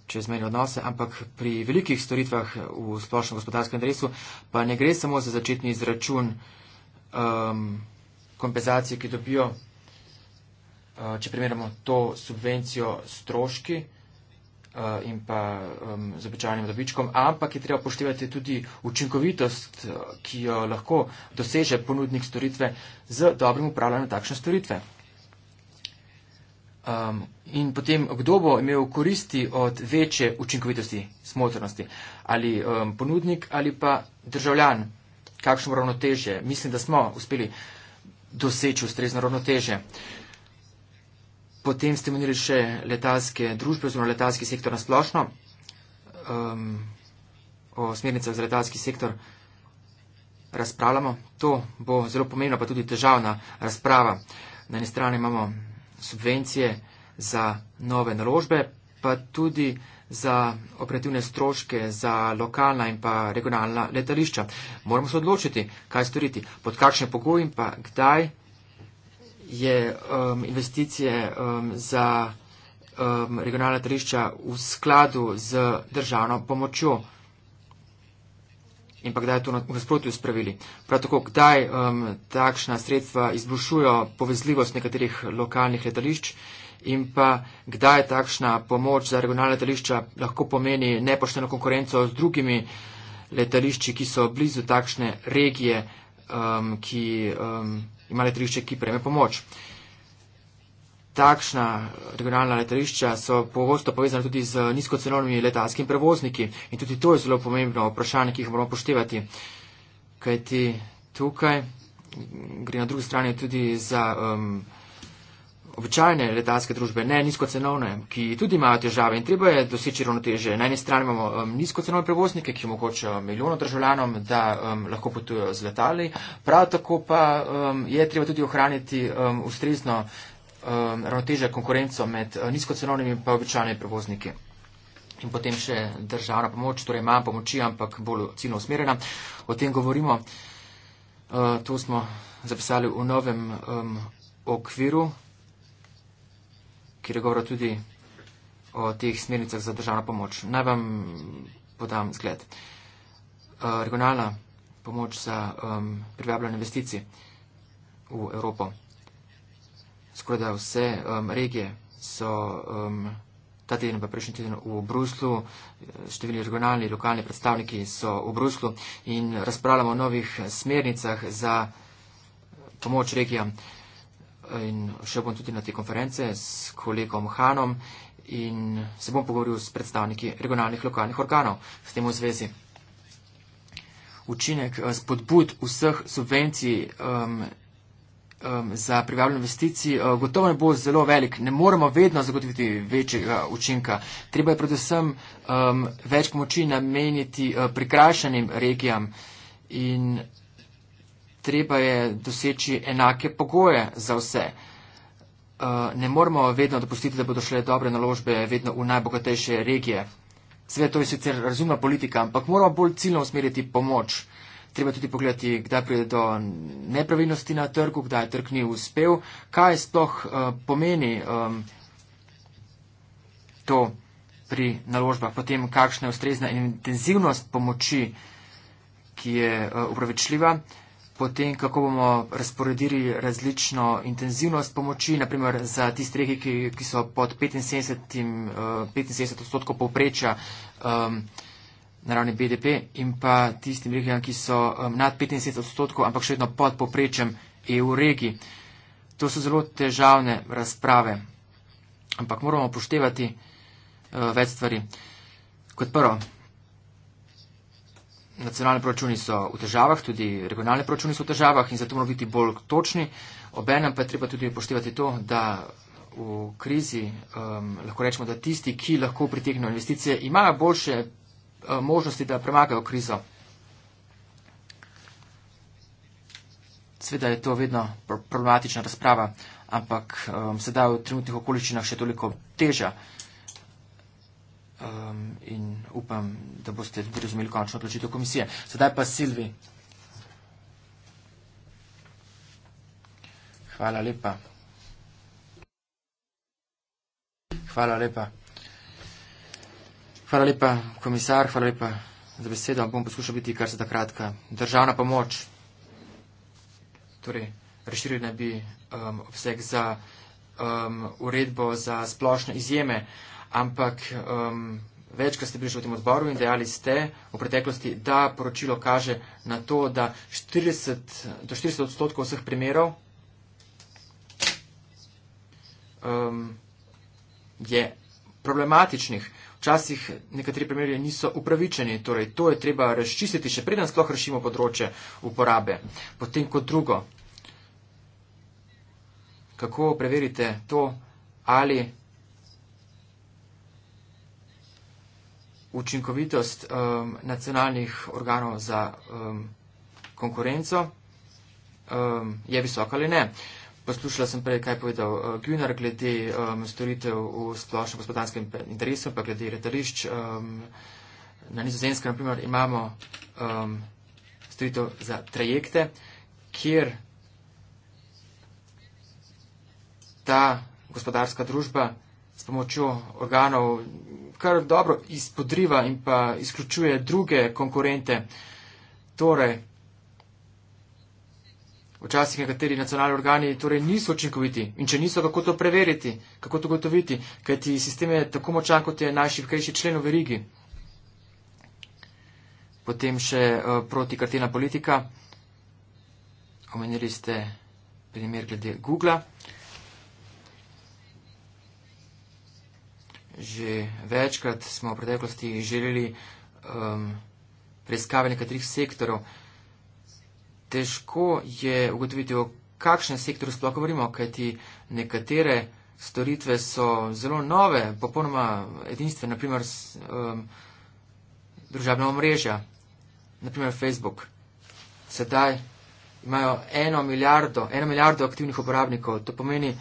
čezmejne odnose, ampak pri velikih storitvah v splošnem gospodarskem interesu pa ne gre samo za začetni izračun um, kompenzacije, ki dobijo, uh, če primerjamo to subvencijo stroški uh, in pa um, z običajnim dobičkom, ampak je treba poštevati tudi učinkovitost, uh, ki jo lahko doseže ponudnik storitve z dobrim upravljanjem takšne storitve. Um, in potem, kdo bo imel koristi od večje učinkovitosti, smotrnosti? Ali um, ponudnik ali pa državljan? Kakšno ravnoteže? Mislim, da smo uspeli doseči ustrezno ravnoteže. Potem ste menili še letalske družbe oziroma letalski sektor na splošno, um, o smernicah za letalski sektor razpravljamo. To bo zelo pomembna, pa tudi težavna razprava. Na eni strani imamo subvencije za nove naložbe, pa tudi za operativne stroške za lokalna in pa regionalna letališča. Moramo se odločiti, kaj storiti, pod kakšne pogoji in pa kdaj je um, investicije um, za um, regionalna letališča v skladu z državno pomočjo in pa kdaj je to v nasprotju s pravili. Prav tako, kdaj um, takšna sredstva izboljšujo povezljivost nekaterih lokalnih letališč in pa kdaj takšna pomoč za regionalne letališča lahko pomeni nepošteno konkurenco z drugimi letališči, ki so blizu takšne regije, um, ki um, ima letališče, ki prejme pomoč. Takšna regionalna letališča so pogosto povezana tudi z nizkocenovnimi letalskimi prevozniki in tudi to je zelo pomembno vprašanje, ki jih moramo poštevati. Kajti tukaj gre na drugi strani tudi za um, običajne letalske družbe, ne nizkocenovne, ki tudi imajo težave in treba je doseči ravnoteže. Na eni strani imamo um, nizkocenovne prevoznike, ki omogočajo milijonom državljanom, da um, lahko potujejo z letali, prav tako pa um, je treba tudi ohraniti um, ustrezno um, ravnoteže konkurenco med uh, nizkocenovnimi in pa običajnimi prevozniki. In potem še državna pomoč, torej manj pomoči, ampak bolj ciljno usmerjena. O tem govorimo. Uh, to smo zapisali v novem um, okviru, kjer je govoril tudi o teh smernicah za državno pomoč. Naj vam podam zgled. Uh, regionalna pomoč za um, privabljanje investicij v Evropo skoraj da vse um, regije so um, ta teden, pa prejšnji teden v Bruslu, številni regionalni, lokalni predstavniki so v Bruslu in razpravljamo o novih smernicah za pomoč regijam. In še bom tudi na te konference s kolegom Hanom in se bom pogovoril s predstavniki regionalnih lokalnih organov s tem v zvezi. Učinek eh, spodbud vseh subvencij um, um, za privabljanje investicij, uh, gotovo ne bo zelo velik. Ne moremo vedno zagotoviti večjega učinka. Treba je predvsem um, več pomoči nameniti uh, prikrajšanim regijam in treba je doseči enake pogoje za vse. Uh, ne moremo vedno dopustiti, da bodo šle dobre naložbe vedno v najbogatejše regije. Sveto je sicer razumna politika, ampak moramo bolj ciljno usmeriti pomoč treba tudi pogledati, kdaj pride do nepravilnosti na trgu, kdaj je trg ni uspel, kaj sploh uh, pomeni um, to pri naložbah, potem kakšna je ustrezna intenzivnost pomoči, ki je uh, upravičljiva, potem kako bomo razporedili različno intenzivnost pomoči, naprimer za tiste reke, ki, ki so pod 75, uh, 75 odstotkov povprečja. Um, na ravni BDP in pa tistim regijam, ki so um, nad 75 odstotkov, ampak še vedno pod poprečjem EU regij. To so zelo težavne razprave, ampak moramo upoštevati uh, več stvari. Kot prvo, nacionalne proračuni so v težavah, tudi regionalne proračuni so v težavah in zato moramo biti bolj točni. Obenem pa je treba tudi upoštevati to, da v krizi um, lahko rečemo, da tisti, ki lahko pritegnejo investicije, imajo boljše Eh, možnosti, da premagajo krizo. Sveda je to vedno problematična razprava, ampak um, sedaj v trenutnih okoliščinah še toliko teža. Um, in upam, da boste tudi razumeli končno odločitev komisije. Sedaj pa Silvi. Hvala lepa. Hvala lepa. Hvala lepa, komisar, hvala lepa za besedo. Bom poskušal biti kar se da kratka. Državna pomoč, torej razširjena bi um, obseg za um, uredbo za splošne izjeme, ampak um, večkrat ste bili že v tem odboru in dejali ste v preteklosti, da poročilo kaže na to, da 40, do 40 odstotkov vseh primerov um, je problematičnih včasih nekateri primeri niso upravičeni. Torej, to je treba razčistiti, še preden sploh rešimo področje uporabe. Potem kot drugo, kako preverite to, ali učinkovitost um, nacionalnih organov za um, konkurenco um, je visoka ali ne. Uh, Poslušala sem prej, kaj je povedal uh, eh, Günar glede um, storitev v splošnem gospodarskem interesu, pa glede letališč. Um, na nizozemskem, na primer, imamo um, storitev za trajekte, kjer ta gospodarska družba s pomočjo organov kar dobro izpodriva in pa izključuje druge konkurente. Torej, Včasih nekateri nacionalni organi torej niso učinkoviti in če niso, kako to preveriti, kako to gotoviti, ker ti sistem je tako močan, kot je najšipkejši člen v verigi. Potem še uh, protikartelna politika. Omenili ste primer glede Google. Že večkrat smo v preteklosti želeli um, preiskave nekaterih sektorov. Uh, težko je ugotoviti, o kakšnem sektorju sploh govorimo, kajti nekatere storitve so zelo nove, popolnoma edinstvene, naprimer um, družabna omrežja, naprimer Facebook. Sedaj imajo eno milijardo, eno milijardo aktivnih uporabnikov. To pomeni,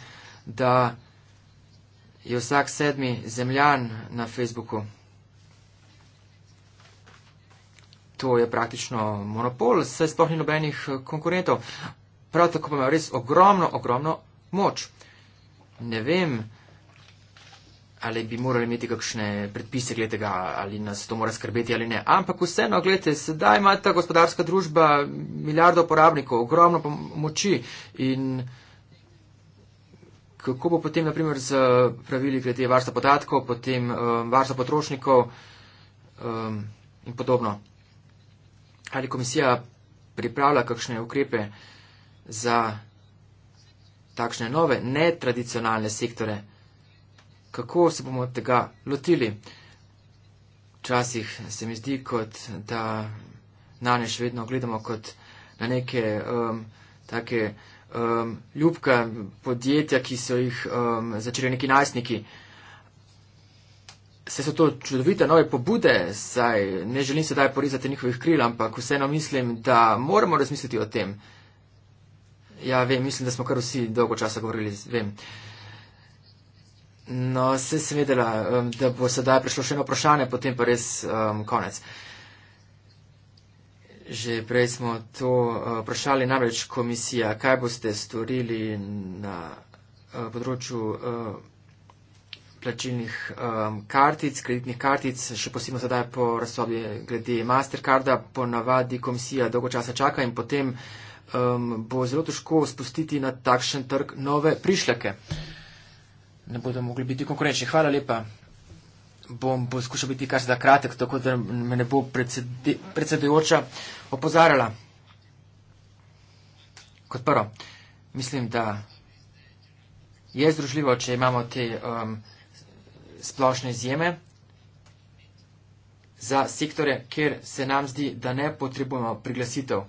da je vsak sedmi zemljan na Facebooku. to je praktično monopol, se sploh ni nobenih eh, konkurentov. Prav tako pa imajo res ogromno, ogromno moč. Ne vem, ali bi morali imeti kakšne predpise glede tega, ali nas to mora skrbeti ali ne. Ampak vseeno, gledajte, sedaj ima ta gospodarska družba milijardo uporabnikov, ogromno moči in kako bo potem, naprimer, z pravili glede varstva podatkov, potem um, varstva potrošnikov um, in podobno ali komisija pripravlja kakšne ukrepe za takšne nove, netradicionalne sektore. Kako se bomo tega lotili? Včasih se mi zdi, kot da na ne še vedno gledamo kot na neke um, take um, ljubka podjetja, ki so jih um, začeli neki najstniki. Uh, Vse so to čudovite nove pobude, saj ne želim sedaj porizati njihovih kril, ampak vseeno mislim, da moramo razmisliti o tem. Ja, vem, mislim, da smo kar vsi dolgo časa govorili, vem. No, se sem vedela, um, da bo sedaj prišlo še eno vprašanje, potem pa res um, konec. Že prej smo to uh, vprašali, uh, namreč komisija, kaj boste storili na uh, področju. Uh, plačilnih um, kartic, kreditnih kartic, še posebej sedaj po razsobi glede Mastercarda, ponavadi komisija dolgo časa čaka in potem um, bo zelo težko spustiti na takšen trg nove prišleke. Ne bodo mogli biti konkurenčni. Hvala lepa. Bom poskušal biti kar se da kratek, tako da me ne bo predsede, predsedujoča opozarjala. Kot prvo, mislim, da je združljivo, če imamo te. Um, splošne izjeme za sektore, kjer se nam zdi, da ne potrebujemo priglasitev,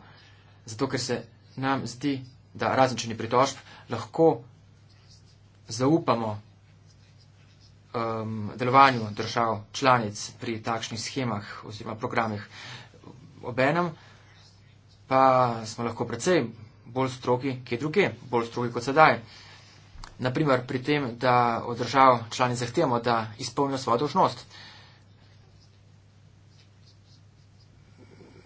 zato ker se nam zdi, da različni pritožb lahko zaupamo um, delovanju držav članic pri takšnih schemah oziroma programih. Obenem pa smo lahko precej bolj strogi, kje druge, bolj strogi kot sedaj naprimer pri tem, da od držav člani zahtevamo, da izpolnijo svojo dožnost.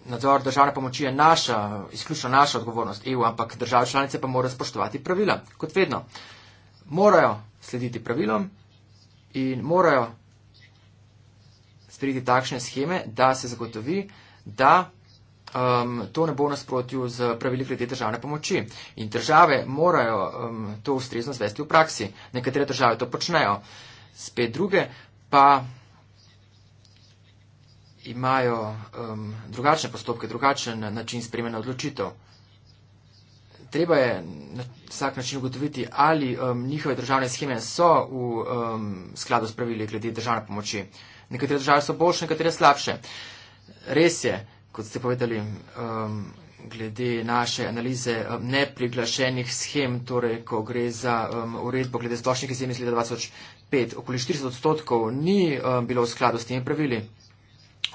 Nadzor državne pomoči je naša, izključno naša odgovornost EU, ampak države članice pa morajo spoštovati pravila, kot vedno. Morajo slediti pravilom in morajo sprediti takšne scheme, da se zagotovi, da um, to ne bo nasprotju z pravili glede državne pomoči. In države morajo um, to ustrezno zvesti v praksi. Nekatere države to počnejo. Spet druge pa imajo um, drugačne postopke, drugačen način spremena odločitev. Treba je na vsak način ugotoviti, ali um, njihove državne scheme so v um, skladu s pravili glede državne pomoči. Nekatere države so boljše, nekatere slabše. Res je, kot ste povedali, um, glede naše analize um, nepriglašenih schem, torej ko gre za um, uredbo glede splošnih izjem iz leta 2005, okoli 40 odstotkov ni um, bilo v skladu s temi pravili.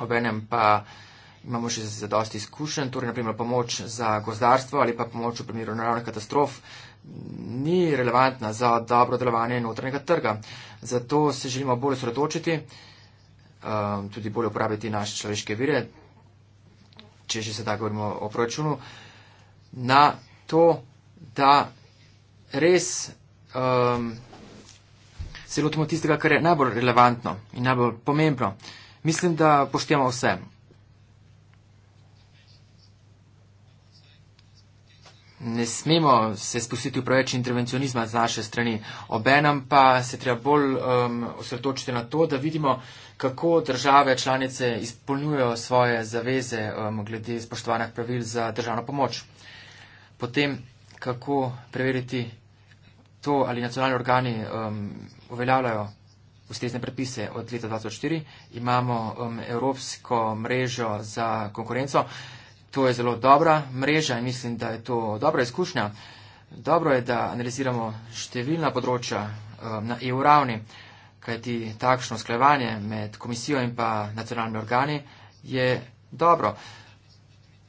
Obenem pa imamo še za dosti izkušen, torej naprimer pomoč za gozdarstvo ali pa pomoč v primeru naravnih katastrof ni relevantna za dobro delovanje notranjega trga. Zato se želimo bolj sredočiti, um, tudi bolj uporabiti naše človeške vire, če že sedaj govorimo o proračunu, na to, da res um, se lotimo tistega, kar je najbolj relevantno in najbolj pomembno. Mislim, da poštevamo vse. ne smemo se spustiti v preveč intervencionizma z naše strani. Obenem pa se treba bolj um, osredotočiti na to, da vidimo, kako države članice izpolnjujejo svoje zaveze um, glede spoštovanih pravil za državno pomoč. Potem, kako preveriti to, ali nacionalni organi um, uveljavljajo ustrezne predpise od leta 2004, imamo um, Evropsko mrežo za konkurenco. To je zelo dobra mreža in mislim, da je to dobra izkušnja. Dobro je, da analiziramo številna področja eh, na EU ravni, kajti takšno sklevanje med komisijo in pa nacionalnimi organi je dobro.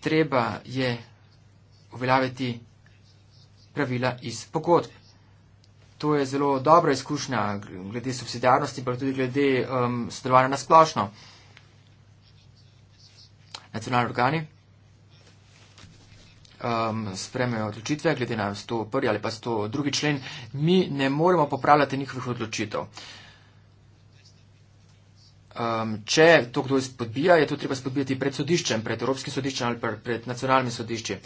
Treba je uveljaviti pravila iz pogodb. To je zelo dobra izkušnja glede subsidijarnosti, pa tudi glede um, sodelovanja na splošno. Nacionalni organi um, spremejo odločitve, glede na 101. ali pa 102. člen, mi ne moremo popravljati njihovih odločitev. Um, če to kdo izpodbija, je to treba spodbijati pred sodiščem, pred Evropskim sodiščem ali pred nacionalnimi sodišči.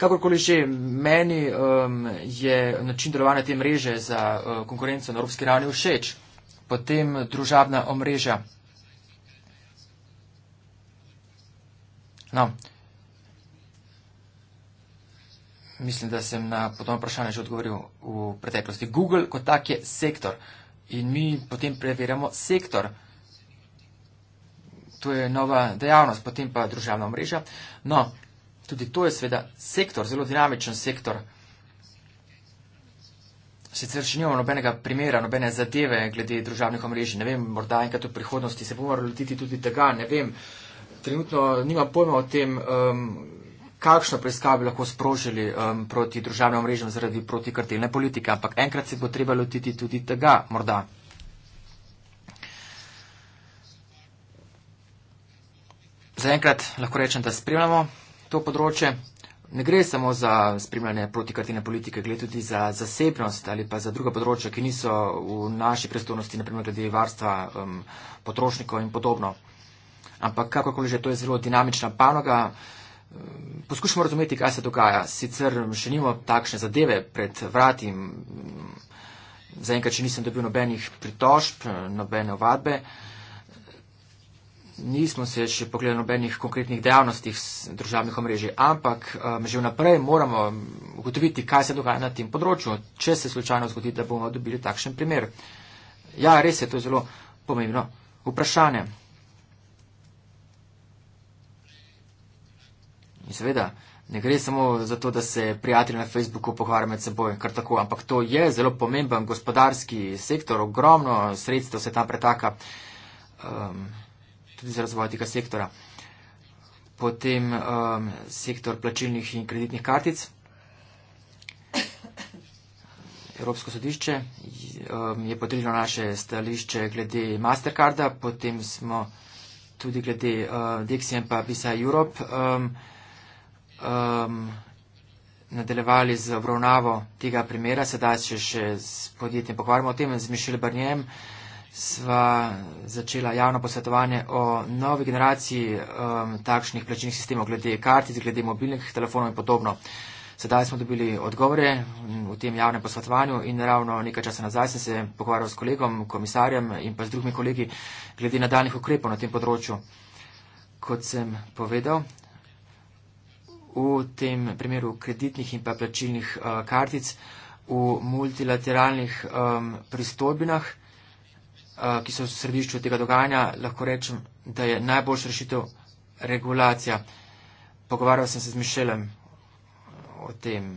Kakorkoli že, meni um, je način delovanja te mreže za uh, konkurenco na Evropski ravni všeč. Potem družabna omrežja. No. mislim, da sem na podobno vprašanje že odgovoril v preteklosti. Google kot tak je sektor in mi potem preverjamo sektor. To je nova dejavnost, potem pa družavna mreža. No, tudi to je sveda sektor, zelo dinamičen sektor. Sicer še nimamo nobenega primera, nobene zadeve glede družavnih omrežij. Ne vem, morda enkrat v prihodnosti se bomo morali lotiti tudi tega. Ne vem, trenutno nima pojma o tem. Um, kakšno preiskavo lahko sprožili um, proti državnem mrežam zaradi protikartelne politike, ampak enkrat se bo treba lotiti tudi tega, morda. Zaenkrat lahko rečem, da spremljamo to področje. Ne gre samo za spremljanje protikartelne politike, gre tudi za zasebnost ali pa za druga področja, ki niso v naši pristojnosti, naprimer glede varstva um, potrošnikov in podobno. Ampak kakorkoli že, to je zelo dinamična panoga. Ehm, poskušamo razumeti, kaj se dogaja. Sicer še nimamo takšne zadeve pred vrati, zaenkrat še nisem dobil nobenih pritožb, nobene ovadbe. Nismo se še pogledali nobenih konkretnih dejavnostih državnih omrežij, ampak ehm, že vnaprej moramo ugotoviti, kaj se dogaja na tem področju, če se slučajno zgodi, da bomo dobili takšen primer. Ja, res je to zelo pomembno vprašanje. In seveda, ne gre samo za to, da se prijatelji na Facebooku pohvarjajo med seboj, kar tako, ampak to je zelo pomemben gospodarski sektor, ogromno sredstev se tam pretaka um, tudi za razvoj tega sektora. Potem um, sektor plačilnih in kreditnih kartic. Evropsko sodišče um, je podelilo naše stališče glede Mastercarda, potem smo tudi glede uh, Dexia in pa Visa Europe um, um, nadaljevali z obravnavo tega primera, sedaj se še s podjetjem pokvarjamo o tem in z Mišel Barnjem sva začela javno posvetovanje o novi generaciji um, takšnih plačnih sistemov glede kartic, glede mobilnih telefonov in podobno. Sedaj smo dobili odgovore mm, v tem javnem posvetovanju in ravno nekaj časa nazaj sem se pogovarjal s kolegom, komisarjem in pa z drugimi kolegi glede nadaljnih ukrepov na tem področju. Kot sem povedal, v tem primeru kreditnih in pa plačilnih eh, kartic v multilateralnih pristojbinah, eh, ki so v središču tega dogajanja, lahko rečem, da je najboljša rešitev regulacija. Pogovarjal sem se z Mišelem o tem.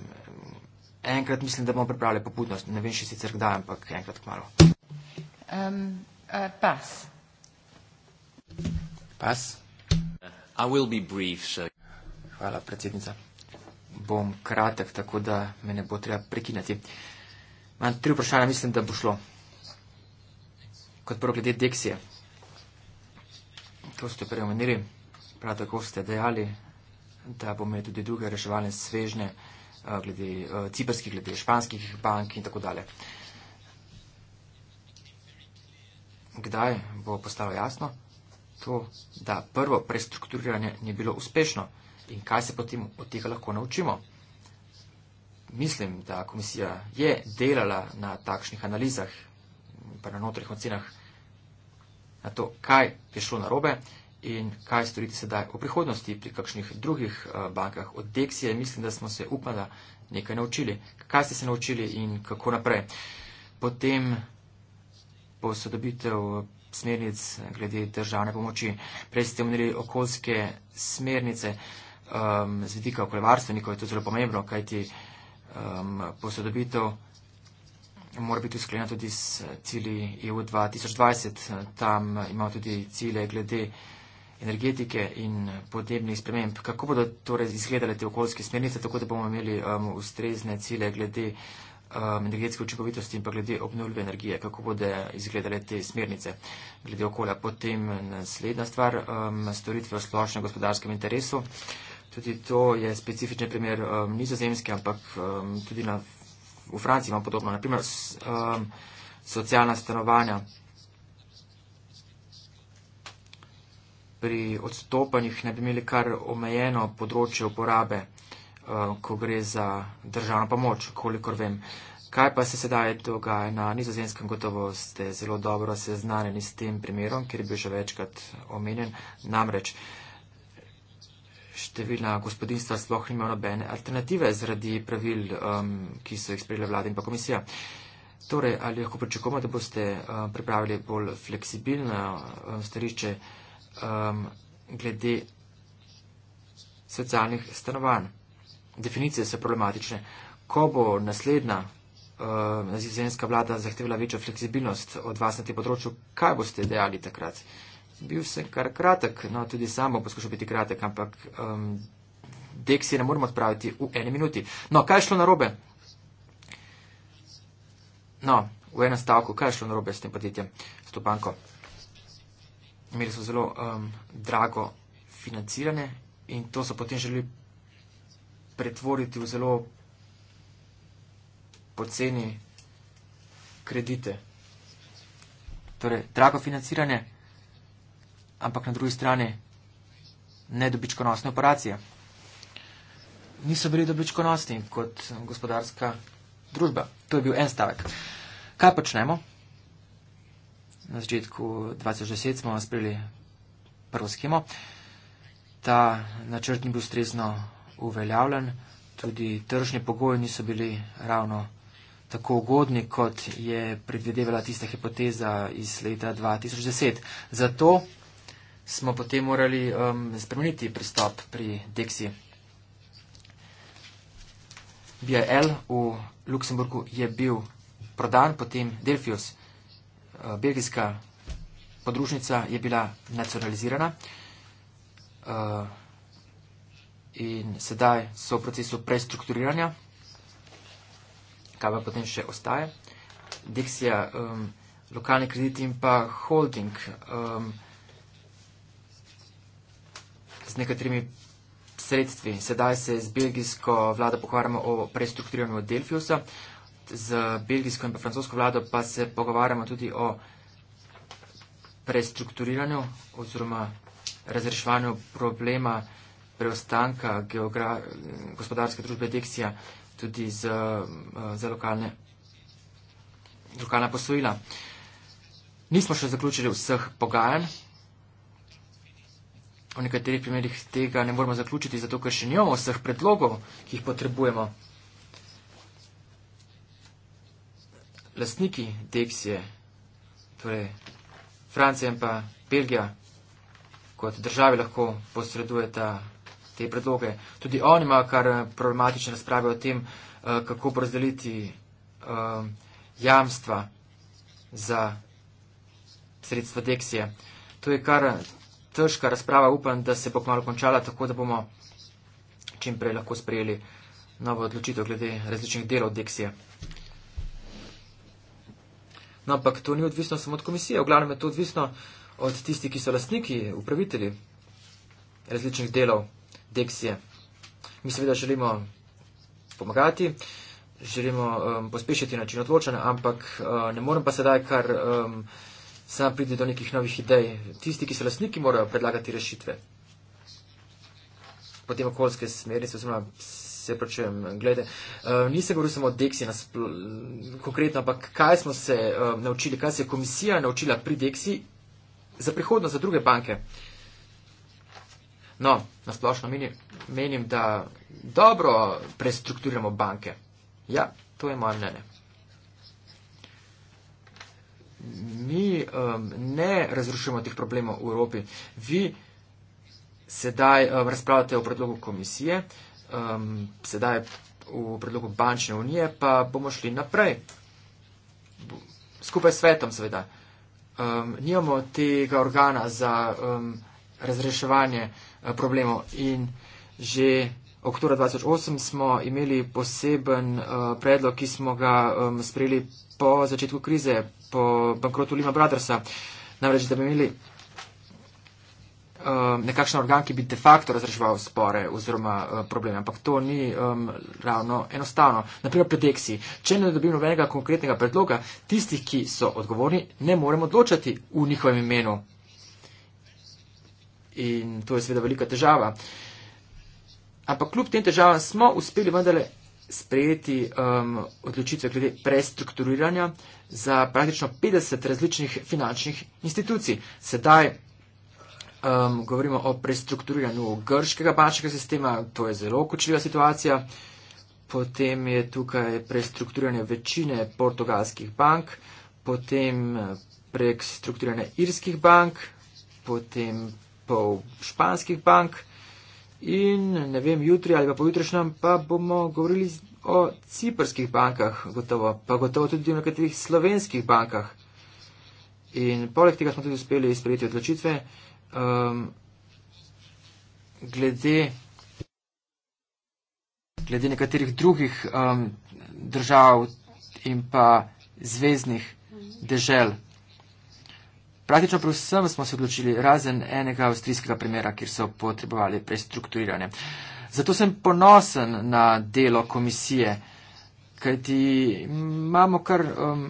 Enkrat mislim, da bomo pripravili popudnost. Ne vem še sicer kdaj, ampak enkrat kmalo. Um, uh, eh, pas. Pas. I will be brief, sir. Hvala, predsednica. Bom kratek, tako da me ne bo treba prekinjati. Imam tri vprašanja, mislim, da bo šlo. Kot prvo, glede deksije. To ste prej omenili, prav tako ste dejali, da bo imel tudi druge reševalne svežne, eh, glede eh, ciperskih, glede španskih bank in tako dalje. Kdaj bo postalo jasno to, da prvo prestrukturiranje ni bilo uspešno? in kaj se potem od tega lahko naučimo. Mislim, da komisija je delala na takšnih analizah in pa na notrih ocenah na to, kaj je šlo na robe in kaj storiti sedaj v prihodnosti pri kakšnih drugih eh, bankah. Od Deksije mislim, da smo se upala nekaj naučili. Kaj ste se naučili in kako naprej? Potem posodobitev smernic glede državne pomoči. Prej ste omenili okoljske smernice um, z vidika okoljevarstvenikov je to zelo pomembno, kajti um, posodobitev mora biti usklenjena tudi s cilji EU 2020. Tam imamo tudi cilje glede energetike in podnebnih sprememb. Kako bodo torej izgledale te okoljske smernice, tako da bomo imeli um, ustrezne cilje glede um, energetske učinkovitosti in pa glede obnovljive energije? Kako bodo izgledale te smernice glede okolja? Potem naslednja stvar, um, storitve v splošnem gospodarskem interesu. Uh, Tudi to je specifičen primer um, nizozemske, ampak um, tudi na, v Franciji imamo podobno. Naprimer, s, um, socialna stanovanja pri odstopanjih ne bi imeli kar omejeno področje uporabe, um, ko gre za državno pomoč, kolikor vem. Kaj pa se sedaj dogaja na nizozemskem, gotovo ste zelo dobro seznanjeni s tem primerom, ker je bil že večkrat omenjen. Namreč številna gospodinstva sploh nima nobene alternative zaradi pravil, um, ki so jih sprejela vlada in pa komisija. Torej, ali lahko pričakujemo, da boste um, pripravili bolj fleksibilno um, starišče um, glede socialnih stanovanj? Definicije so problematične. Ko bo naslednja um, zizemska vlada zahtevala večjo fleksibilnost od vas na tem področju, kaj boste dejali takrat? bil sem kar kratek, no tudi samo poskušal biti kratek, ampak um, dek si ne morem odpraviti v eni minuti. No, kaj je šlo narobe? No, v enem stavku, kaj je šlo narobe s tem podjetjem, s to banko? Imeli so zelo um, drago financiranje in to so potem želeli pretvoriti v zelo poceni kredite. Torej, drago financiranje ampak na drugi strani ne dobičkonosne operacije. Niso bili dobičkonosni kot gospodarska družba. To je bil en stavek. Kaj počnemo? Na začetku 2010 smo sprejeli prvo schemo. Ta načrt ni bil ustrezno uveljavljen, tudi tržni pogoji niso bili ravno tako ugodni, kot je predvidevala tista hipoteza iz leta 2010. Zato smo potem morali um, spremeniti pristop pri Dexi. BIL v Luksemburgu je bil prodan, potem Delfius, uh, belgijska podružnica, je bila nacionalizirana uh, in sedaj so v procesu prestrukturiranja, kaj pa potem še ostaje. Dexija, um, lokalni krediti in pa holding. Um, nekaterimi sredstvi. Sedaj se z belgijsko vlado pogovarjamo o prestrukturiranju Delfiusa, z belgijsko in pa francosko vlado pa se pogovarjamo tudi o prestrukturiranju oziroma razreševanju problema preostanka gospodarske družbe Dexia tudi z, eh, za lokalne, lokalna posojila. Nismo še zaključili vseh pogajanj v nekaterih primerjih tega ne moramo zaključiti, zato ker še nimamo vseh predlogov, ki jih potrebujemo. Lastniki Deksije, torej Francija in pa Belgija, kot države lahko posredujeta te predloge. Tudi oni imajo kar problematične razprave o tem, eh, kako porazdeliti eh, jamstva za sredstva Deksije. To je kar težka razprava, upam, da se bo kmalo končala, tako da bomo čim prej lahko sprejeli novo odločitev glede različnih delov deksije. No, ampak to ni odvisno samo od komisije, v glavnem je to odvisno od tistih, ki so lastniki, upraviteli različnih delov deksije. Mi seveda želimo pomagati, želimo um, pospešiti način odločanja, ampak uh, ne morem pa sedaj kar. Um, sam pride do nekih novih idej. Tisti, ki so lastniki, morajo predlagati rešitve. Potem okoljske smernice, oziroma se pročujem, glede. Eh, nisem govoril samo o Deksi konkretno, ampak kaj smo se eh, naučili, kaj se je komisija naučila pri Deksi za prihodnost za druge banke. No, nasplošno menim, menim, da dobro prestrukturiramo banke. Ja, to je moja mnenja mi um, ne razrušujemo teh problemov v Evropi. Vi sedaj um, razpravljate o predlogu komisije, um, sedaj v predlogu bančne unije, pa bomo šli naprej. Skupaj s svetom, seveda. Um, nijamo tega organa za um, razreševanje uh, problemov in že oktobra 2008 smo imeli poseben uh, predlog, ki smo ga um, sprejeli po začetku krize, po bankrotu Lima Brothersa. Namreč, da bi imeli um, nekakšen organ, ki bi de facto razreševal spore oziroma uh, probleme. Ampak to ni um, ravno enostavno. Naprimer, predeksi. Če ne dobimo nobenega konkretnega predloga, tistih, ki so odgovorni, ne moremo odločati v njihovem imenu. In to je seveda velika težava. Uh, Ampak kljub tem težavam smo uspeli vendarle sprejeti um, odločitve glede prestrukturiranja za praktično 50 različnih finančnih institucij. Sedaj um, govorimo o prestrukturiranju grškega bančnega sistema, to je zelo kočljiva situacija. Potem je tukaj prestrukturiranje večine portugalskih bank, potem uh, prek strukturiranje irskih bank, potem pol španskih bank. In ne vem, jutri ali pa pojutrišnjem pa bomo govorili o ciprskih bankah, gotovo, pa gotovo tudi o nekaterih slovenskih bankah. In poleg tega smo tudi uspeli sprejeti odločitve um, glede, glede nekaterih drugih um, držav in pa zvezdnih dežel. Mhm. Praktično pri vsem smo se odločili, razen enega avstrijskega primera, kjer so potrebovali prestrukturiranje. Zato sem ponosen na delo komisije, kajti imamo kar um,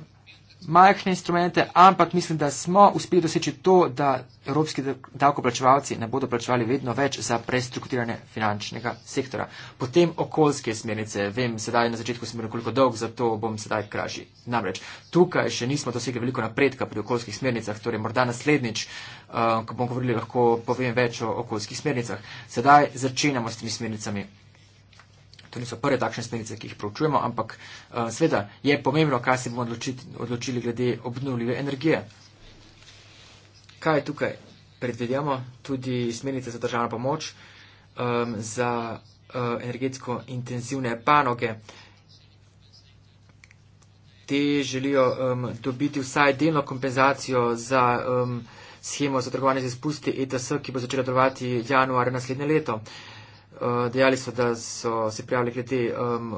majhne instrumente, ampak mislim, da smo uspeli doseči to, da evropski davkoplačevalci ne bodo plačevali vedno več za prestrukturiranje finančnega sektora. Potem okoljske smernice. Vem, sedaj na začetku sem bil nekoliko dolg, zato bom sedaj kraži. Namreč tukaj še nismo dosegli veliko napredka pri okoljskih smernicah, torej morda naslednjič, eh, ko bomo govorili, lahko povem več o okoljskih smernicah. Sedaj začenjamo s temi smernicami to niso prve takšne smernice, ki jih proučujemo, ampak uh, eh, sveda je pomembno, kaj se bomo odločiti, odločili glede obnovljive energije. Kaj tukaj predvidjamo? Tudi smernice za državno pomoč um, za uh, energetsko intenzivne panoge. Te želijo um, dobiti vsaj delno kompenzacijo za um, ehm, schemo za trgovanje z izpusti ETS, ki bo začela delovati januarja naslednje leto. Uh, Eh, dejali so, da so se prijavili glede um,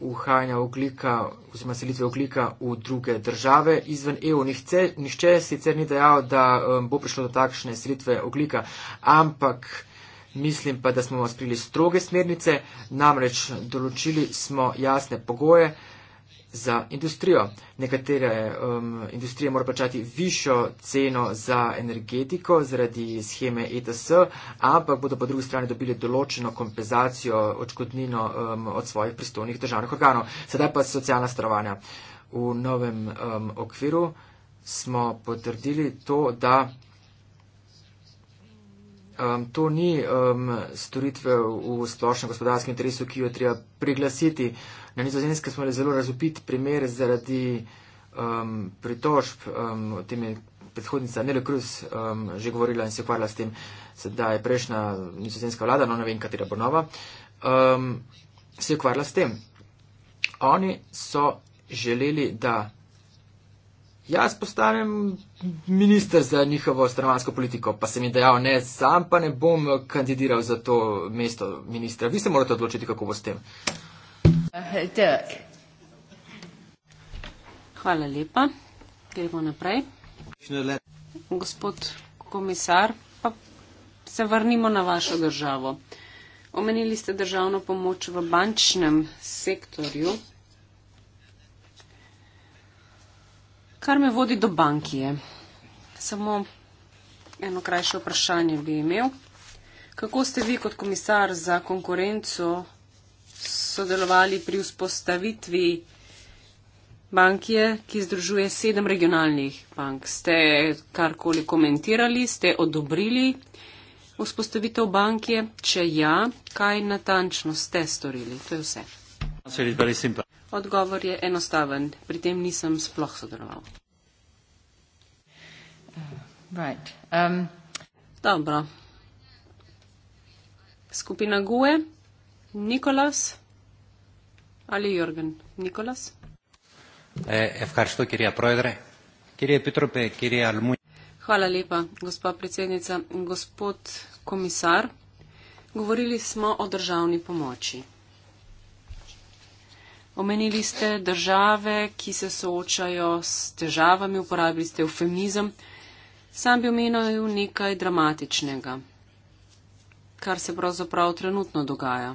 uhajanja oglika oziroma selitve oglika v druge države izven EU. Nihce, nihče sicer ni dejal, da um, bo prišlo do takšne selitve oglika, ampak mislim pa, da smo sprili stroge smernice, namreč določili smo jasne pogoje za industrijo. Nekatere um, industrije morajo plačati višjo ceno za energetiko zaradi scheme ETS, ampak bodo po drugi strani dobili določeno kompenzacijo, očkodnino um, od svojih pristojnih državnih organov. Sedaj pa socialna starovanja. V novem um, okviru smo potrdili to, da um, to ni um, storitve v splošnem gospodarskem interesu, ki jo treba priglasiti na nizozemske smo imeli zelo razupit primer zaradi um, pritožb, um, o tem je predhodnica Nele Cruz um, že govorila in se ukvarjala s tem, da je prejšnja nizozemska vlada, no ne vem, katera bo nova, um, se je ukvarjala s tem. Oni so želeli, da jaz postanem minister za njihovo stranovansko politiko, pa sem jim dejal, ne, sam pa ne bom kandidiral za to mesto ministra. Vi se morate odločiti, kako bo s tem. Uh, Hvala lepa. Gremo naprej. Gospod komisar, pa se vrnimo na vašo državo. Omenili ste državno pomoč v bančnem sektorju. Kar me vodi do bankije. Samo eno krajše vprašanje bi imel. Kako ste vi kot komisar za konkurenco sodelovali pri vzpostavitvi bankije, ki združuje sedem regionalnih bank. Ste karkoli komentirali, ste odobrili vzpostavitev bankije? Če ja, kaj natančno ste storili? To je vse. Odgovor je enostaven. Pri tem nisem sploh sodeloval. Uh, right. Um. Dobro. Skupina GUE. Nikolas ali Jorgen? Nikolas? E, Hvala lepa, gospa predsednica. Gospod komisar, govorili smo o državni pomoči. Omenili ste države, ki se soočajo s težavami, uporabili ste eufemizem. Sam bi omenil nekaj dramatičnega, kar se pravzaprav trenutno dogaja.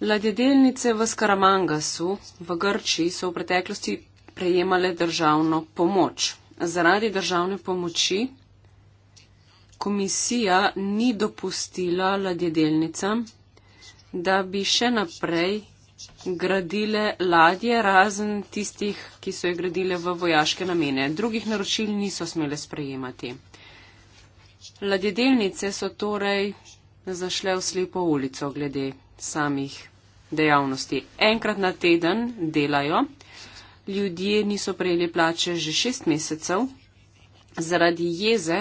Ladjedelnice v Skaramangasu v Grči so v preteklosti prejemale državno pomoč. Zaradi državne pomoči komisija ni dopustila ladjedelnicam, da bi še naprej gradile ladje, razen tistih, ki so jih gradile v vojaške namene. Drugih naročil niso smele sprejemati. Ladjedelnice so torej zašle v slepo ulico glede samih dejavnosti. Enkrat na teden delajo, ljudje niso prejeli plače že šest mesecev, zaradi jeze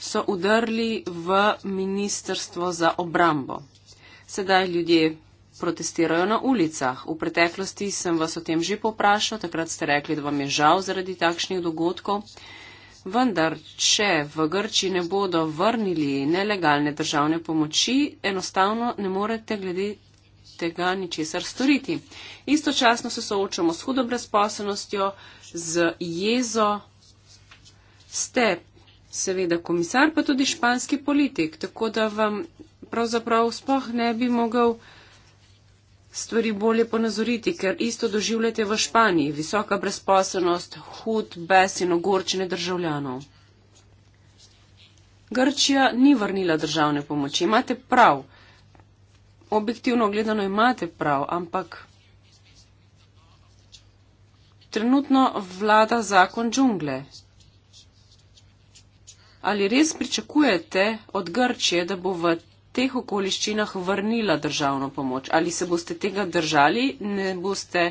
so udrli v Ministrstvo za obrambo. Sedaj ljudje protestirajo na ulicah. V preteklosti sem vas o tem že poprašal, takrat ste rekli, da vam je žal zaradi takšnih dogodkov. Vendar, če v Grčiji ne bodo vrnili nelegalne državne pomoči, enostavno ne morete glede tega ničesar storiti. Istočasno se soočamo s hudo brezposobnostjo, z jezo. Ste seveda komisar, pa tudi španski politik, tako da vam pravzaprav spoh ne bi mogel stvari bolje ponazoriti, ker isto doživljate v Španiji, visoka brezposobnost, hud, bes in ogorčene državljanov. Grčija ni vrnila državne pomoči, imate prav, objektivno gledano imate prav, ampak trenutno vlada zakon džungle. Ali res pričakujete od Grčije, da bo v teh okoliščinah vrnila državno pomoč? Ali se boste tega držali, ne boste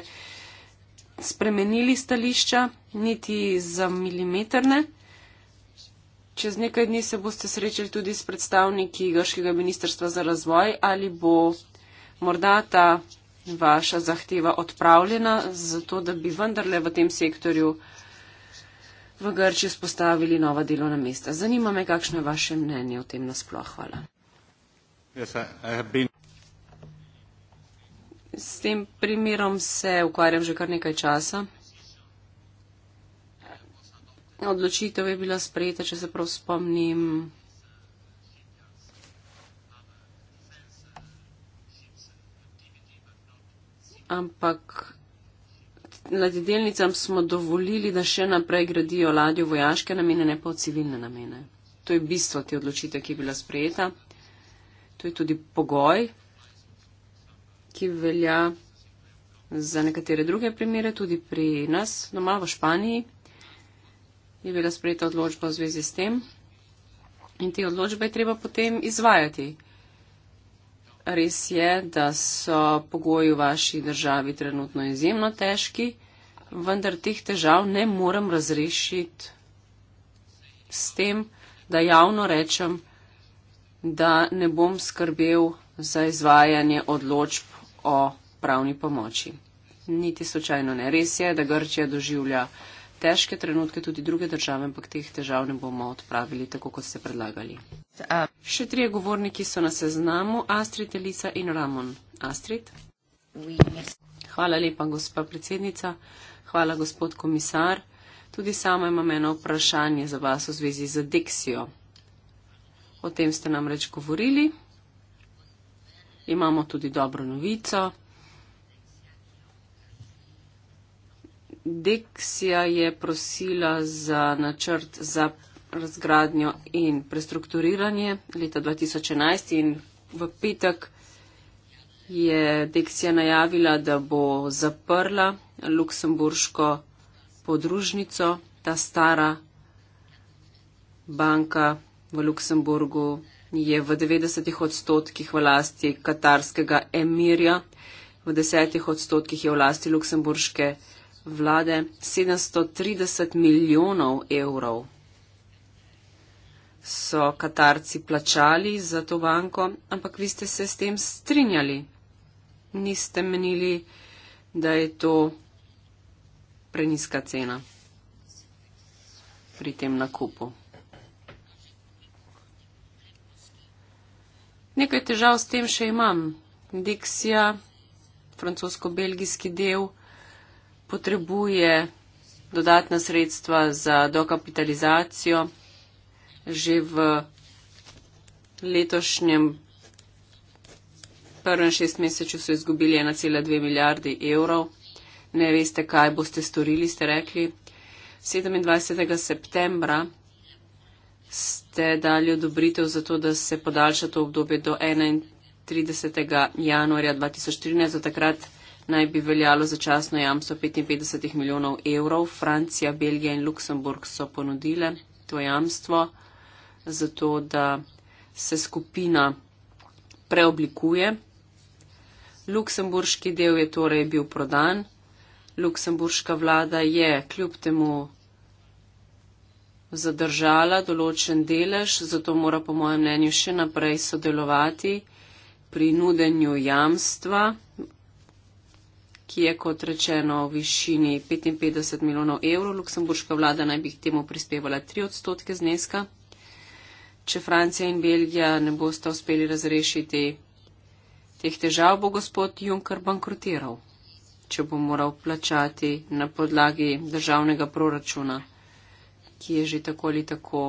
spremenili stališča, niti za milimeterne? Čez nekaj dni se boste srečali tudi s predstavniki Grškega ministrstva za razvoj, ali bo morda ta vaša zahteva odpravljena, zato da bi vendarle v tem sektorju v Grči spostavili nova delovna mesta. Zanima me, kakšno je vaše mnenje o tem nasploh. Hvala. S tem primerom se ukvarjam že kar nekaj časa. Odločitev je bila sprejeta, če se prav spomnim. Ampak nad delnicam smo dovolili, da še naprej gradijo ladjo vojaške namene, ne pa civilne namene. To je bistvo te odločitve, ki je bila sprejeta. To je tudi pogoj, ki velja za nekatere druge primere, tudi pri nas doma v Španiji je bila sprejeta odločba v zvezi s tem in te odločbe je treba potem izvajati. Res je, da so pogoji v vaši državi trenutno izjemno težki, vendar teh težav ne morem razrešiti s tem, da javno rečem, da ne bom skrbel za izvajanje odločb o pravni pomoči. Niti slučajno ne. Res je, da Grčija doživlja težke trenutke tudi druge države, ampak teh težav ne bomo odpravili tako, kot ste predlagali. A. Še trije govorniki so na seznamu, Astrid, Elisa in Ramon. Astrid. Oui, yes. Hvala lepa, gospa predsednica. Hvala, gospod komisar. Tudi sama imam eno vprašanje za vas v zvezi z deksijo. O tem ste nam reč govorili. Imamo tudi dobro novico. Deksija je prosila za načrt za razgradnjo in prestrukturiranje leta 2011 in v petek je Deksija najavila, da bo zaprla luksemburško podružnico, ta stara banka v Luksemburgu je v 90 odstotkih v lasti katarskega emirja, v 10 odstotkih je v lasti luksemburške vlade 730 milijonov evrov so Katarci plačali za to banko, ampak vi ste se s tem strinjali. Niste menili, da je to preniska cena pri tem nakupu. Nekaj težav s tem še imam. Diksija, francosko-belgijski del, potrebuje dodatna sredstva za dokapitalizacijo. Že v letošnjem prvem šest mesecu so izgubili 1,2 milijardi evrov. Ne veste, kaj boste storili, ste rekli. 27. septembra ste dali odobritev za to, da se podaljša to obdobje do 31. januarja 2013. Za takrat naj bi veljalo začasno jamstvo 55 milijonov evrov. Francija, Belgija in Luksemburg so ponudile to jamstvo za to, da se skupina preoblikuje. Luksemburški del je torej bil prodan. Luksemburška vlada je kljub temu zadržala določen delež, zato mora po mojem mnenju še naprej sodelovati pri nudenju jamstva, ki je kot rečeno v višini 55 milijonov evrov. Luksemburška vlada naj bi k temu prispevala 3 odstotke zneska. Če Francija in Belgija ne bosta uspeli razrešiti teh težav, bo gospod Juncker bankrotiral, če bo moral plačati na podlagi državnega proračuna ki je že tako ali tako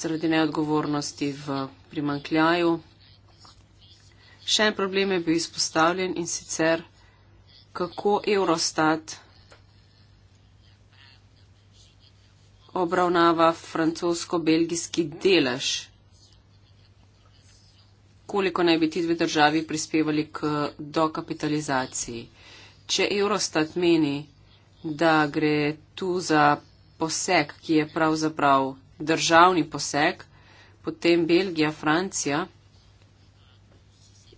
zaradi neodgovornosti v primankljaju. Še en problem je bil izpostavljen in sicer, kako Eurostat obravnava francosko-belgijski delež, koliko naj bi ti dve državi prispevali k dokapitalizaciji. Če Eurostat meni, da gre tu za poseg, ki je pravzaprav državni poseg, potem Belgija, Francija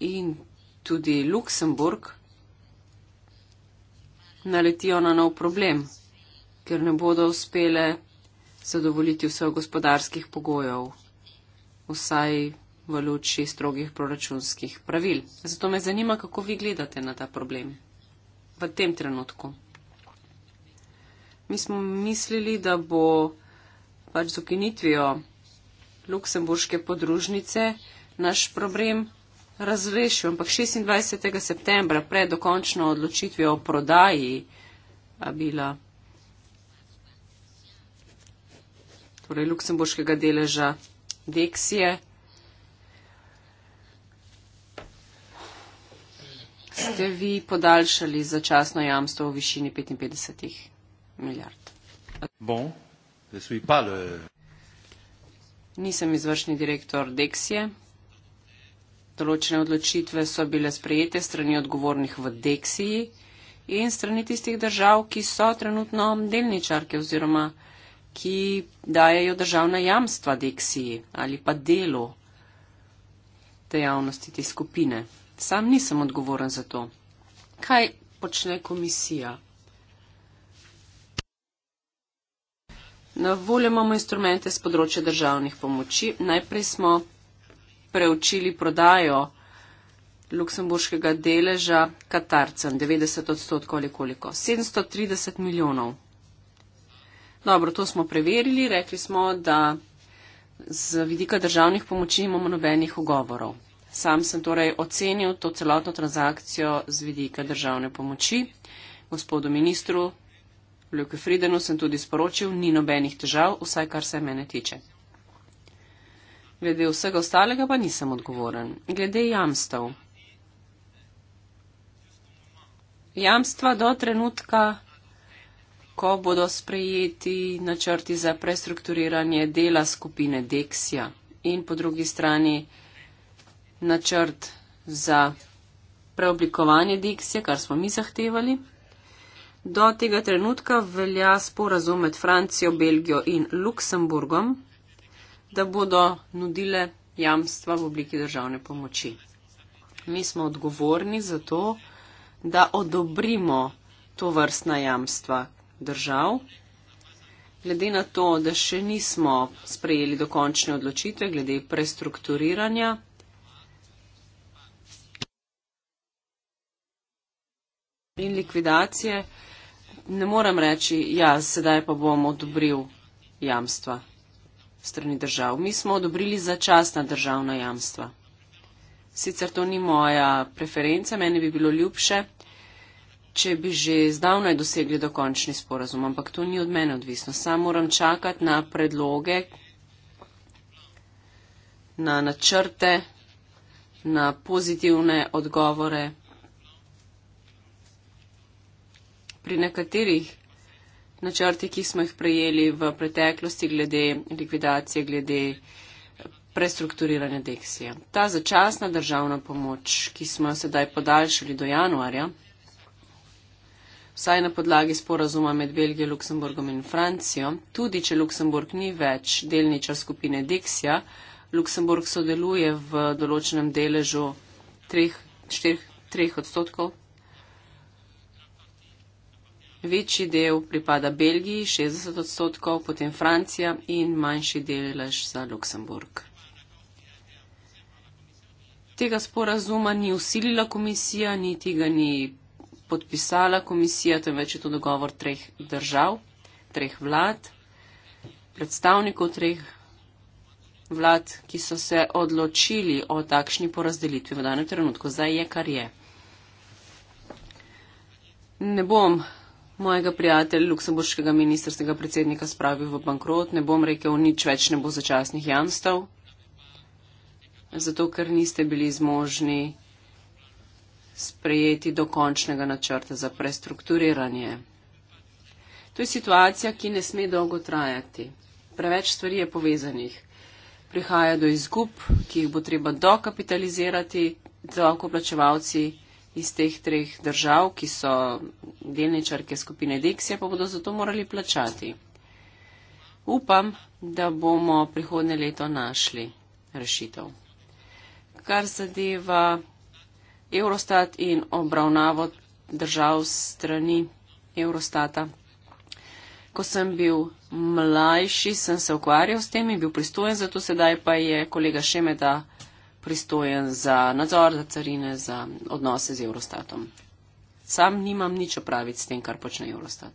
in tudi Luksemburg naletijo na nov problem, ker ne bodo uspele zadovoljiti vseh gospodarskih pogojev, vsaj v luči strogih proračunskih pravil. Zato me zanima, kako vi gledate na ta problem v tem trenutku. Mi smo mislili, da bo pač z okinitvijo luksemburške podružnice naš problem razrešil. Ampak 26. septembra pred dokončno odločitvijo o prodaji bila torej luksemburškega deleža Deksije. Ste vi podaljšali začasno jamstvo v višini 55? milijard. Bon, je suis pas le... Nisem izvršni direktor Deksije. Določene odločitve so bile sprejete strani odgovornih v Deksiji in strani tistih držav, ki so trenutno delničarke oziroma ki dajejo državna jamstva Deksiji ali pa delu dejavnosti te skupine. Sam nisem odgovoren za to. Kaj počne komisija? Na voljo imamo instrumente z področja državnih pomoči. Najprej smo preučili prodajo luksemburškega deleža Katarcem, 90 odstotkov ali koliko, 730 milijonov. Dobro, to smo preverili, rekli smo, da z vidika državnih pomoči imamo nobenih ogovorov. Sam sem torej ocenil to celotno transakcijo z vidika državne pomoči. Gospodu ministru Luke Fridenu sem tudi sporočil, ni nobenih težav, vsaj kar se mene tiče. Glede vsega ostalega pa nisem odgovoren. Glede jamstev. Jamstva do trenutka, ko bodo sprejeti načrti za prestrukturiranje dela skupine Dexia in po drugi strani načrt za preoblikovanje Dexia, kar smo mi zahtevali, Do tega trenutka velja sporazum med Francijo, Belgijo in Luksemburgom, da bodo nudile jamstva v obliki državne pomoči. Mi smo odgovorni za to, da odobrimo to vrstna jamstva držav. Glede na to, da še nismo sprejeli dokončne odločitve glede prestrukturiranja, In likvidacije, ne morem reči, ja, sedaj pa bom odobril jamstva strani držav. Mi smo odobrili začasna državna jamstva. Sicer to ni moja preferenca, meni bi bilo ljubše, če bi že zdavnaj dosegli dokončni sporazum, ampak to ni od mene odvisno. Sam moram čakati na predloge, na načrte, na pozitivne odgovore. pri nekaterih načrti, ki smo jih prejeli v preteklosti glede likvidacije, glede prestrukturiranja deksije. Ta začasna državna pomoč, ki smo jo sedaj podaljšali do januarja, vsaj na podlagi sporazuma med Belgijo, Luksemburgom in Francijo, tudi če Luksemburg ni več delničar skupine deksija, Luksemburg sodeluje v določenem deležu treh, štirih, treh odstotkov Večji del pripada Belgiji, 60 odstotkov, potem Francija in manjši delež za Luksemburg. Tega sporazuma ni usilila komisija, niti ga ni podpisala komisija, temveč je to dogovor treh držav, treh vlad, predstavnikov treh vlad, ki so se odločili o takšni porazdelitvi v danem trenutku. Zdaj je, kar je. Ne bom mojega prijatelja, luksemburškega ministrskega predsednika, spravil v bankrot. Ne bom rekel, nič več ne bo začasnih jamstev, zato ker niste bili zmožni sprejeti dokončnega načrta za prestrukturiranje. To je situacija, ki ne sme dolgo trajati. Preveč stvari je povezanih. Prihaja do izgub, ki jih bo treba dokapitalizirati, da lahko plačevalci iz teh treh držav, ki so delničarke skupine Dexia, pa bodo zato morali plačati. Upam, da bomo prihodne leto našli rešitev. Kar zadeva Eurostat in obravnavo držav strani Eurostata. Ko sem bil mlajši, sem se ukvarjal s tem in bil pristojen, zato sedaj pa je kolega Šemeda pristojen za nadzor, za carine, za odnose z Eurostatom. Sam nimam nič opraviti s tem, kar počne Eurostat.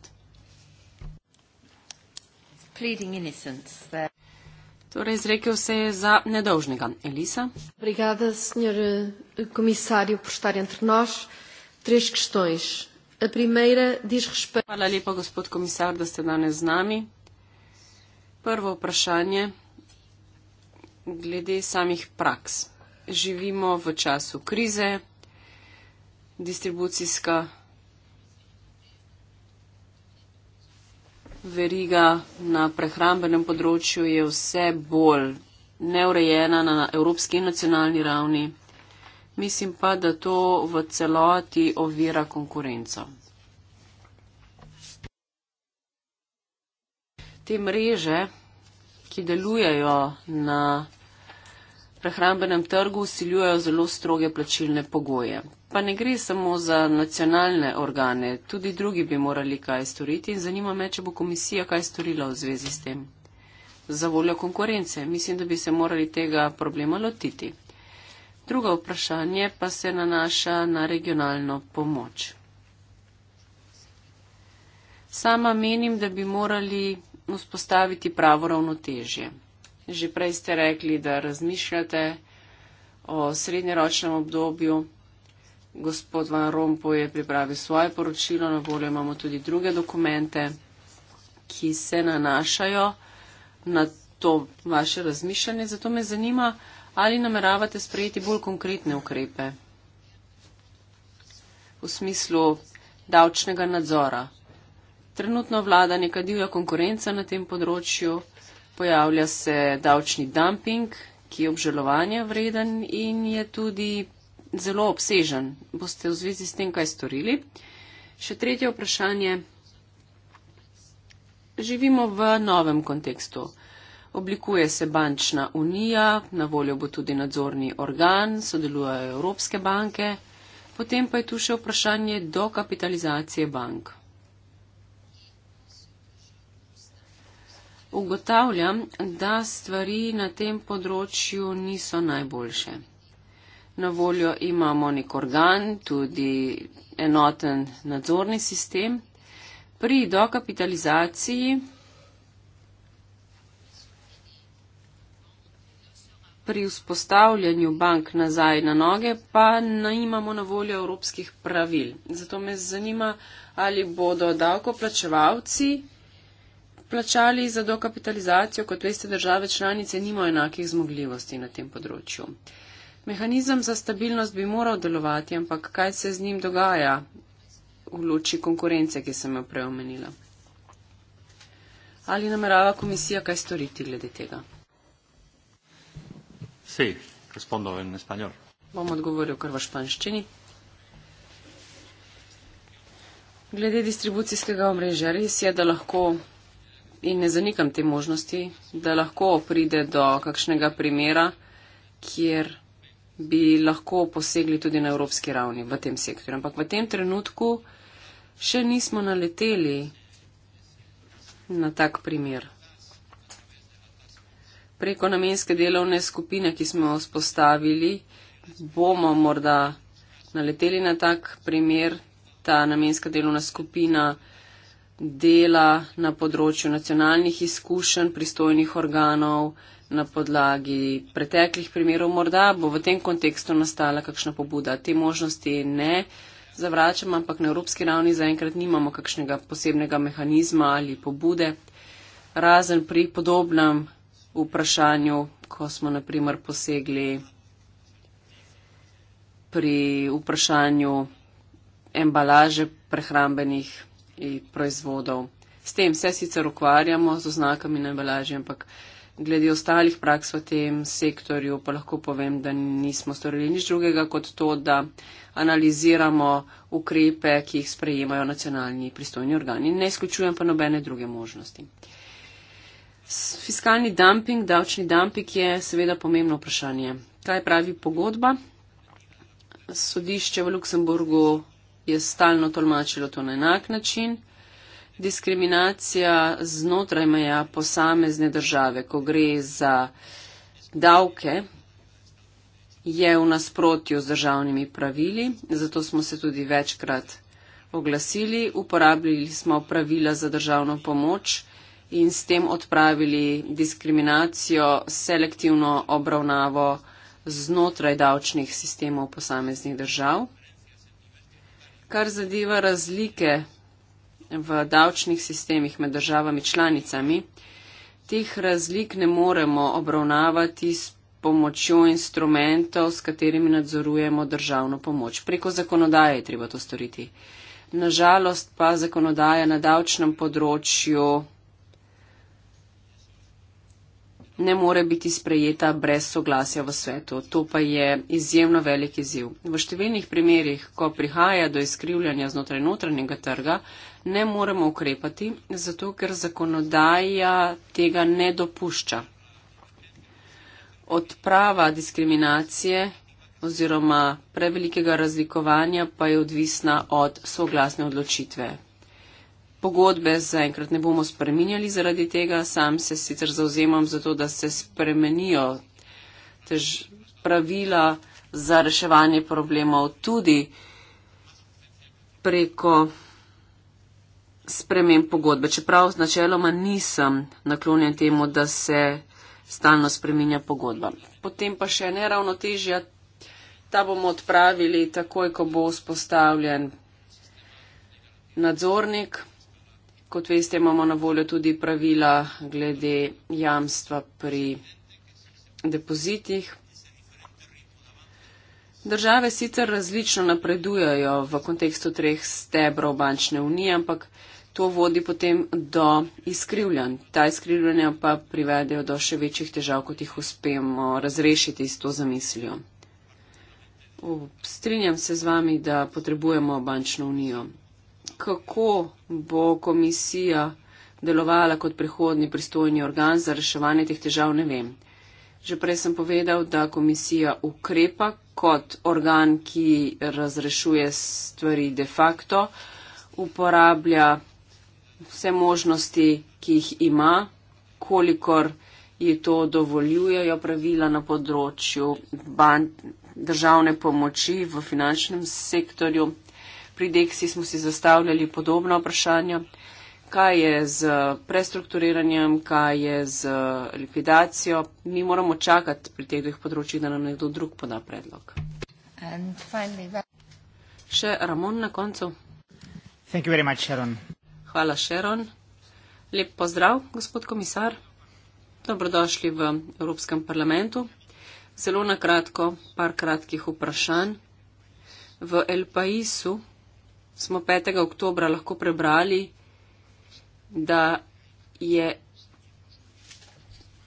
Torej, izrekel se je za nedolžnega. Elisa. Obrigada, senjor komisarju, eh, poštar je trnoš, treš kštojš. Primere, diš špe. Hvala lepa, gospod komisar, da ste danes z nami. Prvo vprašanje glede samih praks živimo v času krize, distribucijska veriga na prehrambenem področju je vse bolj neurejena na evropski in nacionalni ravni. Mislim pa, da to v celoti ovira konkurenco. Te mreže, ki delujejo na prehrambenem trgu usiljujejo zelo stroge plačilne pogoje. Pa ne gre samo za nacionalne organe, tudi drugi bi morali kaj storiti in zanima me, če bo komisija kaj storila v zvezi s tem. Za voljo konkurence mislim, da bi se morali tega problema lotiti. Drugo vprašanje pa se nanaša na regionalno pomoč. Sama menim, da bi morali vzpostaviti pravo ravnotežje. Že prej ste rekli, da razmišljate o srednjeročnem obdobju. Gospod Van Rompuy je pripravil svoje poročilo, na voljo imamo tudi druge dokumente, ki se nanašajo na to vaše razmišljanje. Zato me zanima, ali nameravate sprejeti bolj konkretne ukrepe v smislu davčnega nadzora. Trenutno vlada neka divja konkurenca na tem področju pojavlja se davčni dumping, ki je obžalovanja vreden in je tudi zelo obsežen. Boste v zvezi s tem kaj storili? Še tretje vprašanje. Živimo v novem kontekstu. Oblikuje se bančna unija, na voljo bo tudi nadzorni organ, sodelujejo evropske banke. Potem pa je tu še vprašanje dokapitalizacije bank. ugotavljam, da stvari na tem področju niso najboljše. Na voljo imamo nek organ, tudi enoten nadzorni sistem. Pri dokapitalizaciji, pri vzpostavljanju bank nazaj na noge, pa nimamo na voljo evropskih pravil. Zato me zanima, ali bodo davkoplačevalci plačali za dokapitalizacijo, kot veste, države članice nimajo enakih zmogljivosti na tem področju. Mehanizem za stabilnost bi moral delovati, ampak kaj se z njim dogaja v luči konkurence, ki sem jo preomenila? Ali namerava komisija kaj storiti glede tega? Sí, respondo en español. Bom odgovoril kar v španščini. Glede distribucijskega omrežja, res je, da lahko in ne zanikam te možnosti, da lahko pride do kakšnega primera, kjer bi lahko posegli tudi na evropski ravni v tem sektorju. Ampak v tem trenutku še nismo naleteli na tak primer. Preko namenske delovne skupine, ki smo jo spostavili, bomo morda naleteli na tak primer. Ta namenska delovna skupina dela na področju nacionalnih izkušenj pristojnih organov na podlagi preteklih primerov. Morda bo v tem kontekstu nastala kakšna pobuda. Te možnosti ne zavračam, ampak na evropski ravni zaenkrat nimamo kakšnega posebnega mehanizma ali pobude. Razen pri podobnem vprašanju, ko smo naprimer posegli pri vprašanju embalaže prehrambenih proizvodov. S tem se sicer ukvarjamo z oznakami na embalaži, ampak glede ostalih praks v tem sektorju pa lahko povem, da nismo storili nič drugega kot to, da analiziramo ukrepe, ki jih sprejemajo nacionalni pristojni organi. Ne izključujem pa nobene druge možnosti. Fiskalni dumping, davčni dumping je seveda pomembno vprašanje. Kaj pravi pogodba? Sodišče v Luksemburgu je stalno tolmačilo to na enak način. Diskriminacija znotraj meja posamezne države, ko gre za davke, je v nasprotju z državnimi pravili, zato smo se tudi večkrat oglasili, uporabljali smo pravila za državno pomoč in s tem odpravili diskriminacijo, selektivno obravnavo znotraj davčnih sistemov posameznih držav kar zadeva razlike v davčnih sistemih med državami članicami, teh razlik ne moremo obravnavati s pomočjo instrumentov, s katerimi nadzorujemo državno pomoč. Preko zakonodaje je treba to storiti. Nažalost pa zakonodaja na davčnem področju ne more biti sprejeta brez soglasja v svetu. To pa je izjemno velik izziv. V številnih primerjih, ko prihaja do izkrivljanja znotraj notranjega trga, ne moremo ukrepati, zato ker zakonodaja tega ne dopušča. Odprava diskriminacije oziroma prevelikega razlikovanja pa je odvisna od soglasne odločitve Pogodbe zaenkrat ne bomo spreminjali zaradi tega, sam se sicer zauzemam za to, da se spremenijo tež, pravila za reševanje problemov tudi preko spremem pogodbe. Čeprav načeloma nisem naklonjen temu, da se stalno spreminja pogodba. Potem pa še neravnotežja, ta bomo odpravili takoj, ko bo vzpostavljen nadzornik. Kot veste, imamo na voljo tudi pravila glede jamstva pri depozitih. Države sicer različno napredujajo v kontekstu treh stebrov bančne unije, ampak to vodi potem do izkrivljanj. Ta izkrivljanja pa privedejo do še večjih težav, kot jih uspemo razrešiti s to zamislijo. Strinjam se z vami, da potrebujemo bančno unijo kako bo komisija delovala kot prihodni pristojni organ za reševanje teh težav, ne vem. Že prej sem povedal, da komisija ukrepa kot organ, ki razrešuje stvari de facto, uporablja vse možnosti, ki jih ima, kolikor je to dovoljujejo pravila na področju ban, državne pomoči v finančnem sektorju, Pri Deksi smo si zastavljali podobna vprašanja, kaj je z prestrukturiranjem, kaj je z eh, likvidacijo. Mi moramo čakati pri teh dveh področjih, da nam nekdo drug poda predlog. Finally, Še Ramon na koncu. Much, Hvala, Sharon. Lep pozdrav, gospod komisar. Dobrodošli v Evropskem parlamentu. Zelo na kratko, par kratkih vprašanj. V El Paisu smo 5. oktober lahko prebrali, da je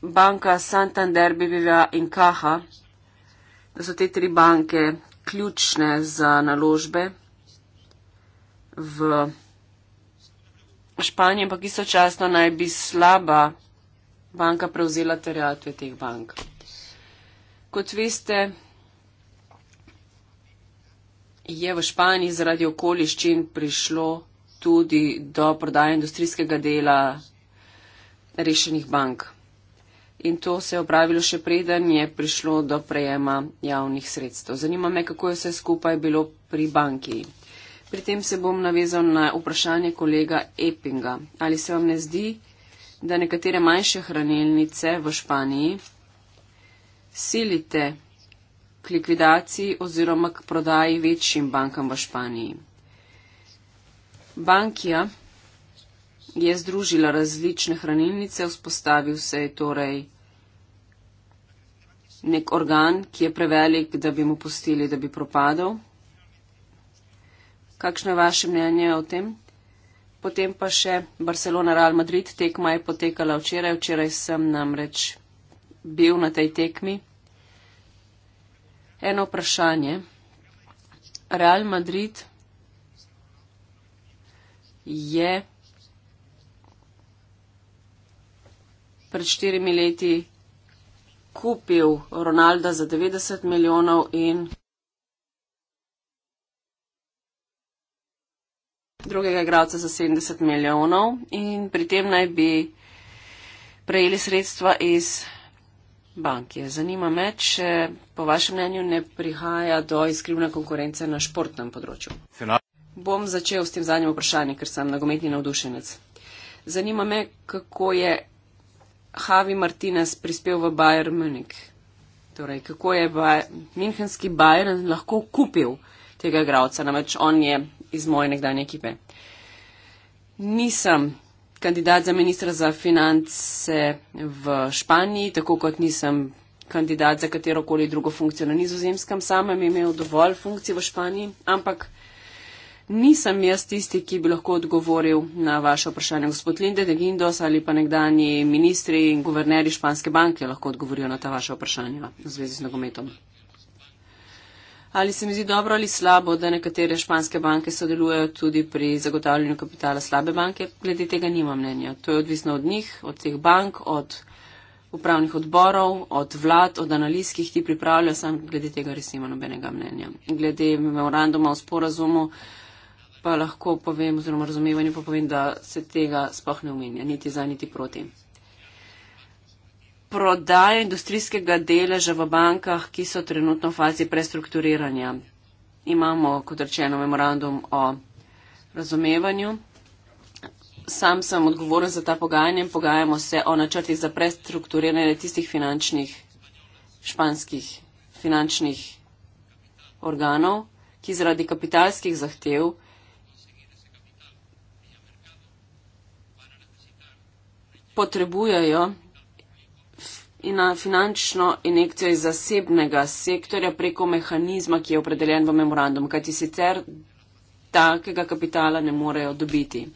banka Santander, BBVA in Kaha, da so te tri banke ključne za naložbe v Španiji, ampak istočasno naj bi slaba banka prevzela terjatve teh bank. Kot veste, je v Španiji zaradi okoliščin prišlo tudi do prodaje industrijskega dela rešenih bank. In to se je opravilo še preden je prišlo do prejema javnih sredstev. Zanima me, kako je vse skupaj bilo pri banki. Pri tem se bom navezal na vprašanje kolega Epinga. Ali se vam ne zdi, da nekatere manjše hranilnice v Španiji silite k likvidaciji oziroma k prodaji večjim bankam v Španiji. Bankija je združila različne hranilnice, vzpostavil se je torej nek organ, ki je prevelik, da bi mu pustili, da bi propadal. Kakšno je vaše mnenje o tem? Potem pa še Barcelona-Real Madrid, tekma je potekala včeraj, včeraj sem namreč bil na tej tekmi eno vprašanje. Real Madrid je pred štirimi leti kupil Ronalda za 90 milijonov in drugega igralca za 70 milijonov in pri tem naj bi prejeli sredstva iz banke. Zanima me, če po vašem mnenju ne prihaja do izkrivne konkurence na športnem področju. Final. Bom začel s tem zadnjim vprašanjem, ker sem nagometni navdušenec. Zanima me, kako je Havi Martinez prispel v Bayer Munich. Torej, kako je Bayer, minhenski Bayer lahko kupil tega igralca, namreč on je iz moje nekdanje ekipe. Nisem kandidat za ministra za finance v Španiji, tako kot nisem kandidat za katero koli drugo funkcijo na nizozemskem. Sam je imel dovolj funkcij v Španiji, ampak nisem jaz tisti, ki bi lahko odgovoril na vaše vprašanje. Gospod Linde de Guindos ali pa nekdani ministri in guvernerji Španske banke lahko odgovorijo na ta vaše vprašanje v zvezi z nogometom ali se mi zdi dobro ali slabo, da nekatere španske banke sodelujejo tudi pri zagotavljanju kapitala slabe banke, glede tega nima mnenja. To je odvisno od njih, od teh bank, od upravnih odborov, od vlad, od analiz, ki jih ti pripravljajo, sam glede tega res nima nobenega mnenja. Glede memoranduma o sporazumu pa lahko povem, oziroma razumevanju pa povem, da se tega sploh ne omenja, niti za, niti proti prodajo industrijskega deleža v bankah, ki so trenutno v fazi prestrukturiranja. Imamo, kot rečeno, memorandum o razumevanju. Sam sem odgovoren za ta pogajanje in pogajamo se o načrtih za prestrukturiranje tistih finančnih, španskih finančnih organov, ki zaradi kapitalskih zahtev potrebujejo in na finančno injekcijo iz zasebnega sektorja preko mehanizma, ki je opredeljen v memorandum, kajti sicer takega kapitala ne morejo dobiti.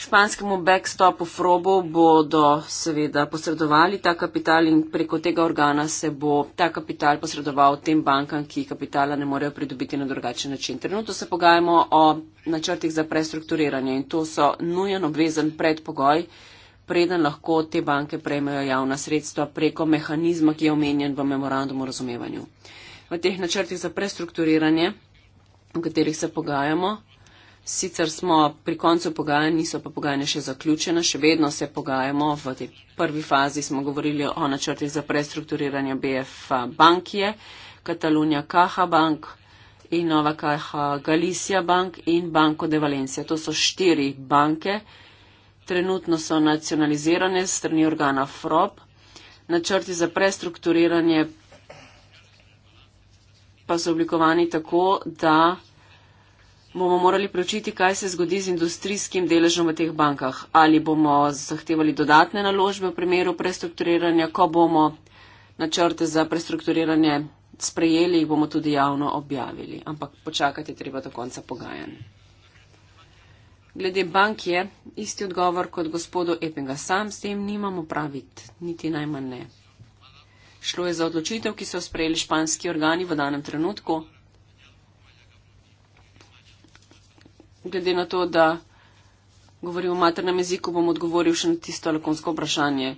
Španskemu backstopu Frobo bodo seveda posredovali ta kapital in preko tega organa se bo ta kapital posredoval tem bankam, ki kapitala ne morejo pridobiti na drugačen način. Trenutno se pogajamo o načrtih za prestrukturiranje in to so nujen obvezen predpogoj preden lahko te banke prejmejo javna sredstva preko mehanizma, ki je omenjen v memorandumu o razumevanju. V teh načrtih za prestrukturiranje, v katerih se pogajamo, sicer smo pri koncu pogajanj, niso pa pogajanja še zaključena, še vedno se pogajamo, v tej prvi fazi smo govorili o načrtih za prestrukturiranje BF Bankije, Katalunija Kaha Bank in Nova Kaha Galicija Bank in Banko de Valencia. To so štiri banke trenutno so nacionalizirane strani organa FROP, načrti za prestrukturiranje pa so oblikovani tako, da bomo morali preučiti, kaj se zgodi z industrijskim deležem v teh bankah. Ali bomo zahtevali dodatne naložbe v primeru prestrukturiranja, ko bomo načrte za prestrukturiranje sprejeli, jih bomo tudi javno objavili. Ampak počakati je treba do konca pogajanj. Glede bank je isti odgovor kot gospodu Epinga. Sam s tem nimamo praviti, niti najmanj ne. Šlo je za odločitev, ki so sprejeli španski organi v danem trenutku. Glede na to, da govorim o maternem jeziku, bom odgovoril še na tisto lakonsko vprašanje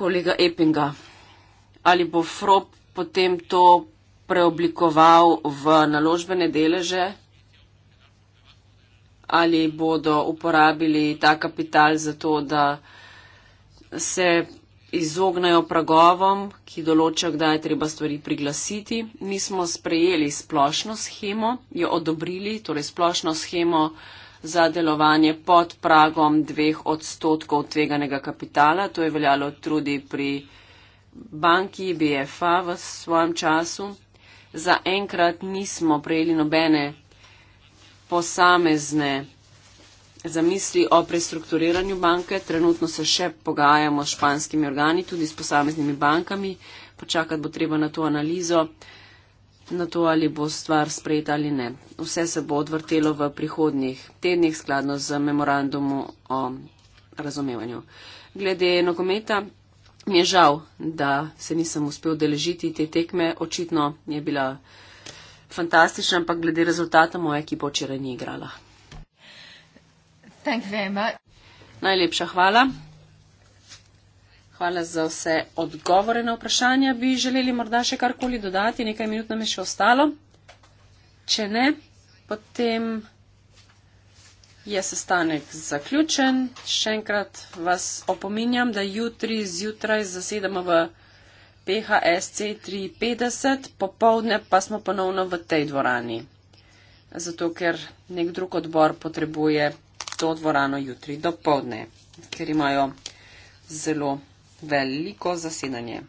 kolega Epinga. Ali bo FROP potem to preoblikoval v naložbene deleže? ali bodo uporabili ta kapital za to, da se izognajo pragovom, ki določa, kdaj je treba stvari priglasiti. Mi smo sprejeli splošno schemo, jo odobrili, torej splošno schemo za delovanje pod pragom dveh odstotkov tveganega kapitala. To je veljalo tudi pri banki BFA v svojem času. Za enkrat nismo prejeli nobene posamezne zamisli o prestrukturiranju banke. Trenutno se še pogajamo s španskimi organi, tudi s posameznimi bankami. Počakati bo treba na to analizo, na to, ali bo stvar sprejeta ali ne. Vse se bo odvrtelo v prihodnjih tednih, skladno z memorandumu o razumevanju. Glede nogometa, mi je žal, da se nisem uspel deležiti te tekme. Očitno je bila fantastična, ampak glede rezultata moja ekipa včeraj ni igrala. Najlepša hvala. Hvala za vse odgovore na vprašanja. Bi želeli morda še karkoli dodati? Nekaj minut nam je še ostalo. Če ne, potem je sestanek zaključen. Še enkrat vas opominjam, da jutri zjutraj zasedamo v. PHSC 53, popovdne pa smo ponovno v tej dvorani, zato ker nek drug odbor potrebuje to dvorano jutri do povdne, ker imajo zelo veliko zasedanje.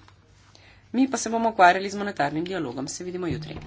Mi pa se bomo ukvarjali z monetarnim dialogom, se vidimo jutri.